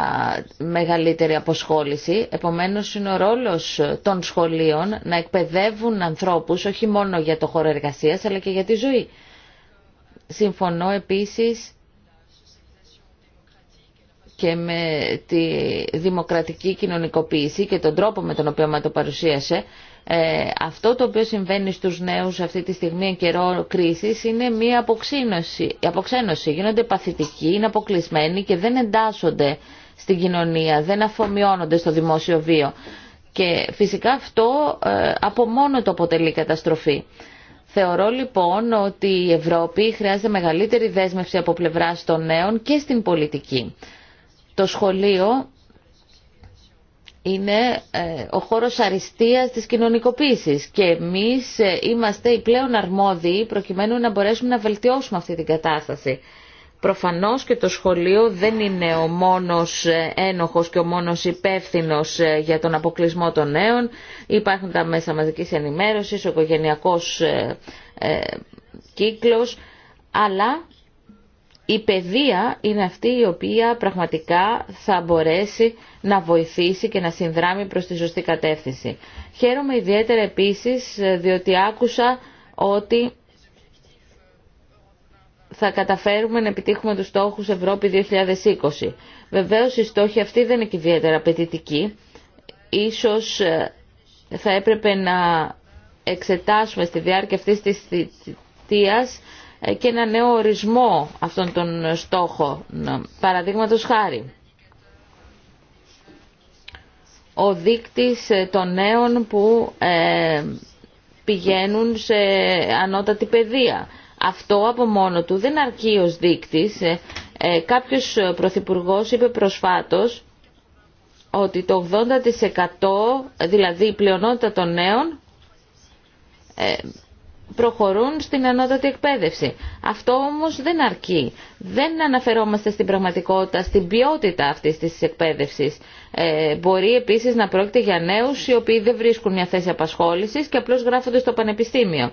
μεγαλύτερη αποσχόληση. Επομένως είναι ο ρόλος των σχολείων να εκπαιδεύουν ανθρώπους όχι μόνο για το χώρο εργασίας αλλά και για τη ζωή. Συμφωνώ επίσης και με τη δημοκρατική κοινωνικοποίηση και τον τρόπο με τον οποίο μα το παρουσίασε, ε, αυτό το οποίο συμβαίνει στους νέους αυτή τη στιγμή εν καιρό κρίσης είναι μια αποξένωση. αποξένωση. Γίνονται παθητικοί, είναι αποκλεισμένοι και δεν εντάσσονται στην κοινωνία, δεν αφομοιώνονται στο δημόσιο βίο. Και φυσικά αυτό ε, από μόνο το αποτελεί καταστροφή. Θεωρώ λοιπόν ότι η Ευρώπη χρειάζεται μεγαλύτερη δέσμευση από πλευρά των νέων και στην πολιτική. Το σχολείο είναι ε, ο χώρος αριστείας της κοινωνικοποίησης και εμείς ε, είμαστε οι πλέον αρμόδιοι προκειμένου να μπορέσουμε να βελτιώσουμε αυτή την κατάσταση. Προφανώς και το σχολείο δεν είναι ο μόνος ε, ένοχος και ο μόνος υπεύθυνος ε, για τον αποκλεισμό των νέων. Υπάρχουν τα μέσα μαζικής ενημέρωσης, ο οικογενειακός ε, κύκλος, αλλά η παιδεία είναι αυτή η οποία πραγματικά θα μπορέσει να βοηθήσει και να συνδράμει προς τη σωστή κατεύθυνση. Χαίρομαι ιδιαίτερα επίσης διότι άκουσα ότι θα καταφέρουμε να επιτύχουμε τους στόχους Ευρώπη 2020. Βεβαίως οι στόχοι αυτοί δεν είναι και ιδιαίτερα απαιτητικοί. Ίσως ε, θα έπρεπε να εξετάσουμε στη διάρκεια αυτής της θητείας ε, και ένα νέο ορισμό αυτών των στόχων. Παραδείγματος χάρη, ο δείκτης ε, των νέων που πηγαίνουν σε ανώτατη παιδεία αυτό από μόνο του δεν αρκεί ως δείκτης. Ε, ε, κάποιος πρωθυπουργός είπε προσφάτως ότι το 80% δηλαδή η πλειονότητα των νέων ε, προχωρούν στην ανώτατη εκπαίδευση. Αυτό όμως δεν αρκεί. Δεν αναφερόμαστε στην πραγματικότητα, στην ποιότητα αυτής της εκπαίδευσης. Ε, μπορεί επίσης να πρόκειται για νέους οι οποίοι δεν βρίσκουν μια θέση απασχόλησης και απλώς γράφονται στο πανεπιστήμιο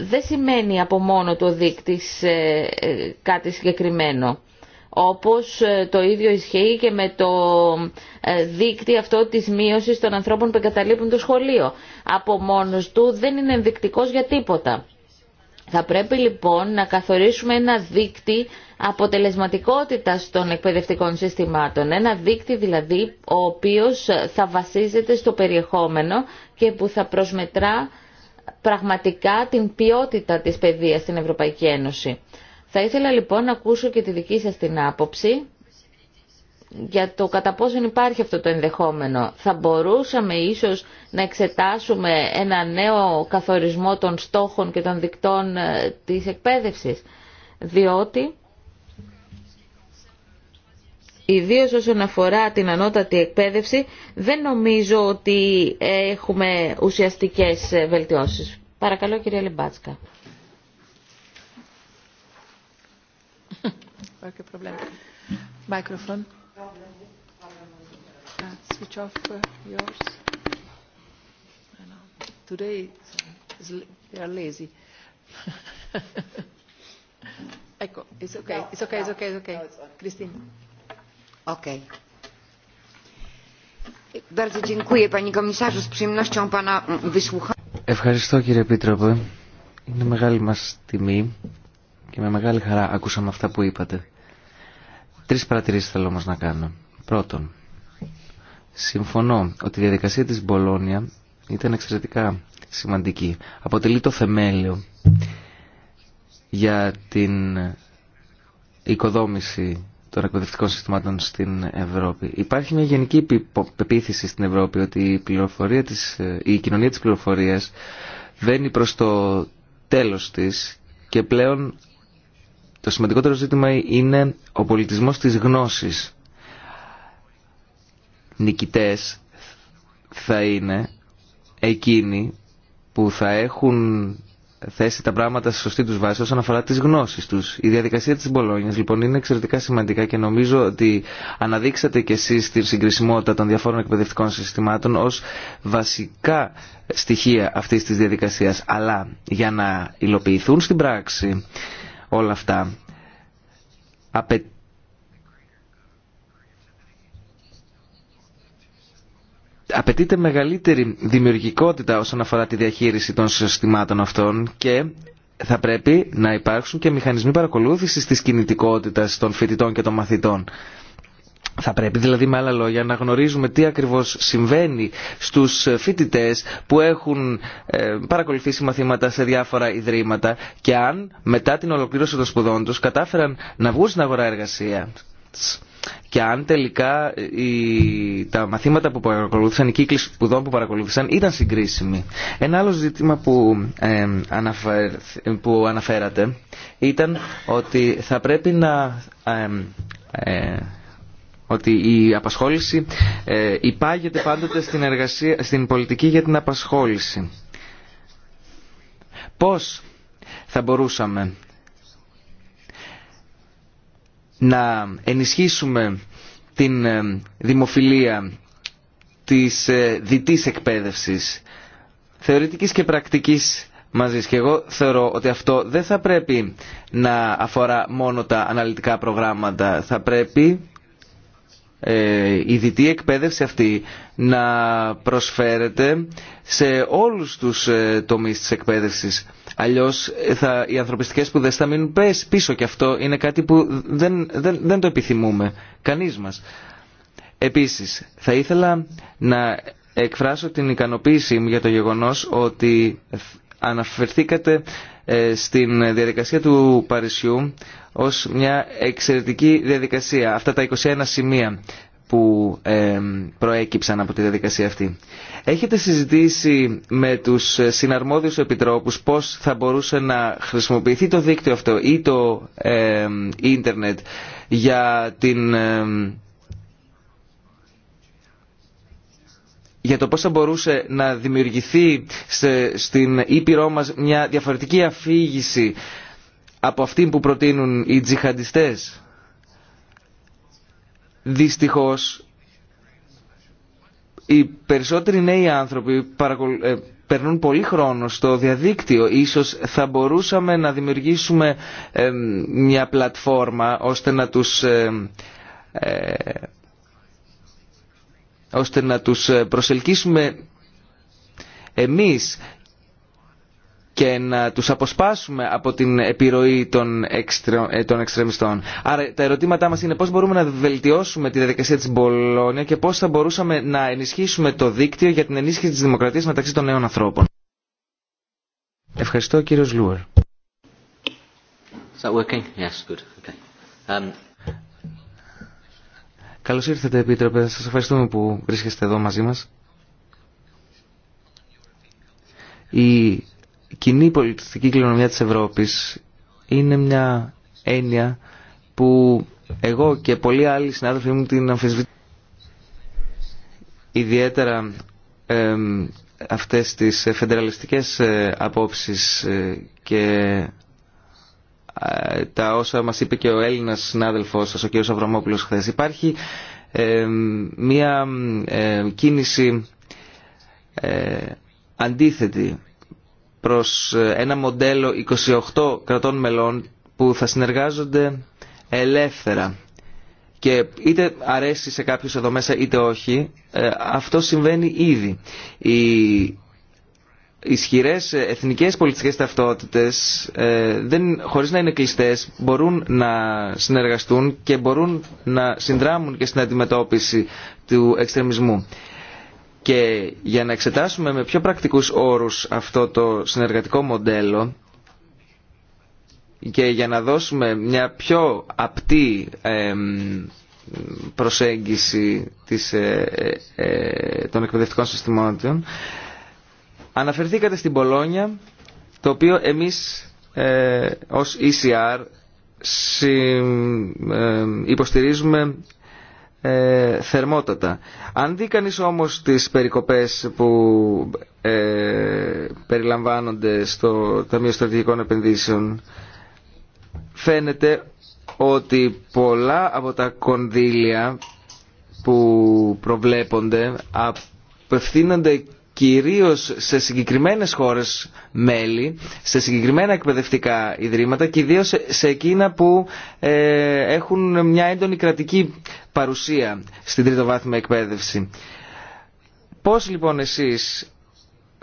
δεν σημαίνει από μόνο το δείκτης ε, ε, κάτι συγκεκριμένο. Όπως ε, το ίδιο ισχύει και με το δείκτη αυτό της μείωσης των ανθρώπων που εγκαταλείπουν το σχολείο. Από μόνος του δεν είναι ενδεικτικός για τίποτα. Θα πρέπει λοιπόν να καθορίσουμε ένα δείκτη αποτελεσματικότητας των εκπαιδευτικών συστημάτων. Ένα δείκτη δηλαδή ο οποίος θα βασίζεται στο περιεχόμενο και που θα προσμετρά πραγματικά την ποιότητα της παιδείας στην Ευρωπαϊκή Ένωση. Θα ήθελα λοιπόν να ακούσω και τη δική σας την άποψη για το κατά πόσον υπάρχει αυτό το ενδεχόμενο. Θα μπορούσαμε ίσως να εξετάσουμε ένα νέο καθορισμό των στόχων και των δικτών ε, της εκπαίδευσης, διότι ιδίως όσον αφορά την ανώτατη εκπαίδευση, δεν νομίζω ότι έχουμε ουσιαστικές βελτιώσεις. Παρακαλώ κυρία Λεμπάτσκα. Ah, uh, Today they are lazy. Εκο, it's okay, it's okay, it's okay, it's okay. Christine. Ευχαριστώ κύριε Επίτροπε. Είναι μεγάλη μας τιμή και με μεγάλη χαρά ακούσαμε αυτά που είπατε. Τρεις παρατηρήσεις θέλω όμως να κάνω. Πρώτον, συμφωνώ ότι η διαδικασία της Μπολόνια ήταν εξαιρετικά σημαντική. Αποτελεί το θεμέλιο για την οικοδόμηση των εκπαιδευτικών συστημάτων στην Ευρώπη. Υπάρχει μια γενική πεποίθηση στην Ευρώπη ότι η, πληροφορία της, ε, η κοινωνία της πληροφορίας βαίνει προς το τέλος της και πλέον το σημαντικότερο ζήτημα είναι ο πολιτισμός της γνώσης. Νικητές θα είναι εκείνοι που θα έχουν θέσει τα πράγματα στη σωστή του βάση όσον αφορά τι γνώσει του. Η διαδικασία τη Μπολόνια λοιπόν είναι εξαιρετικά σημαντικά και νομίζω ότι αναδείξατε κι εσεί τη συγκρισιμότητα των διαφόρων εκπαιδευτικών συστημάτων ω βασικά στοιχεία αυτή τη διαδικασία, Αλλά για να υλοποιηθούν στην πράξη όλα αυτά απαιτεί απαιτείται μεγαλύτερη δημιουργικότητα όσον αφορά τη διαχείριση των συστημάτων αυτών και θα πρέπει να υπάρξουν και μηχανισμοί παρακολούθησης της κινητικότητας των φοιτητών και των μαθητών. Θα πρέπει δηλαδή με άλλα λόγια να γνωρίζουμε τι ακριβώς συμβαίνει στους φοιτητές που έχουν ε, παρακολουθήσει μαθήματα σε διάφορα ιδρύματα και αν μετά την ολοκλήρωση των σπουδών τους κατάφεραν να βγουν στην αγορά εργασία και αν τελικά ε, τα μαθήματα που παρακολούθησαν, οι κύκλοι σπουδών που παρακολούθησαν ήταν συγκρίσιμοι. Ένα άλλο ζήτημα που, ε, που αναφέρατε ήταν ότι θα πρέπει να... Ε, ότι η απασχόληση υπάγεται πάντοτε στην, εργασία, στην πολιτική για την απασχόληση. Πώς θα μπορούσαμε να ενισχύσουμε την ε, δημοφιλία της ε, διτής εκπαίδευσης θεωρητικής και πρακτικής μαζί και εγώ θεωρώ ότι αυτό δεν θα πρέπει να αφορά μόνο τα αναλυτικά προγράμματα θα πρέπει ε, η διτή εκπαίδευση αυτή να προσφέρεται σε όλους τους ε, τομείς της εκπαίδευσης. Αλλιώς ε, θα, οι ανθρωπιστικές σπουδές θα μείνουν πίσω και αυτό είναι κάτι που δεν, δεν, δεν το επιθυμούμε κανείς μας. Επίσης, θα ήθελα να εκφράσω την ικανοποίησή μου για το γεγονός ότι αναφερθήκατε ε, στην διαδικασία του Παρισιού ως μια εξαιρετική διαδικασία. Αυτά τα 21 σημεία που ε, προέκυψαν από τη διαδικασία αυτή. Έχετε συζητήσει με τους συναρμόδιους επιτρόπους πώς θα μπορούσε να χρησιμοποιηθεί το δίκτυο αυτό ή το ε, ίντερνετ για την για το πώς θα μπορούσε να δημιουργηθεί στην Ήπειρό μας μια διαφορετική αφήγηση από αυτή που προτείνουν οι τζιχαντιστές. Δυστυχώς, οι περισσότεροι νέοι άνθρωποι ε, περνούν πολύ χρόνο στο διαδίκτυο. Ίσως θα μπορούσαμε να δημιουργήσουμε ε, μια πλατφόρμα ώστε να τους... Ε, ώστε να τους ε, προσελκύσουμε εμείς και να τους αποσπάσουμε από την επιρροή των, εξτρε, ε, εξτρεμιστών. Άρα τα ερωτήματά μας είναι πώς μπορούμε να βελτιώσουμε τη διαδικασία της Μπολόνια και πώς θα μπορούσαμε να ενισχύσουμε το δίκτυο για την ενίσχυση της δημοκρατίας μεταξύ των νέων ανθρώπων. Ευχαριστώ κύριος Λούερ. Is Yes, good. Okay. Um, Καλώς ήρθατε Επίτροπε, σας ευχαριστούμε που βρίσκεστε εδώ μαζί μας. Η κοινή πολιτιστική κληρονομιά της Ευρώπης είναι μια έννοια που εγώ και πολλοί άλλοι συνάδελφοί μου την αμφισβητούν. Ιδιαίτερα ε, αυτές τις φεντεραλιστικές ε, απόψεις ε, και τα όσα μας είπε και ο Έλληνας συνάδελφός σας, ο κ. Αβραμόπουλος χθες. Υπάρχει ε, μία ε, κίνηση ε, αντίθετη προς ένα μοντέλο 28 κρατών μελών που θα συνεργάζονται ελεύθερα και είτε αρέσει σε κάποιους εδώ μέσα είτε όχι, αυτό συμβαίνει ήδη. Η ισχυρές εθνικές πολιτικές ταυτότητες ε, δεν, χωρίς να είναι κλειστές μπορούν να συνεργαστούν και μπορούν να συνδράμουν και στην αντιμετώπιση του εξτρεμισμού. Και για να εξετάσουμε με πιο πρακτικούς όρους αυτό το συνεργατικό μοντέλο και για να δώσουμε μια πιο απτή προσέγγιση ε, ε, των εκπαιδευτικών συστημάτων Αναφερθήκατε στην Πολόνια, το οποίο εμείς ε, ως ECR συ, ε, υποστηρίζουμε ε, θερμότατα. Αν δει κανεί όμως τις περικοπές που περιλαμβάνονται στο Ταμείο Στρατηγικών Επενδύσεων, φαίνεται ότι πολλά από τα κονδύλια που προβλέπονται απευθύνονται κυρίως σε συγκεκριμένες χώρες μέλη, σε συγκεκριμένα εκπαιδευτικά ιδρύματα και ιδίως σε εκείνα που ε, έχουν μια έντονη κρατική παρουσία στην τρίτο βάθμια εκπαίδευση. Πώς λοιπόν εσείς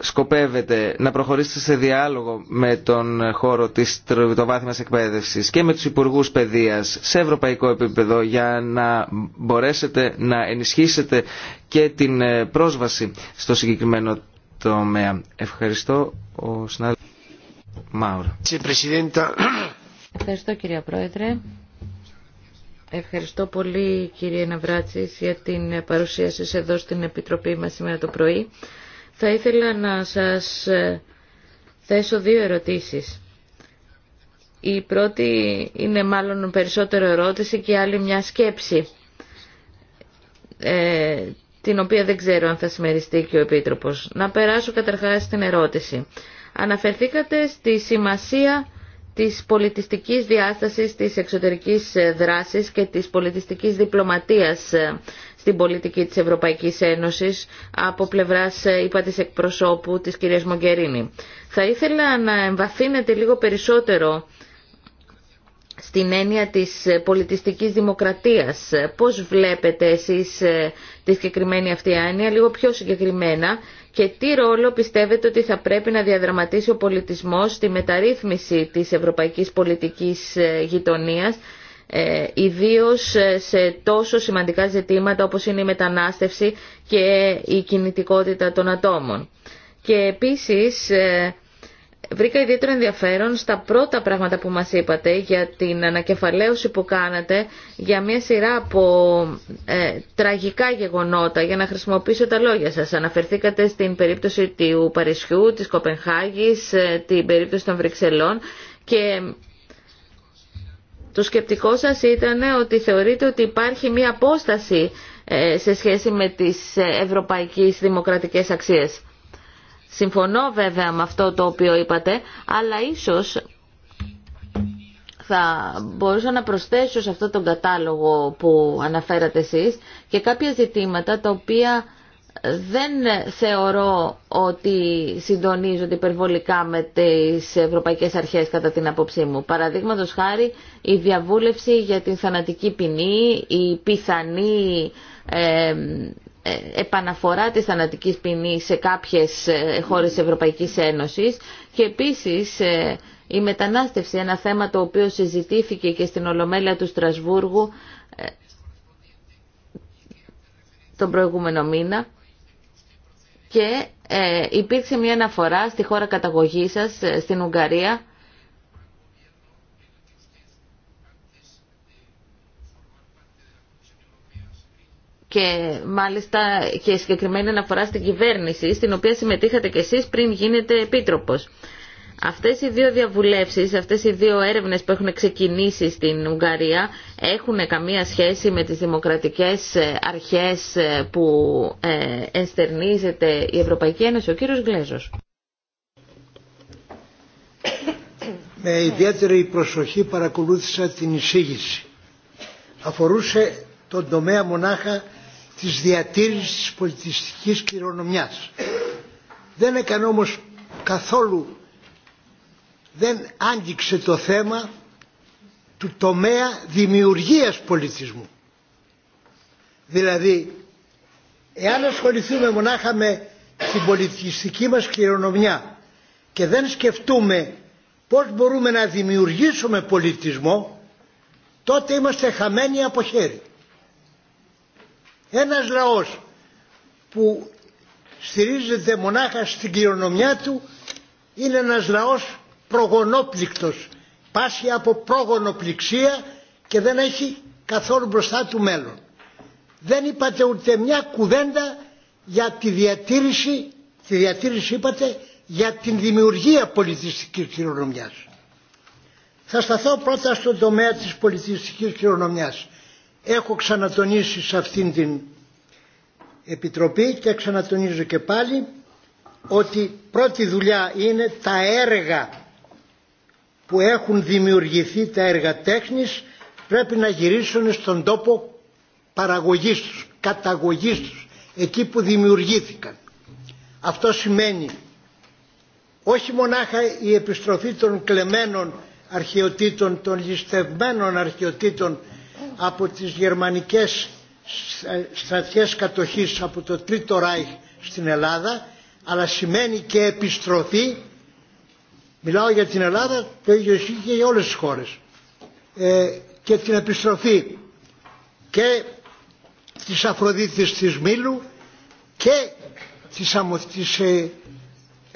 σκοπεύετε να προχωρήσετε σε διάλογο με τον χώρο της τριτοβάθμιας εκπαίδευσης και με τους υπουργούς παιδείας σε ευρωπαϊκό επίπεδο για να μπορέσετε να ενισχύσετε και την ε, πρόσβαση στο συγκεκριμένο τομέα. Ευχαριστώ ο Ευχαριστώ κυρία Πρόεδρε. Ευχαριστώ πολύ κύριε Ναυράτσης για την παρουσία σας εδώ στην Επιτροπή μας σήμερα το πρωί. Θα ήθελα να σας ε, θέσω δύο ερωτήσεις. Η πρώτη είναι μάλλον περισσότερο ερώτηση και άλλη μια σκέψη, ε, την οποία δεν ξέρω αν θα συμμεριστεί και ο Επίτροπος. Να περάσω καταρχάς στην ερώτηση. Αναφερθήκατε στη σημασία της πολιτιστικής διάστασης της εξωτερικής ε, δράσης και της πολιτιστικής διπλωματίας στην πολιτική της Ευρωπαϊκής Ένωσης από πλευράς ε, είπα της εκπροσώπου της κυρίας Μογκερίνη. Θα ήθελα να εμβαθύνετε λίγο περισσότερο στην έννοια της ε, πολιτιστικής δημοκρατίας. Πώς βλέπετε εσείς ε, τη συγκεκριμένη αυτή άνοια, λίγο πιο συγκεκριμένα, και τι ρόλο πιστεύετε ότι θα πρέπει να διαδραματίσει ο πολιτισμός στη μεταρρύθμιση της ευρωπαϊκής πολιτικής γειτονίας ε, ιδίως ε, σε τόσο σημαντικά ζητήματα όπως είναι η μετανάστευση και η κινητικότητα των ατόμων. Και επίσης ε, βρήκα ιδιαίτερο ενδιαφέρον στα πρώτα πράγματα που μας είπατε για την ανακεφαλαίωση που κάνατε για μια σειρά από ε, τραγικά γεγονότα για να χρησιμοποιήσω τα λόγια σας. Αναφερθήκατε στην περίπτωση του Παρισιού, της Κοπενχάγης, την περίπτωση των Βρυξελών το σκεπτικό σας ήταν ότι θεωρείτε ότι υπάρχει μία απόσταση ε, σε σχέση με τις ε, ευρωπαϊκές δημοκρατικές αξίες. Συμφωνώ βέβαια με αυτό το οποίο είπατε, αλλά ίσως θα μπορούσα να προσθέσω σε αυτό τον κατάλογο που αναφέρατε εσείς και κάποια ζητήματα τα οποία δεν θεωρώ ότι συντονίζονται υπερβολικά με τις ευρωπαϊκές αρχές κατά την απόψή μου. Παραδείγματος χάρη η διαβούλευση για την θανατική ποινή, η πιθανή ε, ε, επαναφορά της θανατικής ποινή σε κάποιες ε, χώρες της Ευρωπαϊκής Ένωσης και επίσης η μετανάστευση, ένα θέμα το οποίο συζητήθηκε και στην Ολομέλεια του Στρασβούργου τον προηγούμενο μήνα και ε, υπήρξε μια αναφορά στη χώρα καταγωγής σας, ε, στην Ουγγαρία, και μάλιστα και συγκεκριμένη αναφορά στην κυβέρνηση, στην οποία συμμετείχατε κι εσείς πριν γίνετε επίτροπος. Αυτές οι δύο διαβουλεύσεις, αυτές οι δύο έρευνες που έχουν ξεκινήσει στην Ουγγαρία έχουν καμία σχέση με τις δημοκρατικές ε, αρχές ε, που ενστερνίζεται η Ευρωπαϊκή Ένωση. Ο κύριος Γκλέζος. Με ιδιαίτερη προσοχή παρακολούθησα την εισήγηση. Αφορούσε τον τομέα μονάχα της διατήρησης της πολιτιστικής κληρονομιάς. Δεν έκανε όμως καθόλου δεν άγγιξε το θέμα του τομέα δημιουργίας πολιτισμού. Δηλαδή, εάν ασχοληθούμε μονάχα με την πολιτιστική μας κληρονομιά και δεν σκεφτούμε πώς μπορούμε να δημιουργήσουμε πολιτισμό, τότε είμαστε χαμένοι από χέρι. Ένας λαός που στηρίζεται μονάχα στην κληρονομιά του είναι ένας λαός προγονόπληκτος. Πάσχει από προγονοπληξία και δεν έχει καθόλου μπροστά του μέλλον. Δεν είπατε ούτε μια κουβέντα για τη διατήρηση, τη διατήρηση είπατε, για την δημιουργία πολιτιστικής κληρονομιάς. Θα σταθώ πρώτα στον τομέα της πολιτιστικής κληρονομιάς. Έχω ξανατονίσει σε αυτήν την Επιτροπή και ξανατονίζω και πάλι ότι πρώτη δουλειά είναι τα έργα που έχουν δημιουργηθεί τα έργα τέχνης πρέπει να γυρίσουν στον τόπο παραγωγής τους, καταγωγής τους, εκεί που δημιουργήθηκαν. Αυτό σημαίνει όχι μονάχα η επιστροφή των κλεμμένων αρχαιοτήτων, των ληστευμένων αρχαιοτήτων από τις γερμανικές στρατιές κατοχής από το Τρίτο Ράιχ στην Ελλάδα, αλλά σημαίνει και επιστροφή Μιλάω για την Ελλάδα, το ίδιο ισχύει και για όλες τις χώρες. Ε, και την επιστροφή και της Αφροδίτης της Μήλου και της, αμο, ε,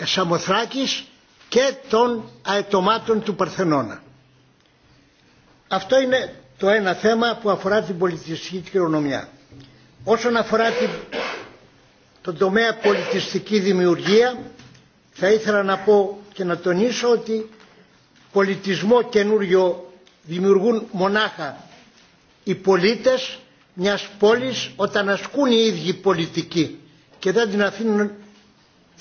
Σαμοθράκης και των αετομάτων του Παρθενώνα. Αυτό είναι το ένα θέμα που αφορά την πολιτιστική κληρονομιά. Όσον αφορά την, τον τομέα πολιτιστική δημιουργία, θα ήθελα να πω και να τονίσω ότι πολιτισμό καινούριο δημιουργούν μονάχα οι πολίτες μιας πόλης όταν ασκούν οι ίδιοι πολιτικοί και δεν την αφήνουν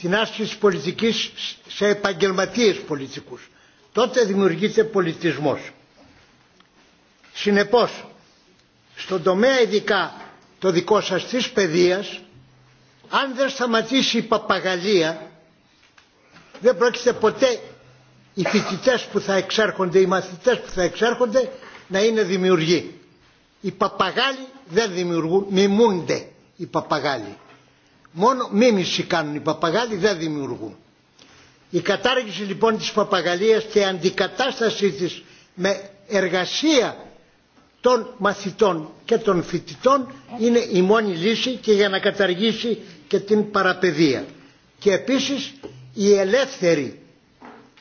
την άσκηση πολιτικής σε επαγγελματίες πολιτικούς. Τότε δημιουργείται πολιτισμός. Συνεπώς, στον τομέα ειδικά το δικό σας της παιδείας, αν δεν σταματήσει η παπαγαλία δεν πρόκειται ποτέ οι φοιτητέ που θα εξέρχονται, οι μαθητές που θα εξέρχονται να είναι δημιουργοί. Οι παπαγάλοι δεν δημιουργούν, μιμούνται οι παπαγάλοι. Μόνο μίμηση κάνουν οι παπαγάλοι, δεν δημιουργούν. Η κατάργηση λοιπόν της παπαγαλίας και η αντικατάστασή της με εργασία των μαθητών και των φοιτητών είναι η μόνη λύση και για να καταργήσει και την παραπαιδεία. Και επίσης η ελεύθερη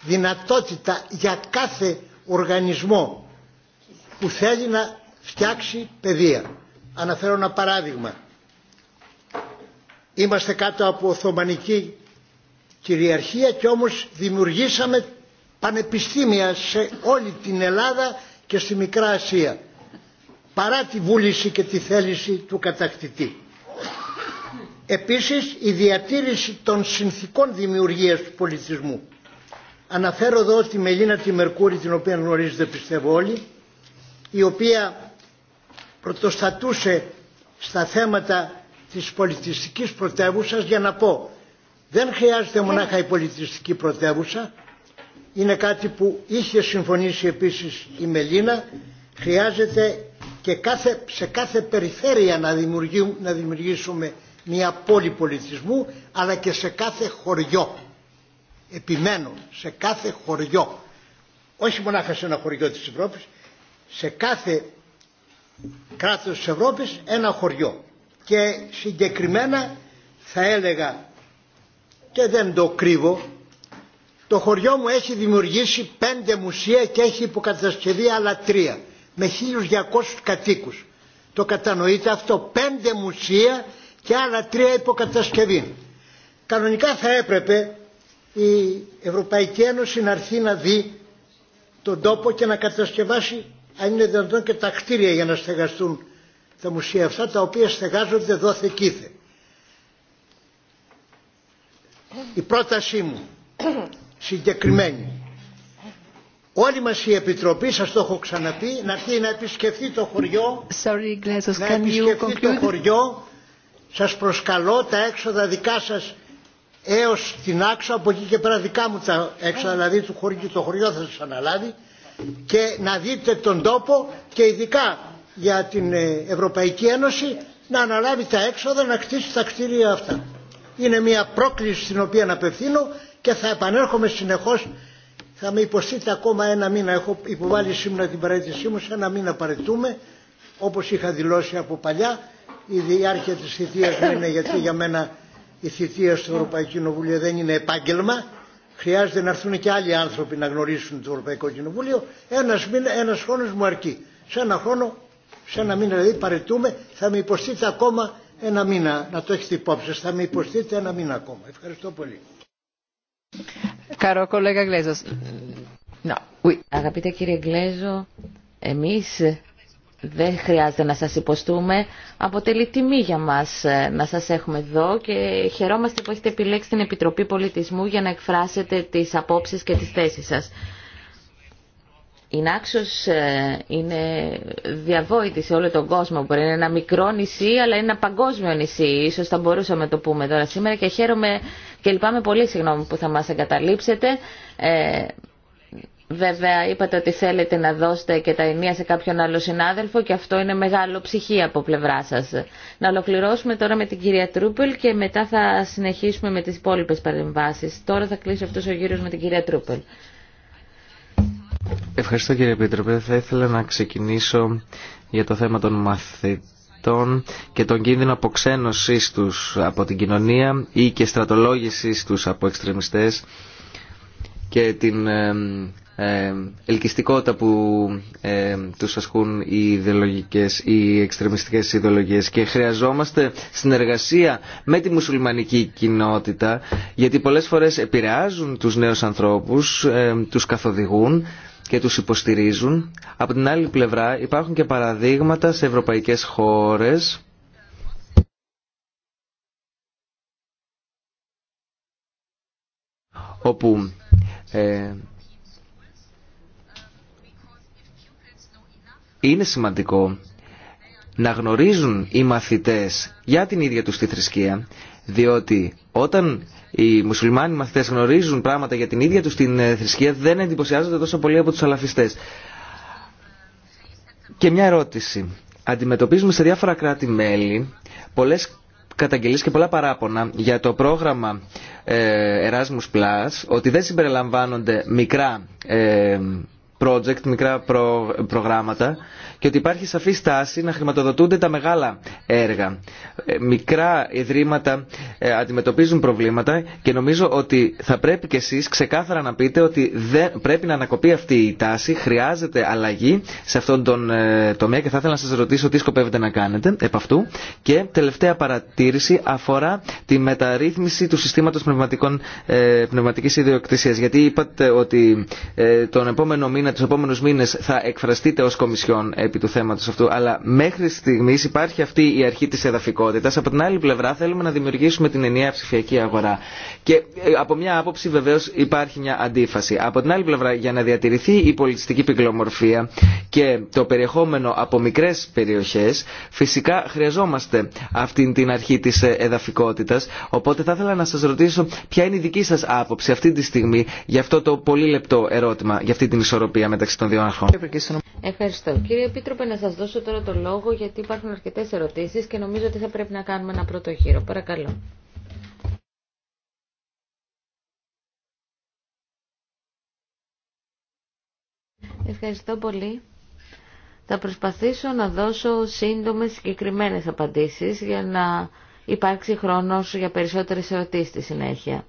δυνατότητα για κάθε οργανισμό που θέλει να φτιάξει παιδεία. Αναφέρω ένα παράδειγμα. Είμαστε κάτω από Οθωμανική κυριαρχία και όμως δημιουργήσαμε πανεπιστήμια σε όλη την Ελλάδα και στη Μικρά Ασία παρά τη βούληση και τη θέληση του κατακτητή. Επίσης η διατήρηση των συνθήκων δημιουργίας του πολιτισμού. Αναφέρω εδώ τη Μελίνα τη Μερκούρη την οποία γνωρίζετε πιστεύω όλοι η οποία πρωτοστατούσε στα θέματα της πολιτιστικής πρωτεύουσα για να πω δεν χρειάζεται μονάχα η πολιτιστική πρωτεύουσα είναι κάτι που είχε συμφωνήσει επίσης η Μελίνα χρειάζεται και κάθε, σε κάθε περιφέρεια να, να δημιουργήσουμε μια πόλη πολιτισμού αλλά και σε κάθε χωριό. Επιμένω, σε κάθε χωριό. Όχι μονάχα σε ένα χωριό της Ευρώπης, σε κάθε κράτος της Ευρώπης ένα χωριό. Και συγκεκριμένα θα έλεγα και δεν το κρύβω το χωριό μου έχει δημιουργήσει πέντε μουσεία και έχει υποκατασκευή άλλα τρία με 1200 κατοίκους. Το κατανοείτε αυτό, πέντε μουσεία και άλλα τρία υποκατασκευή. Κανονικά θα έπρεπε η Ευρωπαϊκή Ένωση να έρθει να δει τον τόπο και να κατασκευάσει αν είναι δυνατόν και τα κτίρια για να στεγαστούν τα μουσεία αυτά τα οποία στεγάζονται δόθε κήθε. Η πρότασή μου συγκεκριμένη. Όλη μας η Επιτροπή, σας το έχω ξαναπεί, να έρθει να επισκεφθεί το χωριό, να επισκεφθεί το χωριό σας προσκαλώ τα έξοδα δικά σας έως την άξο, από εκεί και πέρα δικά μου τα έξοδα, ναι. δηλαδή του το χωριό θα σας αναλάβει και να δείτε τον τόπο και ειδικά για την ε, Ευρωπαϊκή Ένωση να αναλάβει τα έξοδα, να κτίσει τα κτίρια αυτά. Είναι μια πρόκληση στην οποία να απευθύνω και θα επανέρχομαι συνεχώς. Θα με υποστείτε ακόμα ένα μήνα. Έχω υποβάλει σήμερα την παρέτησή μου, σε ένα μήνα παρετούμε, όπως είχα δηλώσει από παλιά η διάρκεια της θητείας μου είναι γιατί για μένα η θητεία στο Ευρωπαϊκό Κοινοβούλιο δεν είναι επάγγελμα. Χρειάζεται να έρθουν και άλλοι άνθρωποι να γνωρίσουν το Ευρωπαϊκό Κοινοβούλιο. Ένας, μήνα, ένας χρόνος μου αρκεί. Σε ένα χρόνο, σε ένα μήνα δηλαδή παρετούμε, θα με υποστείτε ακόμα ένα μήνα. Να το έχετε υπόψη θα με υποστείτε ένα μήνα ακόμα. Ευχαριστώ πολύ. Καρό Γκλέζος. Αγαπητέ κύριε Γκλέζο, εμείς δεν χρειάζεται να σας υποστούμε. Αποτελεί τιμή για μας ε, να σας έχουμε εδώ και χαιρόμαστε που έχετε επιλέξει την Επιτροπή Πολιτισμού για να εκφράσετε τις απόψεις και τις θέσεις σας. Η Νάξος ε, είναι διαβόητη σε όλο τον κόσμο. Μπορεί να είναι ένα μικρό νησί, αλλά είναι ένα παγκόσμιο νησί. Ίσως θα μπορούσαμε να το πούμε τώρα σήμερα και χαίρομαι και λυπάμαι πολύ συγγνώμη που θα μας εγκαταλείψετε. Ε, Βέβαια είπατε ότι θέλετε να δώσετε και τα ενία σε κάποιον άλλο συνάδελφο και αυτό είναι μεγάλο ψυχή από πλευρά σα. Να ολοκληρώσουμε τώρα με την κυρία Τρούπελ και μετά θα συνεχίσουμε με τι υπόλοιπε παρεμβάσει. Τώρα θα κλείσω αυτό ο γύρος με την κυρία Τρούπελ. Ευχαριστώ κύριε Επίτροπε. Θα ήθελα να ξεκινήσω για το θέμα των μαθητών και τον κίνδυνο αποξένωσής τους από την κοινωνία ή και στρατολόγησή τους από εξτρεμιστές και την ε, ε, ελκυστικότητα που ε, τους ασκούν οι ιδεολογικές, οι εξτρεμιστικές ιδεολογίες και χρειαζόμαστε συνεργασία με τη μουσουλμανική κοινότητα γιατί πολλές φορές επηρεάζουν τους νέους ανθρώπους, ε, τους καθοδηγούν και τους υποστηρίζουν. Από την άλλη πλευρά υπάρχουν και παραδείγματα σε ευρωπαϊκές χώρες όπου ε, είναι σημαντικό να γνωρίζουν οι μαθητές για την ίδια τους τη θρησκεία, διότι όταν οι μουσουλμάνοι μαθητές γνωρίζουν πράγματα για την ίδια τους την ε, θρησκεία δεν εντυπωσιάζονται τόσο πολύ από τους αλαφιστές. Και μια ερώτηση. Αντιμετωπίζουμε σε διάφορα κράτη-μέλη πολλές καταγγελίες και πολλά παράπονα για το πρόγραμμα ε, Erasmus ότι δεν συμπεριλαμβάνονται μικρά ε, project, μικρά προγράμματα και ότι υπάρχει σαφή στάση να χρηματοδοτούνται τα μεγάλα έργα. Ε, μικρά ιδρύματα ε, αντιμετωπίζουν προβλήματα και νομίζω ότι θα πρέπει κι εσείς ξεκάθαρα να πείτε ότι δεν, πρέπει να ανακοπεί αυτή η τάση, χρειάζεται αλλαγή σε αυτόν τον ε, τομέα και θα ήθελα να σας ρωτήσω τι σκοπεύετε να κάνετε επ' αυτού. Και τελευταία παρατήρηση αφορά τη μεταρρύθμιση του συστήματος πνευματικών, πνευματικής ιδιοκτησίας. Γιατί είπατε ότι τον επόμενο μήνα, τους επόμενους μήνες θα εκφραστείτε ως Κομισιόν επί του θέματος αυτού, αλλά μέχρι στιγμής υπάρχει αυτή η αρχή της εδαφικότητας. Από την άλλη πλευρά θέλουμε να δημιουργήσουμε την ενιαία ψηφιακή αγορά. Και ε, από μια άποψη βεβαίως υπάρχει μια αντίφαση. Από την άλλη πλευρά για να διατηρηθεί η πολιτιστική πυκλομορφία και το περιεχόμενο από μικρές περιοχές, φυσικά χρειαζόμαστε αυτή την αρχή της ε, εδαφικότητας. Οπότε θα ήθελα να σας ρωτήσω ποια είναι η δική σας άποψη αυτή τη στιγμή για αυτό το πολύ λεπτό ερώτημα, για αυτή την ισορροπία μεταξύ των δύο αρχών. Επίτροπε, να σας δώσω τώρα το λόγο γιατί υπάρχουν αρκετές ερωτήσεις και νομίζω ότι θα πρέπει να κάνουμε ένα πρώτο γύρο. Παρακαλώ. Ευχαριστώ πολύ. Θα προσπαθήσω να δώσω σύντομες συγκεκριμένε απαντήσεις για να υπάρξει χρόνος για περισσότερες ερωτήσεις στη συνέχεια.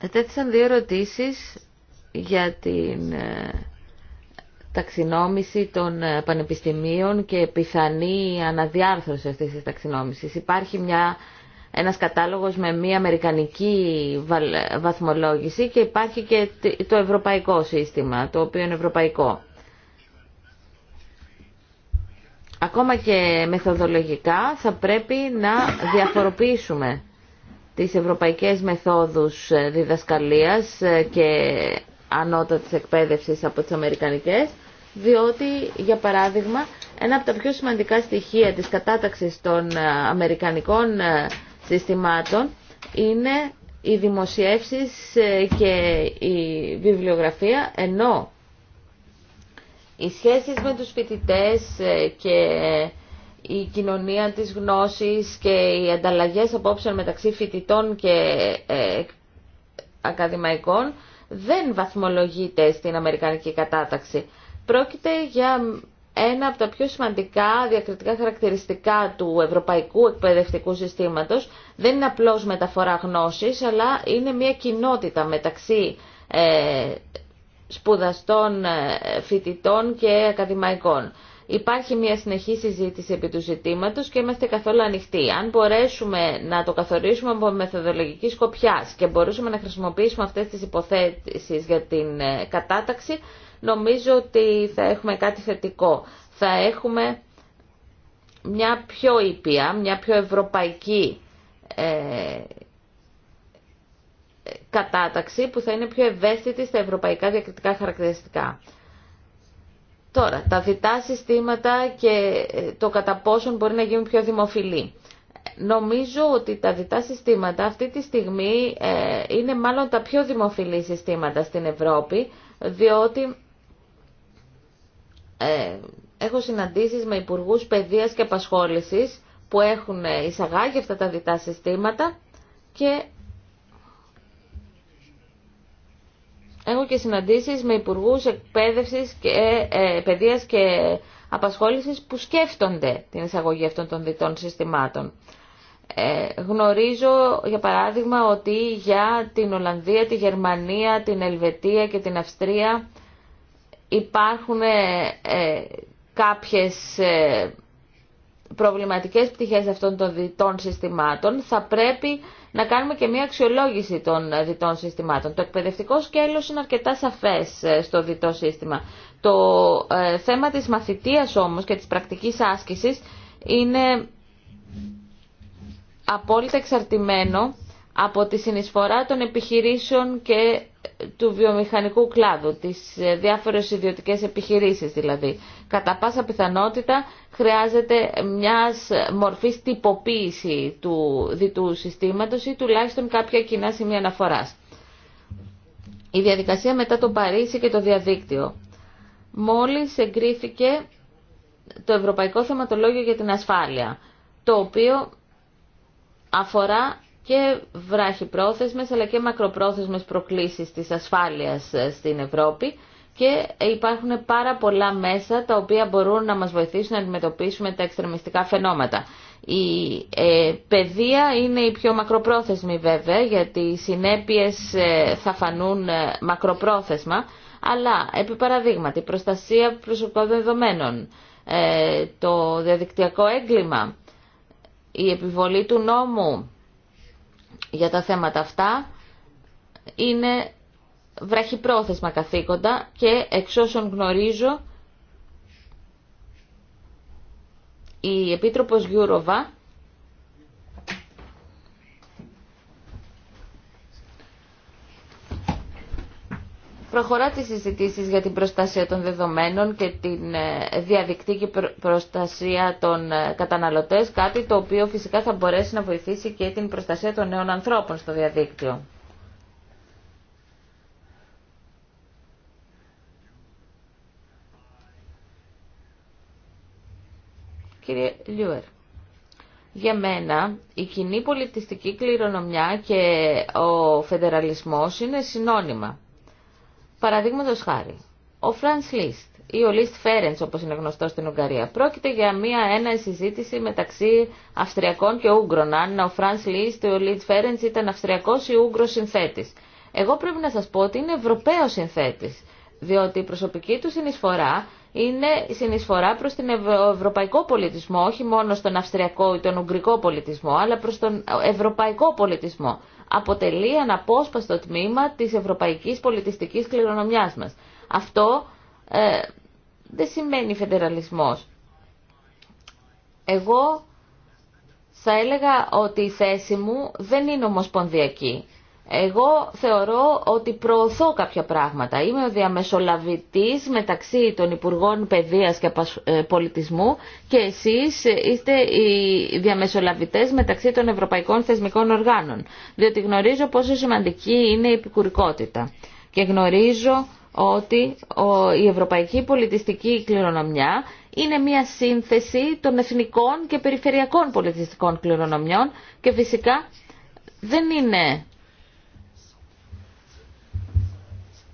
Ετέθησαν δύο ερωτήσεις για την ε, ταξινόμηση των ε, πανεπιστημίων και πιθανή αναδιάρθρωση αυτής της ταξινόμησης. Υπάρχει μια, ένας κατάλογος με μια αμερικανική βαθμολόγηση και υπάρχει και το ευρωπαϊκό σύστημα, το οποίο είναι ευρωπαϊκό. Ακόμα και μεθοδολογικά θα πρέπει να διαφοροποιήσουμε τις ευρωπαϊκές μεθόδους ε, διδασκαλίας και ανώτατης εκπαίδευσης από τις Αμερικανικές, διότι, για παράδειγμα, ένα από τα πιο σημαντικά στοιχεία της κατάταξης των ε, Αμερικανικών ε, συστημάτων είναι οι δημοσιεύσεις ε, και η βιβλιογραφία, ενώ οι σχέσεις με τους φοιτητές και η κοινωνία της γνώσης και οι ανταλλαγές απόψεων μεταξύ φοιτητών και ακαδημαϊκών δεν βαθμολογείται στην Αμερικανική κατάταξη. Πρόκειται για ένα από τα πιο σημαντικά διακριτικά χαρακτηριστικά του ευρωπαϊκού εκπαιδευτικού συστήματος. Δεν είναι απλώς μεταφορά γνώσης, αλλά είναι μια κοινότητα μεταξύ ε, σπουδαστών, ε, φοιτητών και ακαδημαϊκών. Υπάρχει μια συνεχή συζήτηση επί του ζητήματο και είμαστε καθόλου ανοιχτοί. Αν μπορέσουμε να το καθορίσουμε από μεθοδολογική σκοπιά και μπορούσαμε να χρησιμοποιήσουμε αυτές τις υποθέσεις για την ε, κατάταξη, νομίζω ότι θα έχουμε κάτι θετικό. Θα έχουμε μια πιο ήπια, μια πιο ευρωπαϊκή ε, κατάταξη που θα είναι πιο ευαίσθητη στα ευρωπαϊκά διακριτικά χαρακτηριστικά. Τώρα, τα διτά συστήματα και ε, το κατά πόσον μπορεί να γίνουν πιο δημοφιλή. Νομίζω ότι τα διτά συστήματα αυτή τη στιγμή ε, είναι μάλλον τα πιο δημοφιλή συστήματα στην Ευρώπη, διότι ε, έχω συναντήσεις με υπουργούς παιδείας και απασχόλησης που έχουν εισαγάγει αυτά τα διτά συστήματα και έχω και συναντήσεις με υπουργούς εκπαίδευσης και ε, παιδείας και απασχόλησης που σκέφτονται την εισαγωγή αυτών των διτών συστημάτων. Ε, γνωρίζω για παράδειγμα ότι για την Ολλανδία, τη Γερμανία, την Ελβετία και την Αυστρία υπάρχουν ε, ε κάποιες ε, προβληματικές πτυχές αυτών των διτών συστημάτων. Θα πρέπει να κάνουμε και μια αξιολόγηση των διτών συστημάτων. Το εκπαιδευτικό σκέλος είναι αρκετά σαφές ε, στο διτό σύστημα. Το ε, θέμα της μαθητείας όμως και της πρακτικής άσκησης είναι απόλυτα εξαρτημένο από τη συνεισφορά των επιχειρήσεων και του βιομηχανικού κλάδου, τις ε, διάφορες ιδιωτικές επιχειρήσεις δηλαδή. Κατά πάσα πιθανότητα χρειάζεται μιας μορφής τυποποίηση του διτού συστήματος ή τουλάχιστον κάποια κοινά σημεία αναφοράς. Η διαδικασία μετά το Παρίσι και το διαδίκτυο. Μόλις εγκρίθηκε το Ευρωπαϊκό Θεματολόγιο για την Ασφάλεια, το οποίο αφορά και βράχυπρόθεσμες αλλά και μακροπρόθεσμες προκλήσεις της ασφάλειας ε, στην Ευρώπη και υπάρχουν πάρα πολλά μέσα τα οποία μπορούν να μας βοηθήσουν να αντιμετωπίσουμε τα εξτρεμιστικά φαινόματα. Η ε, παιδεία είναι η πιο μακροπρόθεσμη βέβαια γιατί οι συνέπειες ε, θα φανούν ε, μακροπρόθεσμα αλλά επί παραδείγματι προστασία προσωπικών δεδομένων, το διαδικτυακό έγκλημα, η επιβολή του νόμου, για τα θέματα αυτά είναι βραχυπρόθεσμα καθήκοντα και εξ όσων γνωρίζω η Επίτροπος Γιούροβα προχωρά τις συζητήσεις για την προστασία των δεδομένων και την ε, διαδικτική προστασία των ε, καταναλωτές, κάτι το οποίο φυσικά θα μπορέσει να βοηθήσει και την προστασία των νέων ανθρώπων στο διαδίκτυο. Κύριε Λιούερ, για μένα η κοινή πολιτιστική κληρονομιά και ο φεδεραλισμός είναι συνώνυμα. Παραδείγματο χάρη, ο Φραν Λίστ ή ο Λίστ Φέρεντ, όπω είναι γνωστό στην Ουγγαρία, πρόκειται για μία ένα συζήτηση μεταξύ Αυστριακών και Ούγγρων. Αν ο Φραν Λίστ ή ο Λίστ Φέρεντ ήταν Αυστριακό ή Ούγγρο συνθέτη. Εγώ πρέπει να σα πω ότι είναι Ευρωπαίο συνθέτη, διότι η προσωπική του συνεισφορά είναι συνεισφορά προς τον ευρωπαϊκό πολιτισμό, όχι μόνο στον αυστριακό ή τον ουγγρικό πολιτισμό, αλλά προς τον ευρωπαϊκό πολιτισμό αποτελεί αναπόσπαστο τμήμα της ευρωπαϊκής πολιτιστικής κληρονομιάς μας. Αυτό ε, δεν σημαίνει φεντεραλισμός. Εγώ θα έλεγα ότι η θέση μου δεν είναι ομοσπονδιακή. Εγώ θεωρώ ότι προωθώ κάποια πράγματα. Είμαι ο διαμεσολαβητής μεταξύ των Υπουργών Παιδείας και ε, Πολιτισμού και εσείς είστε οι διαμεσολαβητές μεταξύ των Ευρωπαϊκών Θεσμικών Οργάνων, διότι γνωρίζω πόσο σημαντική είναι η επικουρικότητα και γνωρίζω ότι η Ευρωπαϊκή Πολιτιστική Κληρονομιά είναι μια σύνθεση των εθνικών και περιφερειακών πολιτιστικών κληρονομιών και φυσικά δεν είναι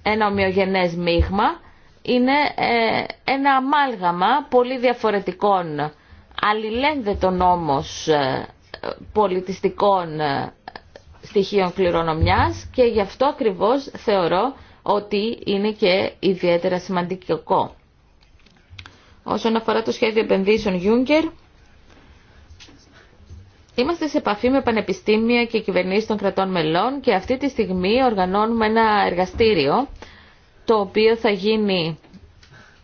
ένα ομοιογενές μείγμα, είναι ε, ένα αμάλγαμα πολύ διαφορετικών αλληλένδετων όμως ε, πολιτιστικών ε, στοιχείων κληρονομιάς και γι' αυτό ακριβώς θεωρώ ότι είναι και ιδιαίτερα σημαντικό. Όσον αφορά το σχέδιο επενδύσεων Juncker, Είμαστε σε επαφή με πανεπιστήμια και κυβερνήσεις των κρατών μελών και αυτή τη στιγμή οργανώνουμε ένα εργαστήριο το οποίο θα γίνει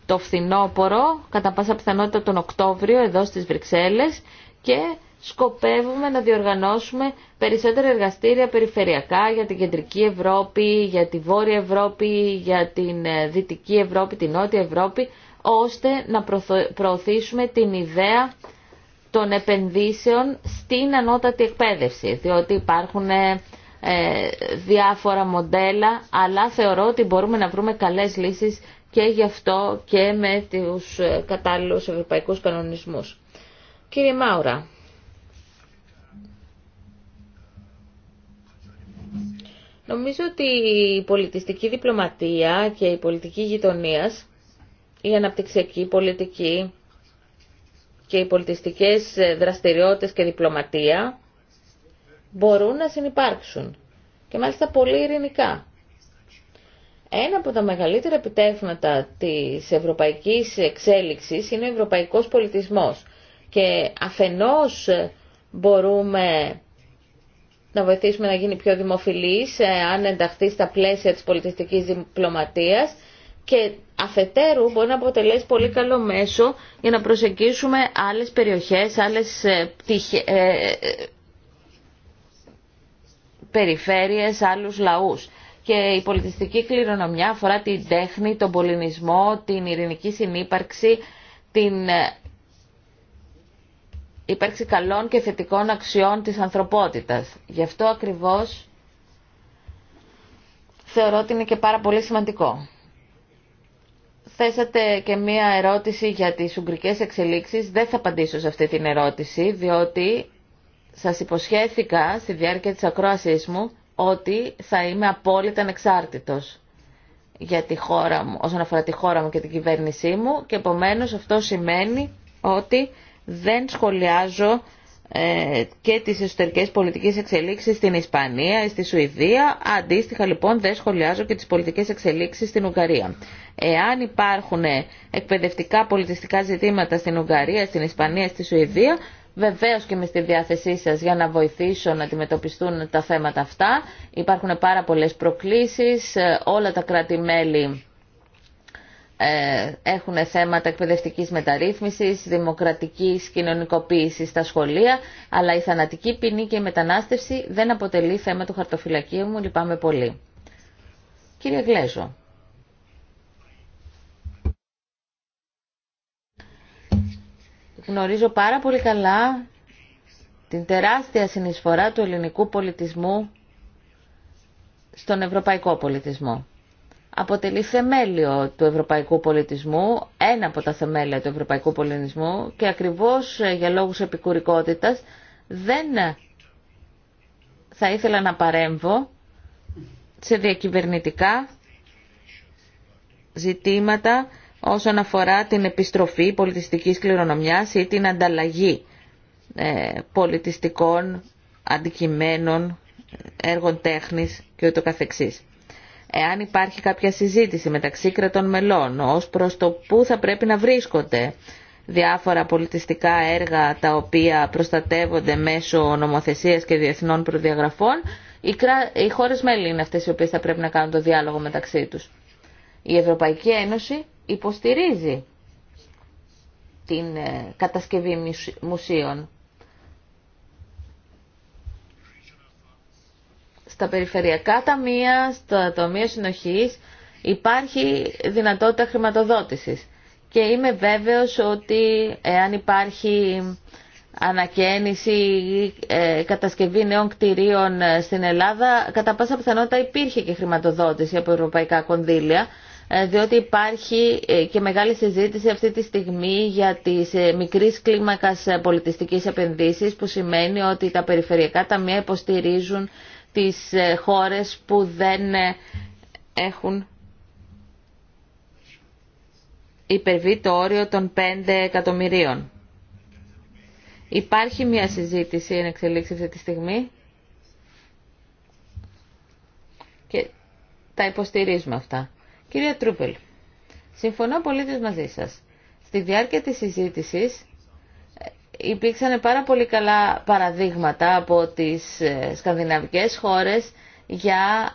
το φθινόπωρο, κατά πάσα πιθανότητα τον Οκτώβριο εδώ στις Βρυξέλλες και σκοπεύουμε να διοργανώσουμε περισσότερα εργαστήρια περιφερειακά για την Κεντρική Ευρώπη, για τη Βόρεια Ευρώπη, για την ε, Δυτική Ευρώπη, την Νότια Ευρώπη, ώστε να προωθήσουμε την ιδέα των επενδύσεων στην ανώτατη εκπαίδευση, διότι υπάρχουν ε, ε, διάφορα μοντέλα, αλλά θεωρώ ότι μπορούμε να βρούμε καλές λύσεις και γι' αυτό και με τους ε, κατάλληλους ευρωπαϊκούς κανονισμούς. Κύριε Μάουρα, νομίζω ότι η πολιτιστική διπλωματία και η πολιτική γειτονίας, η αναπτυξιακή πολιτική, και οι πολιτιστικές ε, δραστηριότητες και διπλωματία μπορούν να συνεπάρξουν και μάλιστα πολύ ειρηνικά. Ένα από τα μεγαλύτερα επιτεύγματα της ευρωπαϊκής εξέλιξης είναι ο ευρωπαϊκός πολιτισμός και αφενός ε, μπορούμε να βοηθήσουμε να γίνει πιο δημοφιλής ε, αν ενταχθεί στα πλαίσια της πολιτιστικής διπλωματίας και αφετέρου μπορεί να αποτελέσει πολύ καλό μέσο για να προσεγγίσουμε άλλες περιοχές, άλλες ε, ε, περιφέρειες, άλλους λαούς. Και η πολιτιστική κληρονομιά αφορά την τέχνη, τον πολιτισμό, την ειρηνική συνύπαρξη, την ύπαρξη ε, καλών και θετικών αξιών της ανθρωπότητας. Γι' αυτό ακριβώς θεωρώ ότι είναι και πάρα πολύ σημαντικό θέσατε και μία ερώτηση για τις ουγγρικές εξελίξεις. Δεν θα απαντήσω σε αυτή την ερώτηση, διότι σας υποσχέθηκα στη διάρκεια της ακρόασής μου ότι θα είμαι απόλυτα ανεξάρτητος για τη χώρα μου, όσον αφορά τη χώρα μου και την κυβέρνησή μου και επομένως αυτό σημαίνει ότι δεν σχολιάζω ε, και τις εσωτερικές πολιτικές εξελίξεις στην Ισπανία, στη Σουηδία. Αντίστοιχα λοιπόν δεν σχολιάζω και τις πολιτικές εξελίξεις στην Ουγγαρία. Εάν υπάρχουν εκπαιδευτικά πολιτιστικά ζητήματα στην Ουγγαρία, στην Ισπανία, στη Σουηδία, Βεβαίως και με στη διάθεσή σας για να βοηθήσω να αντιμετωπιστούν τα θέματα αυτά. Υπάρχουν πάρα πολλές προκλήσεις, ε, όλα τα κράτη-μέλη ε, έχουν θέματα εκπαιδευτικής μεταρρύθμισης, δημοκρατικής κοινωνικοποίησης στα σχολεία, αλλά η θανατική ποινή και η μετανάστευση δεν αποτελεί θέμα του χαρτοφυλακίου μου, λυπάμαι πολύ. Κύριε Γλέζο Γνωρίζω πάρα πολύ καλά την τεράστια συνεισφορά του ελληνικού πολιτισμού στον ευρωπαϊκό πολιτισμό αποτελεί θεμέλιο του ευρωπαϊκού πολιτισμού, ένα από τα θεμέλια του ευρωπαϊκού πολιτισμού και ακριβώς ε, για λόγους επικουρικότητας δεν ε, θα ήθελα να παρέμβω σε διακυβερνητικά ζητήματα όσον αφορά την επιστροφή πολιτιστικής κληρονομιάς ή την ανταλλαγή ε, πολιτιστικών αντικειμένων, έργων τέχνης και ούτω καθεξής εάν υπάρχει κάποια συζήτηση μεταξύ κρατών μελών ως προς το πού θα πρέπει να βρίσκονται διάφορα πολιτιστικά έργα τα οποία προστατεύονται μέσω νομοθεσίας και διεθνών προδιαγραφών, οι χώρες μέλη είναι αυτές οι οποίες θα πρέπει να κάνουν το διάλογο μεταξύ τους. Η Ευρωπαϊκή Ένωση υποστηρίζει την ε, κατασκευή μουσείων. στα περιφερειακά ταμεία, στα ταμεία συνοχής υπάρχει δυνατότητα χρηματοδότησης. Και είμαι βέβαιος ότι εάν υπάρχει ανακαίνιση ή ε, κατασκευή νέων κτηρίων ε, στην Ελλάδα, κατά πάσα πιθανότητα υπήρχε και χρηματοδότηση από ευρωπαϊκά κονδύλια, ε, διότι υπάρχει και μεγάλη συζήτηση αυτή τη στιγμή για τις μικρής κλίμακας πολιτιστική επενδύσεις, που σημαίνει ότι τα περιφερειακά ταμεία υποστηρίζουν στις ε, χώρες που δεν ε, έχουν υπερβεί το όριο των 5 εκατομμυρίων. Υπάρχει μια συζήτηση εν εξελίξει αυτή τη στιγμή και τα υποστηρίζουμε αυτά. Κύριε Τρούπελ, συμφωνώ πολύ μαζί σας. Στη διάρκεια της συζήτησης υπήρξαν πάρα πολύ καλά παραδείγματα από τις ε, σκανδιναβικές χώρες για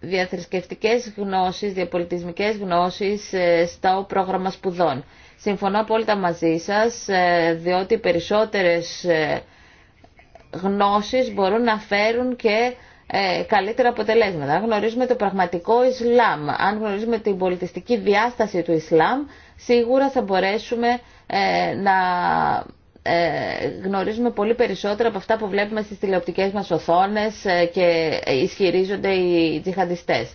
διαθρησκευτικές γνώσεις, διαπολιτισμικές γνώσεις ε, στο πρόγραμμα σπουδών. Συμφωνώ απόλυτα μαζί σας, ε, διότι περισσότερες γνώσεις μπορούν να φέρουν και ε, καλύτερα αποτελέσματα. Αν γνωρίζουμε το πραγματικό Ισλάμ, αν γνωρίζουμε την πολιτιστική διάσταση του Ισλάμ, σίγουρα θα μπορέσουμε ε, να ε, γνωρίζουμε πολύ περισσότερα από αυτά που βλέπουμε στις τηλεοπτικές μας οθόνες και ισχυρίζονται οι τζιχαντιστές.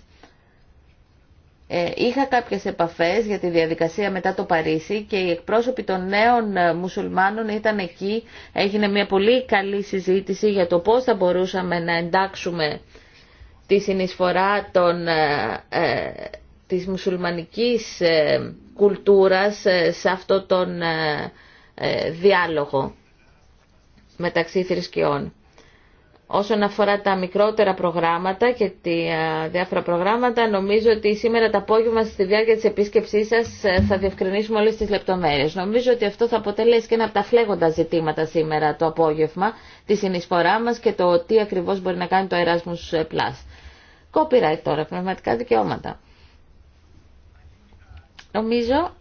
Ε, είχα κάποιες επαφές για τη διαδικασία μετά το Παρίσι και οι εκπρόσωποι των νέων ε, μουσουλμάνων ήταν εκεί. Έγινε μια πολύ καλή συζήτηση για το πώς θα μπορούσαμε να εντάξουμε τη συνεισφορά των, ε, της μουσουλμανικής κουλτούρας σε αυτό τον διάλογο μεταξύ θρησκειών. Όσον αφορά τα μικρότερα προγράμματα και τα ε, διάφορα προγράμματα, νομίζω ότι σήμερα το απόγευμα στη διάρκεια της επίσκεψής σας ε, θα διευκρινίσουμε όλες τις λεπτομέρειες. Νομίζω ότι αυτό θα αποτελέσει και ένα από τα φλέγοντα ζητήματα σήμερα το απόγευμα, τη συνεισφορά μας και το τι ακριβώς μπορεί να κάνει το Erasmus Plus. Copyright τώρα, πνευματικά δικαιώματα. Νομίζω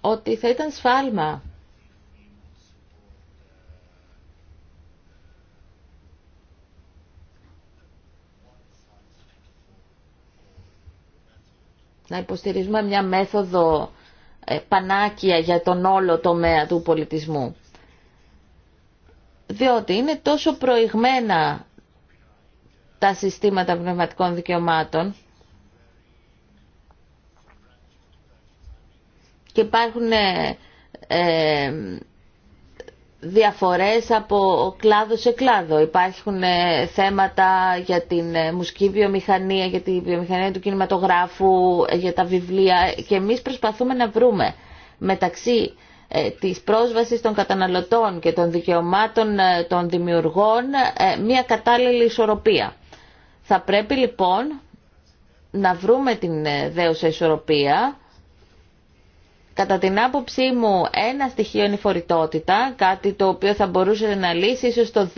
ότι θα ήταν σφάλμα να υποστηρίζουμε μια μέθοδο ε, πανάκια για τον όλο τομέα του πολιτισμού. Διότι είναι τόσο προηγμένα τα συστήματα πνευματικών δικαιωμάτων και υπάρχουν ε, ε, διαφορές από κλάδο σε κλάδο. Υπάρχουν ε, θέματα για την ε, μουσική βιομηχανία, για τη βιομηχανία του κινηματογράφου, ε, για τα βιβλία και εμείς προσπαθούμε να βρούμε μεταξύ της πρόσβασης των καταναλωτών και των δικαιωμάτων των δημιουργών μια κατάλληλη ισορροπία. Θα πρέπει λοιπόν να βρούμε την δέουσα ισορροπία Κατά την άποψή μου ένα στοιχείο είναι η φορητότητα, κάτι το οποίο θα μπορούσε να λύσει ίσως το,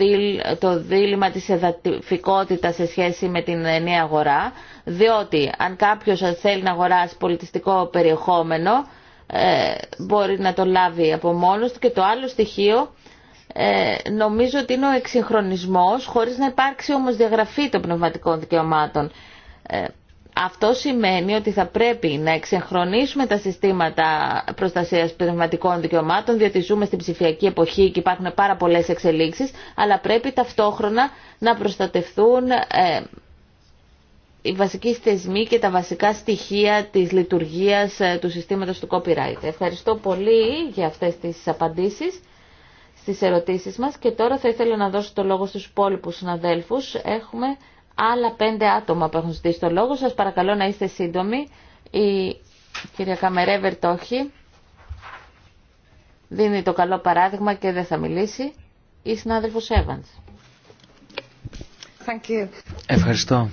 το δίλημα της εδαφικότητας σε σχέση με την νέα αγορά, διότι αν κάποιος θέλει να αγοράσει πολιτιστικό περιεχόμενο ε, μπορεί να το λάβει από μόνος του και το άλλο στοιχείο ε, νομίζω ότι είναι ο εξυγχρονισμός χωρίς να υπάρξει όμως διαγραφή των πνευματικών δικαιωμάτων. Ε, αυτό σημαίνει ότι θα πρέπει να εξεχρονίσουμε τα συστήματα προστασία πνευματικών δικαιωμάτων, διότι ζούμε στην ψηφιακή εποχή και υπάρχουν πάρα πολλέ εξελίξει, αλλά πρέπει ταυτόχρονα να προστατευτούν ε, οι βασικοί θεσμοί και τα βασικά στοιχεία της λειτουργίας ε, του συστήματο του copyright. Ευχαριστώ πολύ για αυτέ τι απαντήσει, στι ερωτήσει μα και τώρα θα ήθελα να δώσω το λόγο στου υπόλοιπου συναδέλφου. Έχουμε άλλα πέντε άτομα που έχουν ζητήσει το λόγο. Σας παρακαλώ να είστε σύντομοι. Η κυρία Καμερέβερ το όχι. Δίνει το καλό παράδειγμα και δεν θα μιλήσει. Η συνάδελφος Εύανς. Ευχαριστώ.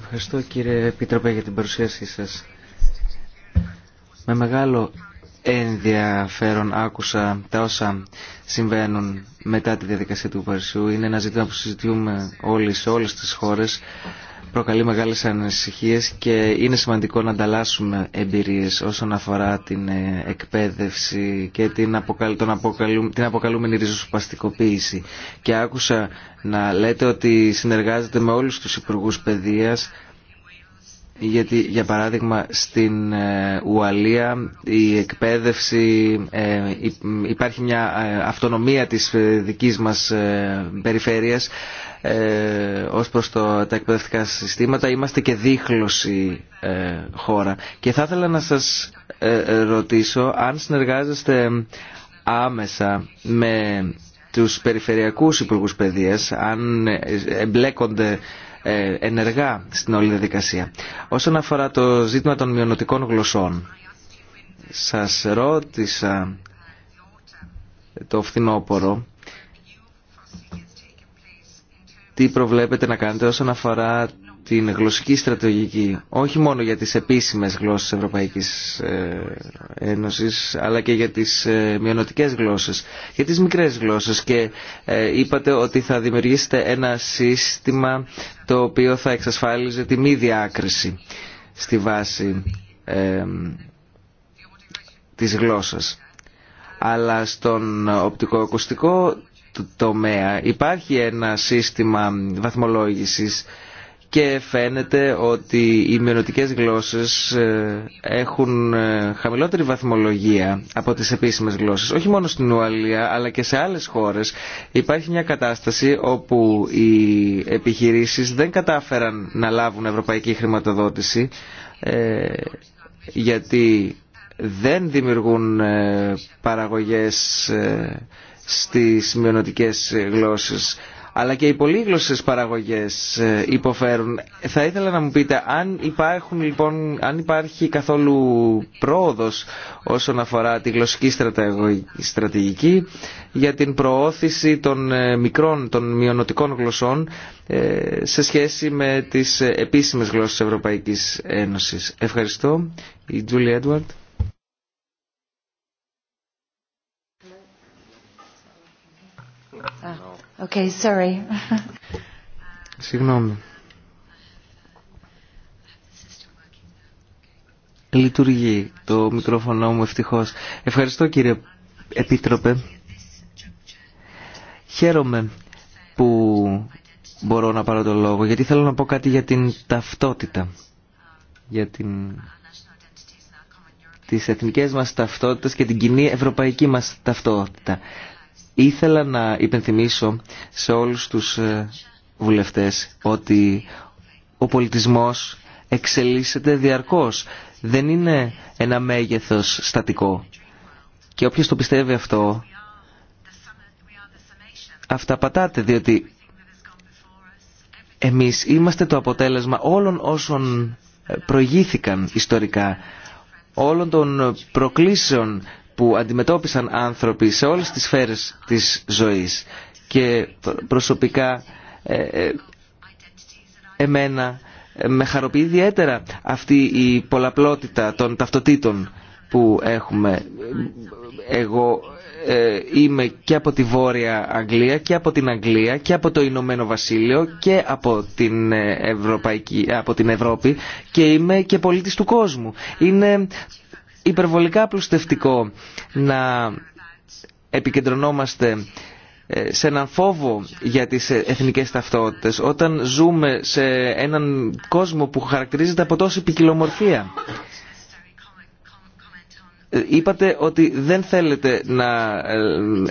Ευχαριστώ κύριε πίτροπε για την παρουσίασή σας. Με μεγάλο ενδιαφέρον άκουσα τα όσα συμβαίνουν μετά τη διαδικασία του Παρισιού. Είναι ένα ζήτημα που συζητούμε όλοι σε όλες τις χώρες. Προκαλεί μεγάλες ανησυχίες και είναι σημαντικό να ανταλλάσσουμε εμπειρίες όσον αφορά την ε, εκπαίδευση και την, αποκαλ, τον την αποκαλούμενη ριζοσπαστικοποίηση. Και άκουσα να λέτε ότι συνεργάζεται με όλους τους υπουργούς παιδείας γιατί για παράδειγμα στην ε, Ουαλία η εκπαίδευση ε, υπάρχει μια ε, αυτονομία της δικής μας περιφέρειας ως προς το, τα εκπαιδευτικά συστήματα είμαστε και δίχλωση χώρα και θα ήθελα να σας ρωτήσω αν συνεργάζεστε άμεσα με τους περιφερειακούς υπουργούς παιδείας αν εμπλέκονται ε, ενεργά στην όλη διαδικασία. Όσον αφορά το ζήτημα των μειωνοτικών γλωσσών, σας ρώτησα το φθινόπωρο τι προβλέπετε να κάνετε όσον αφορά την γλωσσική στρατηγική όχι μόνο για τις επίσημες γλώσσες Ευρωπαϊκής ε, Ένωσης αλλά και για τις ε, μειονοτικές γλώσσες, για τις μικρές γλώσσες και ε, είπατε ότι θα δημιουργήσετε ένα σύστημα το οποίο θα εξασφάλιζε τη μη διάκριση στη βάση ε, της γλώσσας. Αλλά στον οπτικοακουστικό τομέα υπάρχει ένα σύστημα βαθμολόγησης και φαίνεται ότι οι μειονοτικές γλώσσες ε, έχουν ε, χαμηλότερη βαθμολογία από τις επίσημες γλώσσες. Όχι μόνο στην Ουαλία αλλά και σε άλλες χώρες υπάρχει μια κατάσταση όπου οι επιχειρήσεις δεν κατάφεραν να λάβουν ευρωπαϊκή χρηματοδότηση ε, γιατί δεν δημιουργούν παραγωγές στις μειονοτικές γλώσσες αλλά και οι πολύγλωσσες παραγωγές ε, υποφέρουν. Θα ήθελα να μου πείτε αν, υπάρχουν, λοιπόν, αν υπάρχει καθόλου πρόοδος όσον αφορά τη γλωσσική στρατηγική για την προώθηση των ε, μικρών, των μειονοτικών γλωσσών ε, σε σχέση με τις επίσημες γλώσσες Ευρωπαϊκής Ένωσης. Ευχαριστώ. Η Τζούλη Okay, sorry. Συγγνώμη. Λειτουργεί το μικρόφωνο μου ευτυχώς. Ευχαριστώ κύριε Επίτροπε. Χαίρομαι που μπορώ να πάρω το λόγο γιατί θέλω να πω κάτι για την ταυτότητα. Για την... τις εθνικές μας ταυτότητες και την κοινή ευρωπαϊκή μας ταυτότητα. Ήθελα να υπενθυμίσω σε όλους τους ε, βουλευτές ότι ο πολιτισμός εξελίσσεται διαρκώς. Δεν είναι ένα μέγεθος στατικό. Και όποιος το πιστεύει αυτό, αυτά πατάτε, διότι εμείς είμαστε το αποτέλεσμα όλων όσων προηγήθηκαν ιστορικά, όλων των προκλήσεων που αντιμετώπισαν άνθρωποι σε όλες τις σφαίρες της ζωής και προσωπικά ε, ε, εμένα ε, με χαροποιεί ιδιαίτερα αυτή η πολλαπλότητα των ταυτοτήτων που έχουμε. Εγώ είμαι και από τη Βόρεια Αγγλία και από την Αγγλία και από το Ηνωμένο Βασίλειο και από την, Ευρωπαϊκή, από την Ευρώπη και είμαι και πολίτης του κόσμου. Είναι υπερβολικά απλουστευτικό να επικεντρωνόμαστε ε, σε έναν φόβο για τις εθνικές ταυτότητες όταν ζούμε σε έναν κόσμο που χαρακτηρίζεται από τόση ποικιλομορφία. Είπατε ότι δεν θέλετε να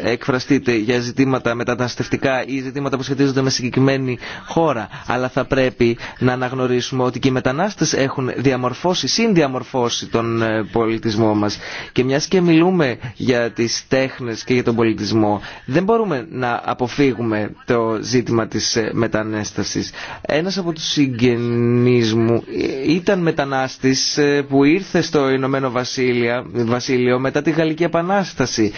ε, εκφραστείτε για ζητήματα μεταναστευτικά ή ζητήματα που σχετίζονται με συγκεκριμένη χώρα, αλλά θα πρέπει να αναγνωρίσουμε ότι και οι μετανάστες έχουν διαμορφώσει, συνδιαμορφώσει τον ε, πολιτισμό μας. Και μιας και μιλούμε για τις τέχνες και για τον πολιτισμό, δεν μπορούμε να αποφύγουμε το ζήτημα της ε, μετανέστασης. Ένας από τους συγγενείς μου ήταν μετανάστης που ήρθε στο Ηνωμένο Βασίλεια... Βασίλειο μετά τη Γαλλική Επανάσταση.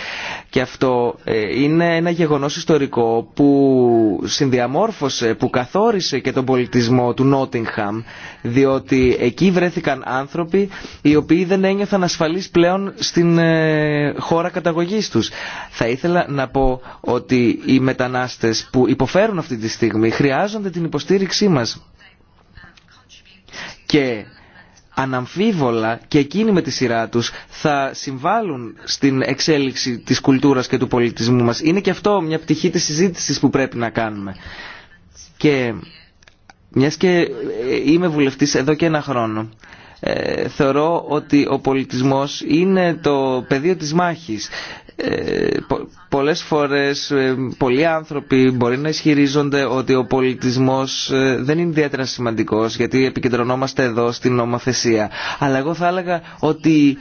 Και αυτό ε, είναι ένα γεγονός ιστορικό που συνδιαμόρφωσε, που καθόρισε και τον πολιτισμό του Νότιγχαμ, διότι εκεί βρέθηκαν άνθρωποι οι οποίοι δεν ένιωθαν ασφαλείς πλέον στην ε, χώρα καταγωγής τους. Θα ήθελα να πω ότι οι μετανάστες που υποφέρουν αυτή τη στιγμή χρειάζονται την υποστήριξή μας αναμφίβολα και εκείνοι με τη σειρά τους θα συμβάλλουν στην εξέλιξη της κουλτούρας και του πολιτισμού μας. Είναι και αυτό μια πτυχή της συζήτησης που πρέπει να κάνουμε. Και μιας και ε, είμαι βουλευτής εδώ και ένα χρόνο, ε, θεωρώ ότι ο πολιτισμός είναι το πεδίο της μάχης ε, πολλές φορές ε, πολλοί άνθρωποι μπορεί να ισχυρίζονται ότι ο πολιτισμός ε, δεν είναι ιδιαίτερα σημαντικός γιατί επικεντρωνόμαστε εδώ στην νομοθεσία αλλά εγώ θα έλεγα ότι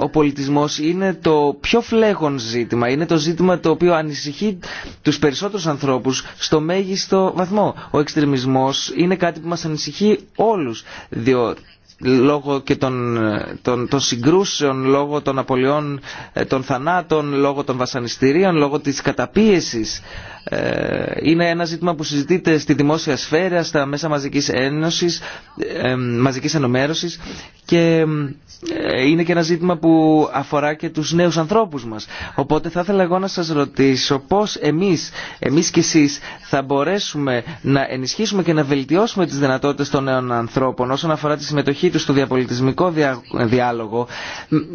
ο πολιτισμός είναι το πιο φλέγον ζήτημα είναι το ζήτημα το οποίο ανησυχεί τους περισσότερους ανθρώπους στο μέγιστο βαθμό ο εξτρεμισμός είναι κάτι που μας ανησυχεί όλους διότι λόγω και των, των, των συγκρούσεων, λόγω των απολειών ε, των θανάτων, λόγω των βασανιστήριων, λόγω της καταπίεσης. Ε, είναι ένα ζήτημα που συζητείται στη δημόσια σφαίρα, στα μέσα μαζικής, ένωσης, ε, μαζικής ενωμέρωσης και είναι και ένα ζήτημα που αφορά και τους νέους ανθρώπους μας. Οπότε θα ήθελα εγώ να σας ρωτήσω πώς εμείς, εμείς και εσείς θα μπορέσουμε να ενισχύσουμε και να βελτιώσουμε τις δυνατότητες των νέων ανθρώπων όσον αφορά τη συμμετοχή συμμετοχή τους στο διαπολιτισμικό διάλογο,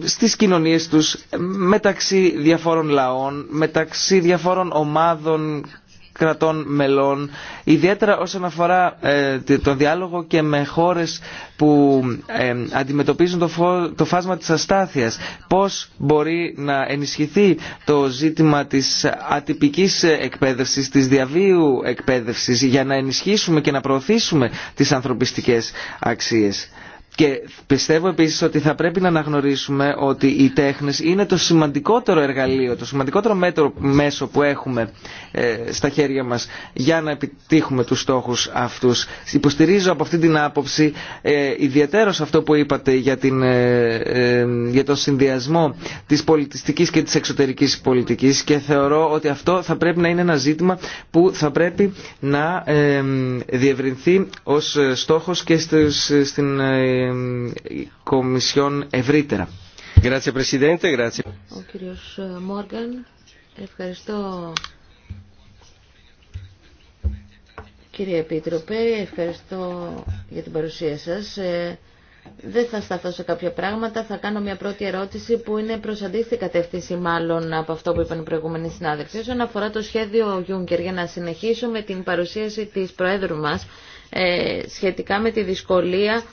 στις κοινωνίες τους, μεταξύ διαφόρων λαών, μεταξύ διαφόρων ομάδων κρατών μελών, ιδιαίτερα όσον αφορά ε, τον διάλογο και με χώρες που ε, αντιμετωπίζουν το, το φάσμα της αστάθειας. Πώς μπορεί να ενισχυθεί το ζήτημα της ατυπικής εκπαίδευσης, της διαβίου εκπαίδευσης για να ενισχύσουμε και να προωθήσουμε τις ανθρωπιστικές αξίες. Και πιστεύω επίσης ότι θα πρέπει να αναγνωρίσουμε ότι οι τέχνες είναι το σημαντικότερο εργαλείο, το σημαντικότερο μέτρο, μέσο που έχουμε ε, στα χέρια μας για να επιτύχουμε τους στόχους αυτούς. Υποστηρίζω από αυτή την άποψη ε, ιδιαίτερος αυτό που είπατε για, την, ε, ε, για τον συνδυασμό της πολιτιστικής και της εξωτερικής πολιτικής και θεωρώ ότι αυτό θα πρέπει να είναι ένα ζήτημα που θα πρέπει να διευρυνθεί ως στόχος και στους, στην Κομισιόν ευρύτερα. Ο κύριος Μόργαν, ευχαριστώ κύριε Επίτροπε, ευχαριστώ για την παρουσία σας. Ε, δεν θα σταθώ σε κάποια πράγματα. Θα κάνω μια πρώτη ερώτηση που είναι προς αντίστοιχη κατεύθυνση μάλλον από αυτό που είπαν οι προηγούμενοι συνάδελφοι. Όσον αφορά το σχέδιο Γιούγκερ, για να συνεχίσω με την παρουσίαση της Προέδρου μα ε, σχετικά με τη δυσκολία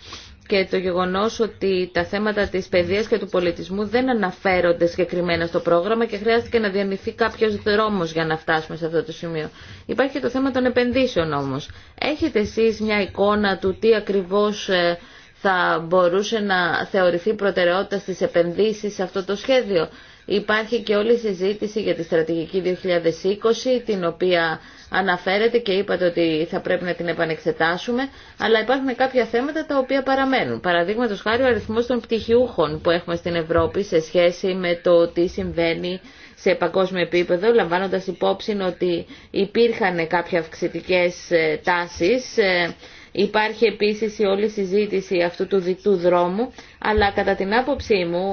και το γεγονός ότι τα θέματα της παιδείας και του πολιτισμού δεν αναφέρονται συγκεκριμένα στο πρόγραμμα και χρειάστηκε να διανυθεί κάποιος δρόμος για να φτάσουμε σε αυτό το σημείο. Υπάρχει και το θέμα των επενδύσεων όμως. Έχετε εσείς μια εικόνα του τι ακριβώς ε, θα μπορούσε να θεωρηθεί προτεραιότητα στις επενδύσεις σε αυτό το σχέδιο Υπάρχει και όλη η συζήτηση για τη στρατηγική 2020, την οποία αναφέρετε και είπατε ότι θα πρέπει να την επανεξετάσουμε, αλλά υπάρχουν κάποια θέματα τα οποία παραμένουν. Παραδείγματο χάρη ο αριθμό των πτυχιούχων που έχουμε στην Ευρώπη σε σχέση με το τι συμβαίνει σε παγκόσμιο επίπεδο, λαμβάνοντας υπόψη ότι υπήρχαν κάποια αυξητικές ε, τάσεις. Ε, υπάρχει επίσης η όλη συζήτηση αυτού του διτού δρόμου, αλλά κατά την άποψή μου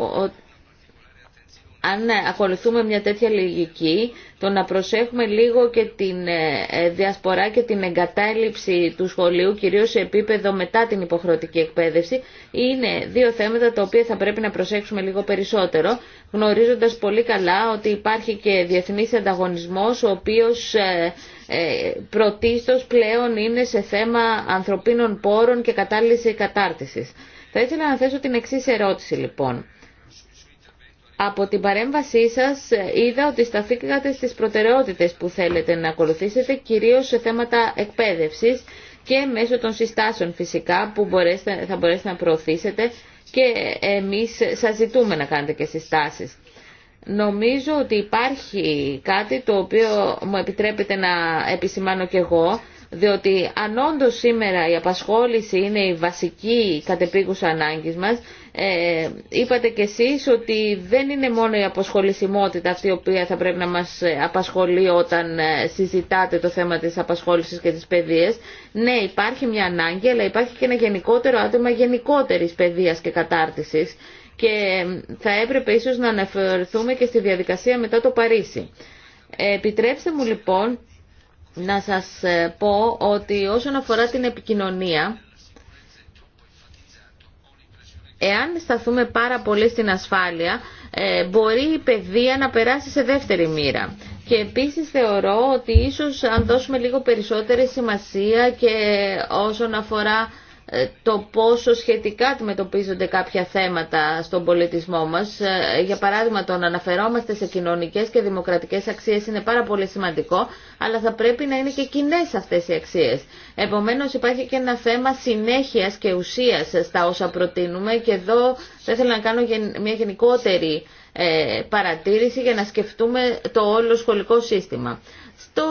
αν ναι, ακολουθούμε μια τέτοια λογική, το να προσέχουμε λίγο και την ε, ε, διασπορά και την εγκατάλειψη του σχολείου, κυρίως σε επίπεδο μετά την υποχρεωτική εκπαίδευση, είναι δύο θέματα τα οποία θα πρέπει να προσέξουμε λίγο περισσότερο, γνωρίζοντας πολύ καλά ότι υπάρχει και διεθνής ανταγωνισμός, ο οποίος ε, πρωτίστως πλέον είναι σε θέμα ανθρωπίνων πόρων και κατάλληλης κατάρτισης. Θα ήθελα να θέσω την εξή ερώτηση λοιπόν. Από την παρέμβασή σας ε, είδα ότι σταθήκατε στις προτεραιότητες που θέλετε να ακολουθήσετε, κυρίως σε θέματα εκπαίδευσης και μέσω των συστάσεων φυσικά που θα μπορέσετε να προωθήσετε και εμείς σας ζητούμε να κάνετε και συστάσεις. Νομίζω ότι υπάρχει κάτι το οποίο μου επιτρέπετε να επισημάνω κι εγώ, διότι αν όντω σήμερα η απασχόληση είναι η βασική κατεπίγουσα ανάγκη μας, ε, είπατε κι εσείς ότι δεν είναι μόνο η αποσχολησιμότητα αυτή η οποία θα πρέπει να μας ε, απασχολεί όταν ε, συζητάτε το θέμα της απασχόλησης και της παιδείας. Ναι, υπάρχει μια ανάγκη, αλλά υπάρχει και ένα γενικότερο άτομα γενικότερης παιδείας και κατάρτισης και θα έπρεπε ίσως να αναφερθούμε και στη διαδικασία μετά το Παρίσι. Επιτρέψτε μου λοιπόν να σας πω ότι όσον αφορά την επικοινωνία Εάν σταθούμε πάρα πολύ στην ασφάλεια, ε, μπορεί η παιδεία να περάσει σε δεύτερη μοίρα. Και επίσης θεωρώ ότι ίσως αν δώσουμε λίγο περισσότερη σημασία και όσον αφορά ε, το πόσο σχετικά αντιμετωπίζονται κάποια θέματα στον πολιτισμό μας. Ε, για παράδειγμα, το να αναφερόμαστε σε κοινωνικές και δημοκρατικές αξίες είναι πάρα πολύ σημαντικό, αλλά θα πρέπει να είναι και κοινέ αυτές οι αξίες. Επομένως, υπάρχει και ένα θέμα συνέχειας και ουσίας στα όσα προτείνουμε και εδώ θα ήθελα να κάνω μια γενικότερη ε, παρατήρηση για να σκεφτούμε το όλο σχολικό σύστημα στο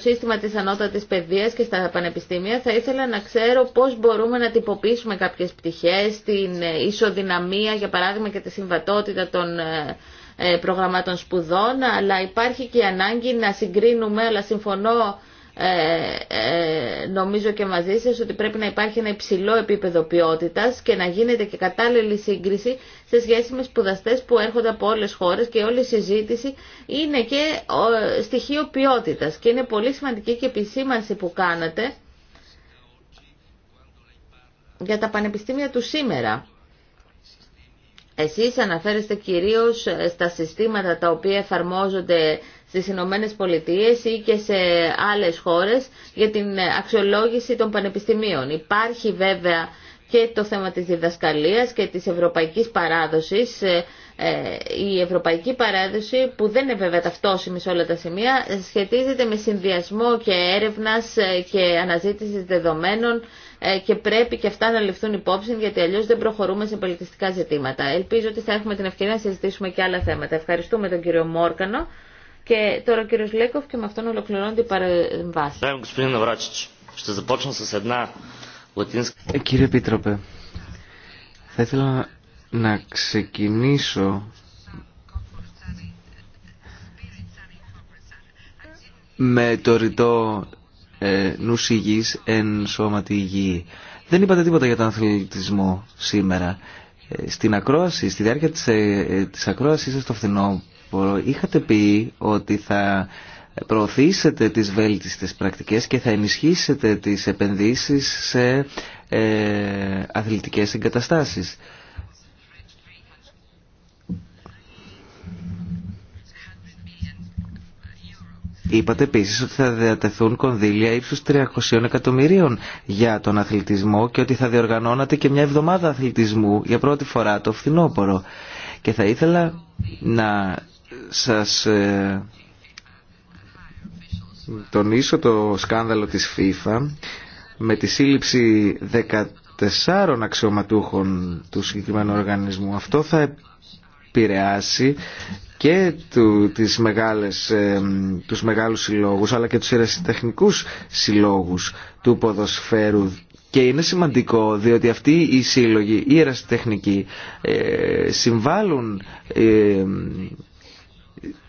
σύστημα της ανώτατης παιδείας και στα πανεπιστήμια θα ήθελα να ξέρω πώς μπορούμε να τυποποιήσουμε κάποιες πτυχές, την ε, ισοδυναμία για παράδειγμα και τη συμβατότητα των ε, ε, προγραμμάτων σπουδών, αλλά υπάρχει και η ανάγκη να συγκρίνουμε, αλλά συμφωνώ ε, ε, νομίζω και μαζί σας ότι πρέπει να υπάρχει ένα υψηλό επίπεδο ποιότητας και να γίνεται και κατάλληλη σύγκριση σε σχέση με σπουδαστές που έρχονται από όλες χώρες και όλη η συζήτηση είναι και στοιχείο ποιότητας και είναι πολύ σημαντική και επισήμανση που κάνατε για τα πανεπιστήμια του σήμερα. Εσείς αναφέρεστε κυρίως στα συστήματα τα οποία εφαρμόζονται στις Ηνωμένε Πολιτείε ή και σε άλλες χώρες για την αξιολόγηση των πανεπιστημίων. Υπάρχει βέβαια και το θέμα της διδασκαλίας και της ευρωπαϊκής παράδοσης, ε, ε, η ευρωπαϊκή παράδοση που δεν είναι βέβαια ταυτόσιμη σε όλα τα σημεία, σχετίζεται με συνδυασμό και έρευνας ε, και αναζήτησης δεδομένων και πρέπει και αυτά να ληφθούν υπόψη γιατί αλλιώς δεν προχωρούμε σε πολιτιστικά ζητήματα. Ελπίζω ότι θα έχουμε την ευκαιρία να συζητήσουμε και άλλα θέματα. Ευχαριστούμε τον κύριο Μόρκανο. Και τώρα ο κύριο Λέκοφ και με αυτόν ολοκληρώνεται η παρεμβάση. Κύριε Επίτροπε, θα ήθελα να ξεκινήσω με το ρητό ε, νους υγιής εν σώματι υγιή. Δεν είπατε τίποτα για τον αθλητισμό σήμερα. Ε, στην ακρόαση, στη διάρκεια της, ε, ε της ακρόασης σας το φθηνό είχατε πει ότι θα προωθήσετε τις βέλτιστες πρακτικές και θα ενισχύσετε τις επενδύσεις σε ε, αθλητικές εγκαταστάσεις. Είπατε επίση ότι θα διατεθούν κονδύλια ύψου 300 εκατομμυρίων για τον αθλητισμό και ότι θα διοργανώνατε και μια εβδομάδα αθλητισμού για πρώτη φορά το φθινόπωρο. Και θα ήθελα να σας ε, τονίσω το σκάνδαλο της FIFA με τη σύλληψη 14 αξιωματούχων του συγκεκριμένου οργανισμού. Αυτό θα επηρεάσει και του, τις μεγάλες, ε, τους μεγάλους συλλόγους αλλά και τους ερασιτεχνικούς συλλόγους του ποδοσφαίρου και είναι σημαντικό διότι αυτοί οι σύλλογοι, οι ερασιτεχνικοί ε, συμβάλλουν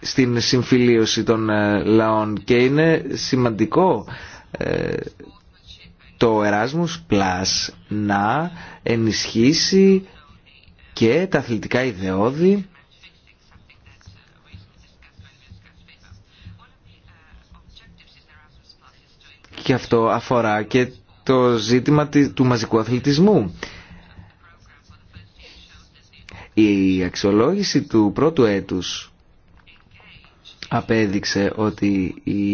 στην συμφιλίωση των ε, λαών και είναι σημαντικό ε, το Erasmus Plus να ενισχύσει και τα αθλητικά ιδεώδη και αυτό αφορά και το ζήτημα του μαζικού αθλητισμού. Η αξιολόγηση του πρώτου έτους απέδειξε ότι οι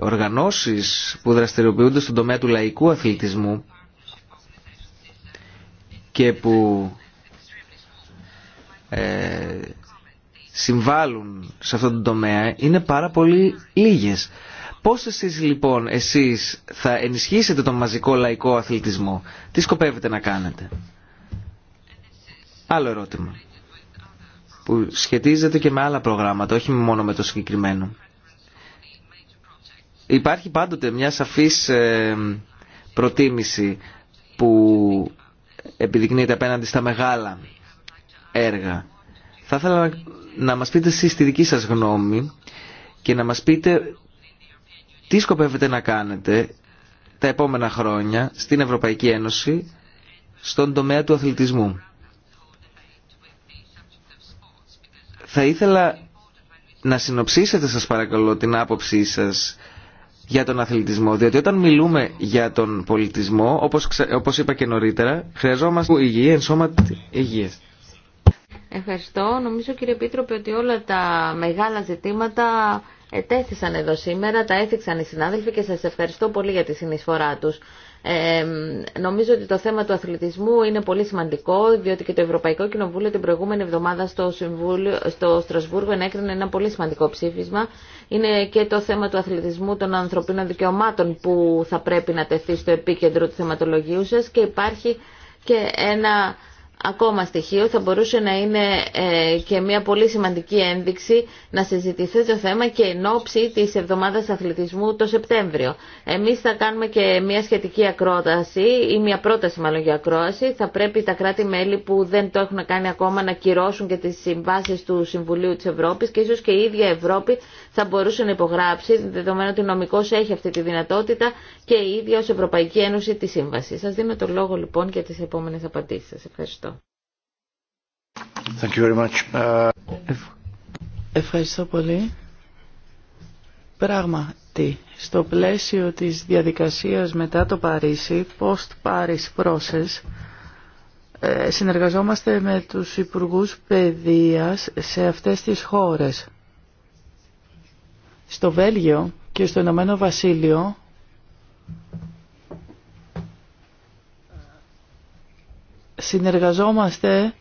οργανώσεις που δραστηριοποιούνται στον τομέα του λαϊκού αθλητισμού και που ε, συμβάλλουν σε αυτόν τον τομέα είναι πάρα πολύ λίγες. Πώς εσείς λοιπόν εσείς θα ενισχύσετε τον μαζικό λαϊκό αθλητισμό, τι σκοπεύετε να κάνετε. Άλλο ερώτημα που σχετίζεται και με άλλα προγράμματα, όχι μόνο με το συγκεκριμένο. Υπάρχει πάντοτε μια σαφής ε, προτίμηση που επιδεικνύεται απέναντι στα μεγάλα έργα. Θα ήθελα να μας πείτε εσείς τη δική σας γνώμη και να μας πείτε τι σκοπεύετε να κάνετε τα επόμενα χρόνια στην Ευρωπαϊκή Ένωση στον τομέα του αθλητισμού. Θα ήθελα να συνοψίσετε σας παρακαλώ την άποψή σας για τον αθλητισμό, διότι όταν μιλούμε για τον πολιτισμό, όπως, είπα και νωρίτερα, χρειαζόμαστε υγεία, ενσώματη υγεία. Ευχαριστώ. Νομίζω κύριε Επίτροπε ότι όλα τα μεγάλα ζητήματα ετέθησαν εδώ σήμερα, τα έθιξαν οι συνάδελφοι και σας ευχαριστώ πολύ για τη συνεισφορά τους νομίζω ότι το θέμα του αθλητισμού είναι πολύ σημαντικό, διότι και το Ευρωπαϊκό Κοινοβούλιο την προηγούμενη εβδομάδα στο, Συμβούλιο, στο Στρασβούργο ενέκρινε ένα πολύ σημαντικό ψήφισμα. Είναι και το θέμα του αθλητισμού των ανθρωπίνων δικαιωμάτων που θα πρέπει να τεθεί στο επίκεντρο του θεματολογίου σας και υπάρχει και ένα ακόμα στοιχείο θα μπορούσε να είναι ε, και μια πολύ σημαντική ένδειξη να συζητηθεί το θέμα και εν ώψη της Εβδομάδας Αθλητισμού το Σεπτέμβριο. Εμείς θα κάνουμε και μια σχετική ακρόταση ή μια πρόταση μάλλον για ακρόαση. Θα πρέπει τα κράτη-μέλη που δεν το έχουν κάνει ακόμα να κυρώσουν και τις συμβάσεις του Συμβουλίου της Ευρώπης και ίσως και η ίδια Ευρώπη θα μπορούσε να υπογράψει, δεδομένου ότι νομικός έχει αυτή τη δυνατότητα και η ίδια ω Ευρωπαϊκή Ένωση τη Σύμβαση. Σα δίνω το λόγο λοιπόν για τι επόμενε απαντήσει. Σα ευχαριστώ. Ε, ευχαριστώ πολύ. Πράγματι, στο πλαίσιο της διαδικασίας μετά το Παρίσι, post-Paris process, ε, συνεργαζόμαστε με τους Υπουργούς Παιδείας σε αυτές τις χώρες στο Βέλγιο και στο Ηνωμένο Βασίλειο συνεργαζόμαστε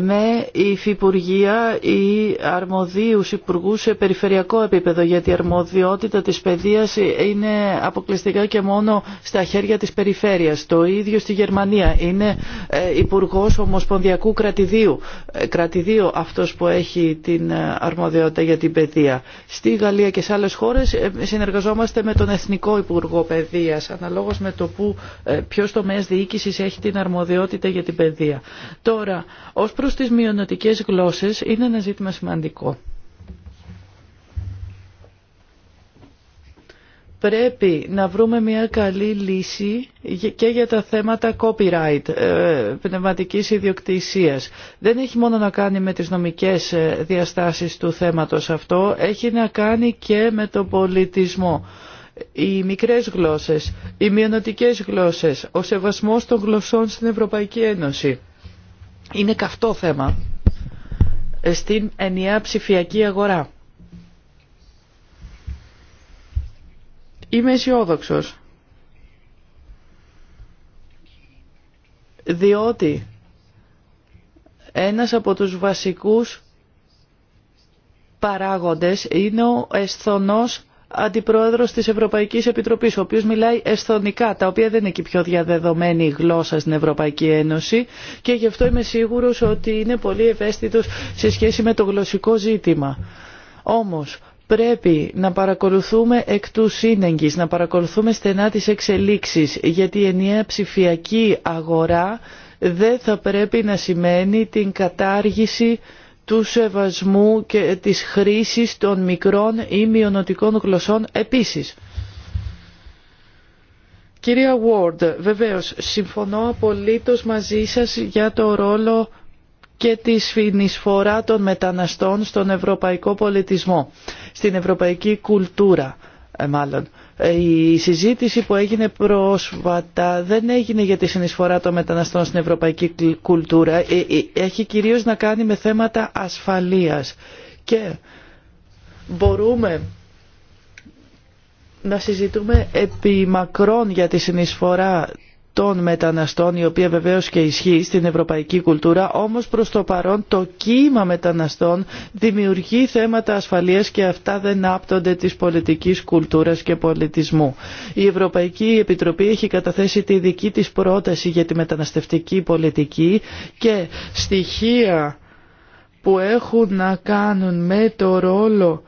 με υφυπουργεία ή αρμοδίους υπουργού σε περιφερειακό επίπεδο γιατί η αρμοδιότητα της παιδείας είναι αποκλειστικά και μόνο στα χέρια της περιφέρειας. Το ίδιο στη Γερμανία είναι ε, υπουργό ομοσπονδιακού κρατηδίου. Ε, κρατηδίου αυτός που έχει την ε, αρμοδιότητα για την παιδεία. Στη Γαλλία και σε άλλες χώρες συνεργαζόμαστε με τον Εθνικό Υπουργό Παιδείας αναλόγως με το που, ποιος τομέας έχει την αρμοδιότητα για την παιδεία. Τώρα, προς τις μειονοτικές γλώσσες είναι ένα ζήτημα σημαντικό. Πρέπει να βρούμε μια καλή λύση και για τα θέματα copyright, ε, πνευματικής ιδιοκτησίας. Δεν έχει μόνο να κάνει με τις νομικές ε, διαστάσεις του θέματος αυτό, έχει να κάνει και με τον πολιτισμό οι μικρές γλώσσες, οι μειονοτικές γλώσσες, ο σεβασμός των γλωσσών στην Ευρωπαϊκή Ένωση είναι καυτό θέμα ε, στην ενιαία ψηφιακή αγορά. Είμαι αισιόδοξο. Διότι ένας από τους βασικούς παράγοντες είναι ο εσθονός αντιπρόεδρος της Ευρωπαϊκής Επιτροπής, ο οποίος μιλάει εσθονικά, τα οποία δεν είναι και η πιο διαδεδομένη γλώσσα στην Ευρωπαϊκή Ένωση και γι' αυτό είμαι σίγουρος ότι είναι πολύ ευαίσθητος σε σχέση με το γλωσσικό ζήτημα. Όμως, πρέπει να παρακολουθούμε εκ του σύνεγγυς, να παρακολουθούμε στενά τις εξελίξεις, γιατί η ενιαία ψηφιακή αγορά δεν θα πρέπει να σημαίνει την κατάργηση του σεβασμού και της χρήσης των μικρών ή μειονοτικών γλωσσών επίσης. Κυρία Ward, βεβαίως συμφωνώ απολύτως μαζί σας για το ρόλο και τη σφινισφορά των μεταναστών στον ευρωπαϊκό πολιτισμό, στην ευρωπαϊκή κουλτούρα ε, μάλλον. Ε, η συζήτηση που έγινε πρόσφατα δεν έγινε για τη συνεισφορά των μεταναστών στην ευρωπαϊκή κουλτούρα. Ε, ε, έχει κυρίως να κάνει με θέματα ασφαλείας. Και μπορούμε να συζητούμε επί μακρόν για τη συνεισφορά των μεταναστών η οποία βεβαίως και ισχύει στην ευρωπαϊκή κουλτούρα όμως προς το παρόν το κύμα μεταναστών δημιουργεί θέματα ασφαλείας και αυτά δεν άπτονται της πολιτικής κουλτούρας και πολιτισμού. Η Ευρωπαϊκή Επιτροπή έχει καταθέσει τη δική της πρόταση για τη μεταναστευτική πολιτική και στοιχεία που έχουν να κάνουν με το ρόλο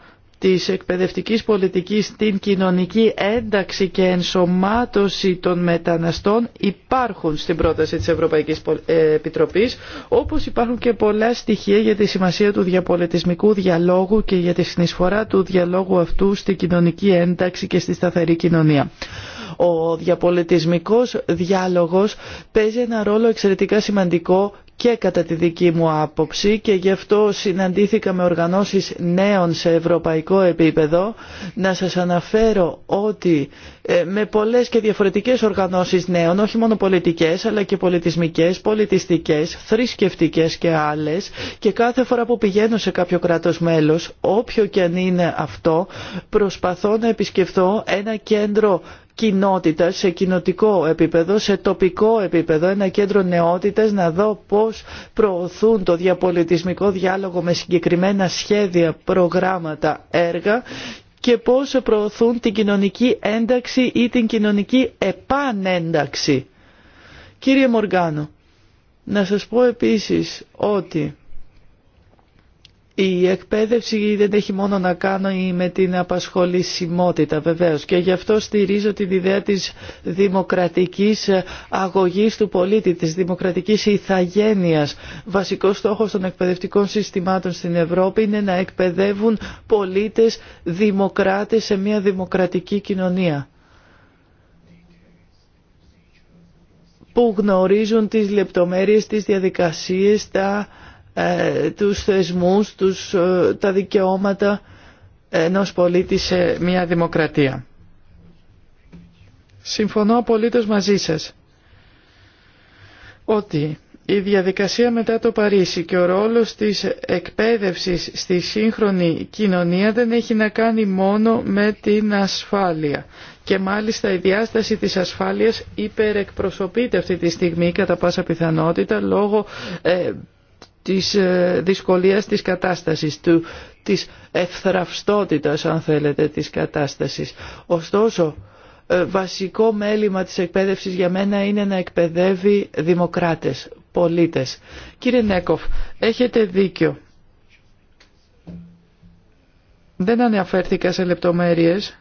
της εκπαιδευτικής πολιτικής στην κοινωνική ένταξη και ενσωμάτωση των μεταναστών υπάρχουν στην πρόταση της Ευρωπαϊκής ε, Επιτροπής, όπως υπάρχουν και πολλά στοιχεία για τη σημασία του διαπολιτισμικού διαλόγου και για τη συνεισφορά του διαλόγου αυτού στην κοινωνική ένταξη και στη σταθερή κοινωνία. Ο διαπολιτισμικός διάλογος παίζει ένα ρόλο εξαιρετικά σημαντικό και κατά τη δική μου άποψη και γι' αυτό συναντήθηκα με οργανώσεις νέων σε ευρωπαϊκό επίπεδο να σας αναφέρω ότι ε, με πολλές και διαφορετικές οργανώσεις νέων, όχι μόνο πολιτικές αλλά και πολιτισμικές, πολιτιστικές, θρησκευτικές και άλλες και κάθε φορά που πηγαίνω σε κάποιο κράτος μέλος, όποιο και αν είναι αυτό, προσπαθώ να επισκεφθώ ένα κέντρο κοινότητα, σε κοινοτικό επίπεδο, σε τοπικό επίπεδο, ένα κέντρο νεότητας να δω πώς προωθούν το διαπολιτισμικό διάλογο με συγκεκριμένα σχέδια, προγράμματα, έργα και πώς προωθούν την κοινωνική ένταξη ή την κοινωνική επανένταξη. Κύριε Μοργάνο, να σας πω επίσης ότι η εκπαίδευση δεν έχει μόνο να κάνει με την απασχολησιμότητα βεβαίως και γι' αυτό στηρίζω την ιδέα της δημοκρατικής αγωγής του πολίτη, της δημοκρατικής ηθαγένειας. Βασικός στόχος των εκπαιδευτικών συστημάτων στην Ευρώπη είναι να εκπαιδεύουν πολίτες δημοκράτες σε μια δημοκρατική κοινωνία. που γνωρίζουν τις λεπτομέρειες, τις διαδικασίες, τα ε, τους θεσμούς, τους, ε, τα δικαιώματα ενός πολίτη σε μια δημοκρατία. Συμφωνώ απολύτως μαζί σας ότι η διαδικασία μετά το Παρίσι και ο ρόλος της εκπαίδευσης στη σύγχρονη κοινωνία δεν έχει να κάνει μόνο με την ασφάλεια. Και μάλιστα η διάσταση της ασφάλειας υπερεκπροσωπείται αυτή τη στιγμή κατά πάσα πιθανότητα λόγω ε, της ε, δυσκολίας της κατάστασης, του, της ευθραυστότητας αν θέλετε της κατάστασης. Ωστόσο, ε, βασικό μέλημα της εκπαίδευσης για μένα είναι να εκπαιδεύει δημοκράτες, πολίτες. Κύριε Νέκοφ, έχετε δίκιο. Δεν αναφέρθηκα σε λεπτομέρειες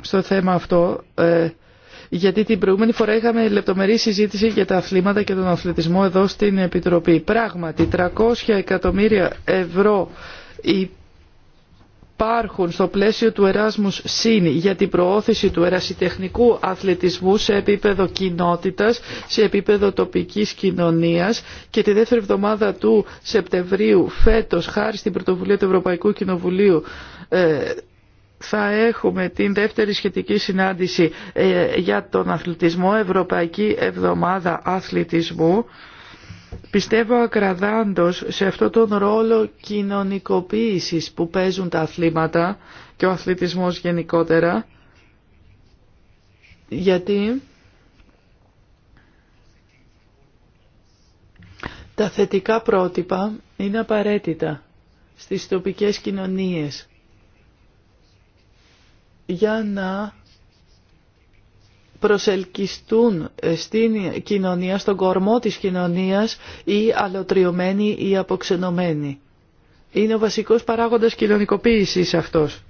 στο θέμα αυτό. Ε, γιατί την προηγούμενη φορά είχαμε λεπτομερή συζήτηση για τα αθλήματα και τον αθλητισμό εδώ στην Επιτροπή. Πράγματι, 300 εκατομμύρια ευρώ υπάρχουν στο πλαίσιο του Ερασμού ΣΥΝ για την προώθηση του ερασιτεχνικού αθλητισμού σε επίπεδο κοινότητας, σε επίπεδο τοπικής κοινωνίας και τη δεύτερη εβδομάδα του Σεπτεμβρίου φέτος, χάρη στην πρωτοβουλία του Ευρωπαϊκού Κοινοβουλίου, ε, θα έχουμε την δεύτερη σχετική συνάντηση ε, για τον αθλητισμό, Ευρωπαϊκή Εβδομάδα Αθλητισμού. Πιστεύω ακραδάντως σε αυτό τον ρόλο κοινωνικοποίησης που παίζουν τα αθλήματα και ο αθλητισμός γενικότερα, γιατί τα θετικά πρότυπα είναι απαραίτητα στις τοπικές κοινωνίες για να προσελκυστούν στην κοινωνία, στον κορμό της κοινωνίας οι αλωτριωμένοι ή αποξενωμένοι. Είναι ο βασικός παράγοντας κοινωνικοποίησης αυτός.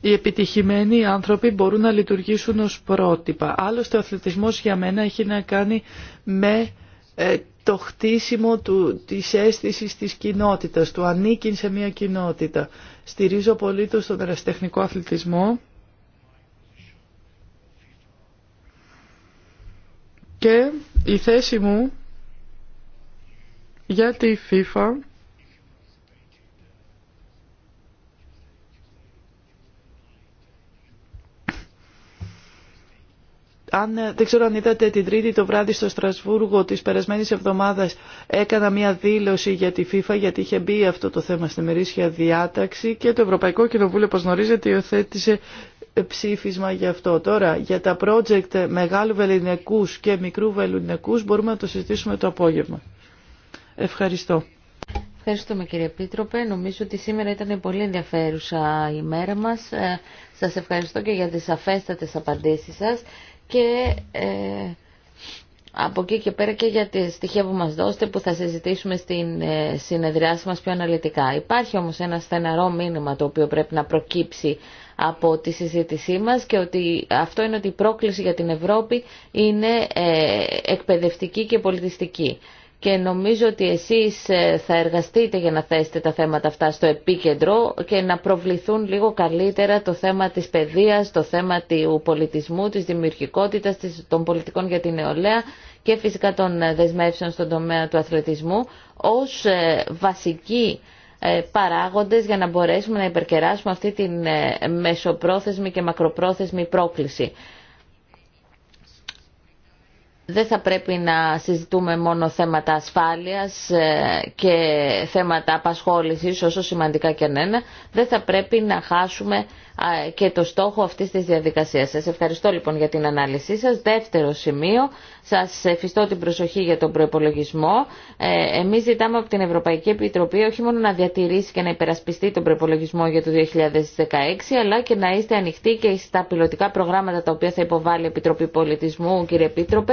Οι επιτυχημένοι άνθρωποι μπορούν να λειτουργήσουν ως πρότυπα. Άλλωστε ο αθλητισμός για μένα έχει να κάνει με ε, το χτίσιμο του, της αίσθηση της κοινότητας, του ανήκει σε μια κοινότητα. Στηρίζω πολύ το στον αθλητισμό και η θέση μου για τη FIFA αν, ε, δεν ξέρω αν είδατε την Τρίτη το βράδυ στο Στρασβούργο της περασμένης εβδομάδας έκανα μια δήλωση για τη FIFA γιατί είχε μπει αυτό το θέμα στη μερίσια διάταξη και το Ευρωπαϊκό Κοινοβούλιο όπως γνωρίζετε υιοθέτησε ε, ψήφισμα γι' αυτό. Τώρα για τα project μεγάλου βεληνικού και μικρού βεληνικού μπορούμε να το συζητήσουμε το απόγευμα. Ευχαριστώ. Ευχαριστούμε κύριε Πίτροπε. Νομίζω ότι σήμερα ήταν πολύ ενδιαφέρουσα η μέρα μας. Ε, σας ευχαριστώ και για τις αφέστατες απαντήσεις σας και ε, από εκεί και πέρα και για τη στοιχεία που μας δώσετε που θα συζητήσουμε στην ε, συνεδριάση μας πιο αναλυτικά. Υπάρχει όμως ένα στεναρό μήνυμα το οποίο πρέπει να προκύψει από τη συζήτησή μας και ότι αυτό είναι ότι η πρόκληση για την Ευρώπη είναι ε, εκπαιδευτική και πολιτιστική και νομίζω ότι εσείς ε, θα εργαστείτε για να θέσετε τα θέματα αυτά στο επίκεντρο και να προβληθούν λίγο καλύτερα το θέμα της παιδείας, το θέμα του πολιτισμού, της δημιουργικότητας, των πολιτικών για την νεολαία και φυσικά των ε, δεσμεύσεων στον τομέα του αθλητισμού ως ε, βασικοί παράγοντες για να μπορέσουμε να υπερκεράσουμε αυτή την μεσοπρόθεσμη και μακροπρόθεσμη πρόκληση δεν θα πρέπει να συζητούμε μόνο θέματα ασφάλειας ε, και θέματα απασχόλησης, όσο σημαντικά και να δεν θα πρέπει να χάσουμε και το στόχο αυτής της διαδικασίας. Σας ευχαριστώ λοιπόν για την ανάλυση σας. Δεύτερο σημείο, σας εφιστώ την προσοχή για τον προπολογισμό. Ε, εμείς ζητάμε από την Ευρωπαϊκή Επιτροπή όχι μόνο να διατηρήσει και να υπερασπιστεί τον προπολογισμό για το 2016, αλλά και να είστε ανοιχτοί και στα πιλωτικά προγράμματα τα οποία θα υποβάλει η Επιτροπή Πολιτισμού, κύριε Επίτροπε,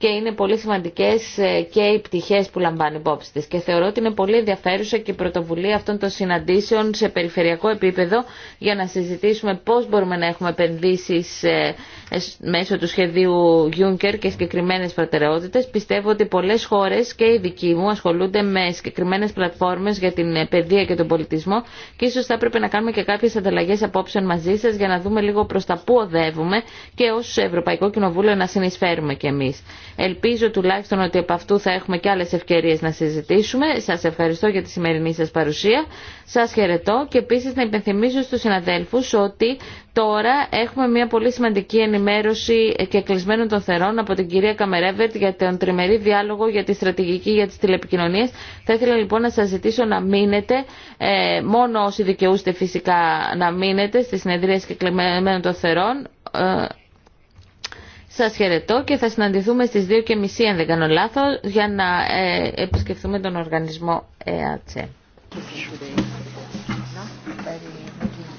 και είναι πολύ σημαντικές ε, και οι πτυχές που λαμβάνει υπόψη της. Και θεωρώ ότι είναι πολύ ενδιαφέρουσα και η πρωτοβουλία αυτών των συναντήσεων σε περιφερειακό επίπεδο για να συζητήσουμε πώς μπορούμε να έχουμε επενδύσει ε, ε, μέσω του σχεδίου Juncker και συγκεκριμένε προτεραιότητε. Πιστεύω ότι πολλές χώρες και οι δικοί μου ασχολούνται με συγκεκριμένε πλατφόρμες για την παιδεία και τον πολιτισμό και ίσως θα έπρεπε να κάνουμε και κάποιες ανταλλαγές απόψεων μαζί σα για να δούμε λίγο προ τα που οδεύουμε και ω Ευρωπαϊκό Κοινοβούλιο να συνεισφέρουμε κι εμείς. Ελπίζω τουλάχιστον ότι από αυτού θα έχουμε και άλλες ευκαιρίες να συζητήσουμε. Σας ευχαριστώ για τη σημερινή σας παρουσία. Σας χαιρετώ και επίσης να υπενθυμίζω στους συναδέλφους ότι τώρα έχουμε μια πολύ σημαντική ενημέρωση και κλεισμένων των θερών από την κυρία Καμερέβερτ για τον τριμερή διάλογο για τη στρατηγική για τις τηλεπικοινωνίες. Θα ήθελα λοιπόν να σας ζητήσω να μείνετε, ε, μόνο όσοι δικαιούστε φυσικά να μείνετε στις συνεδρίες και κλεισμένων των θερών. Ε, σας χαιρετώ και θα συναντηθούμε στις 2.30 αν δεν κάνω λάθος για να ε, επισκεφθούμε τον οργανισμό ΕΑΤΣΕ.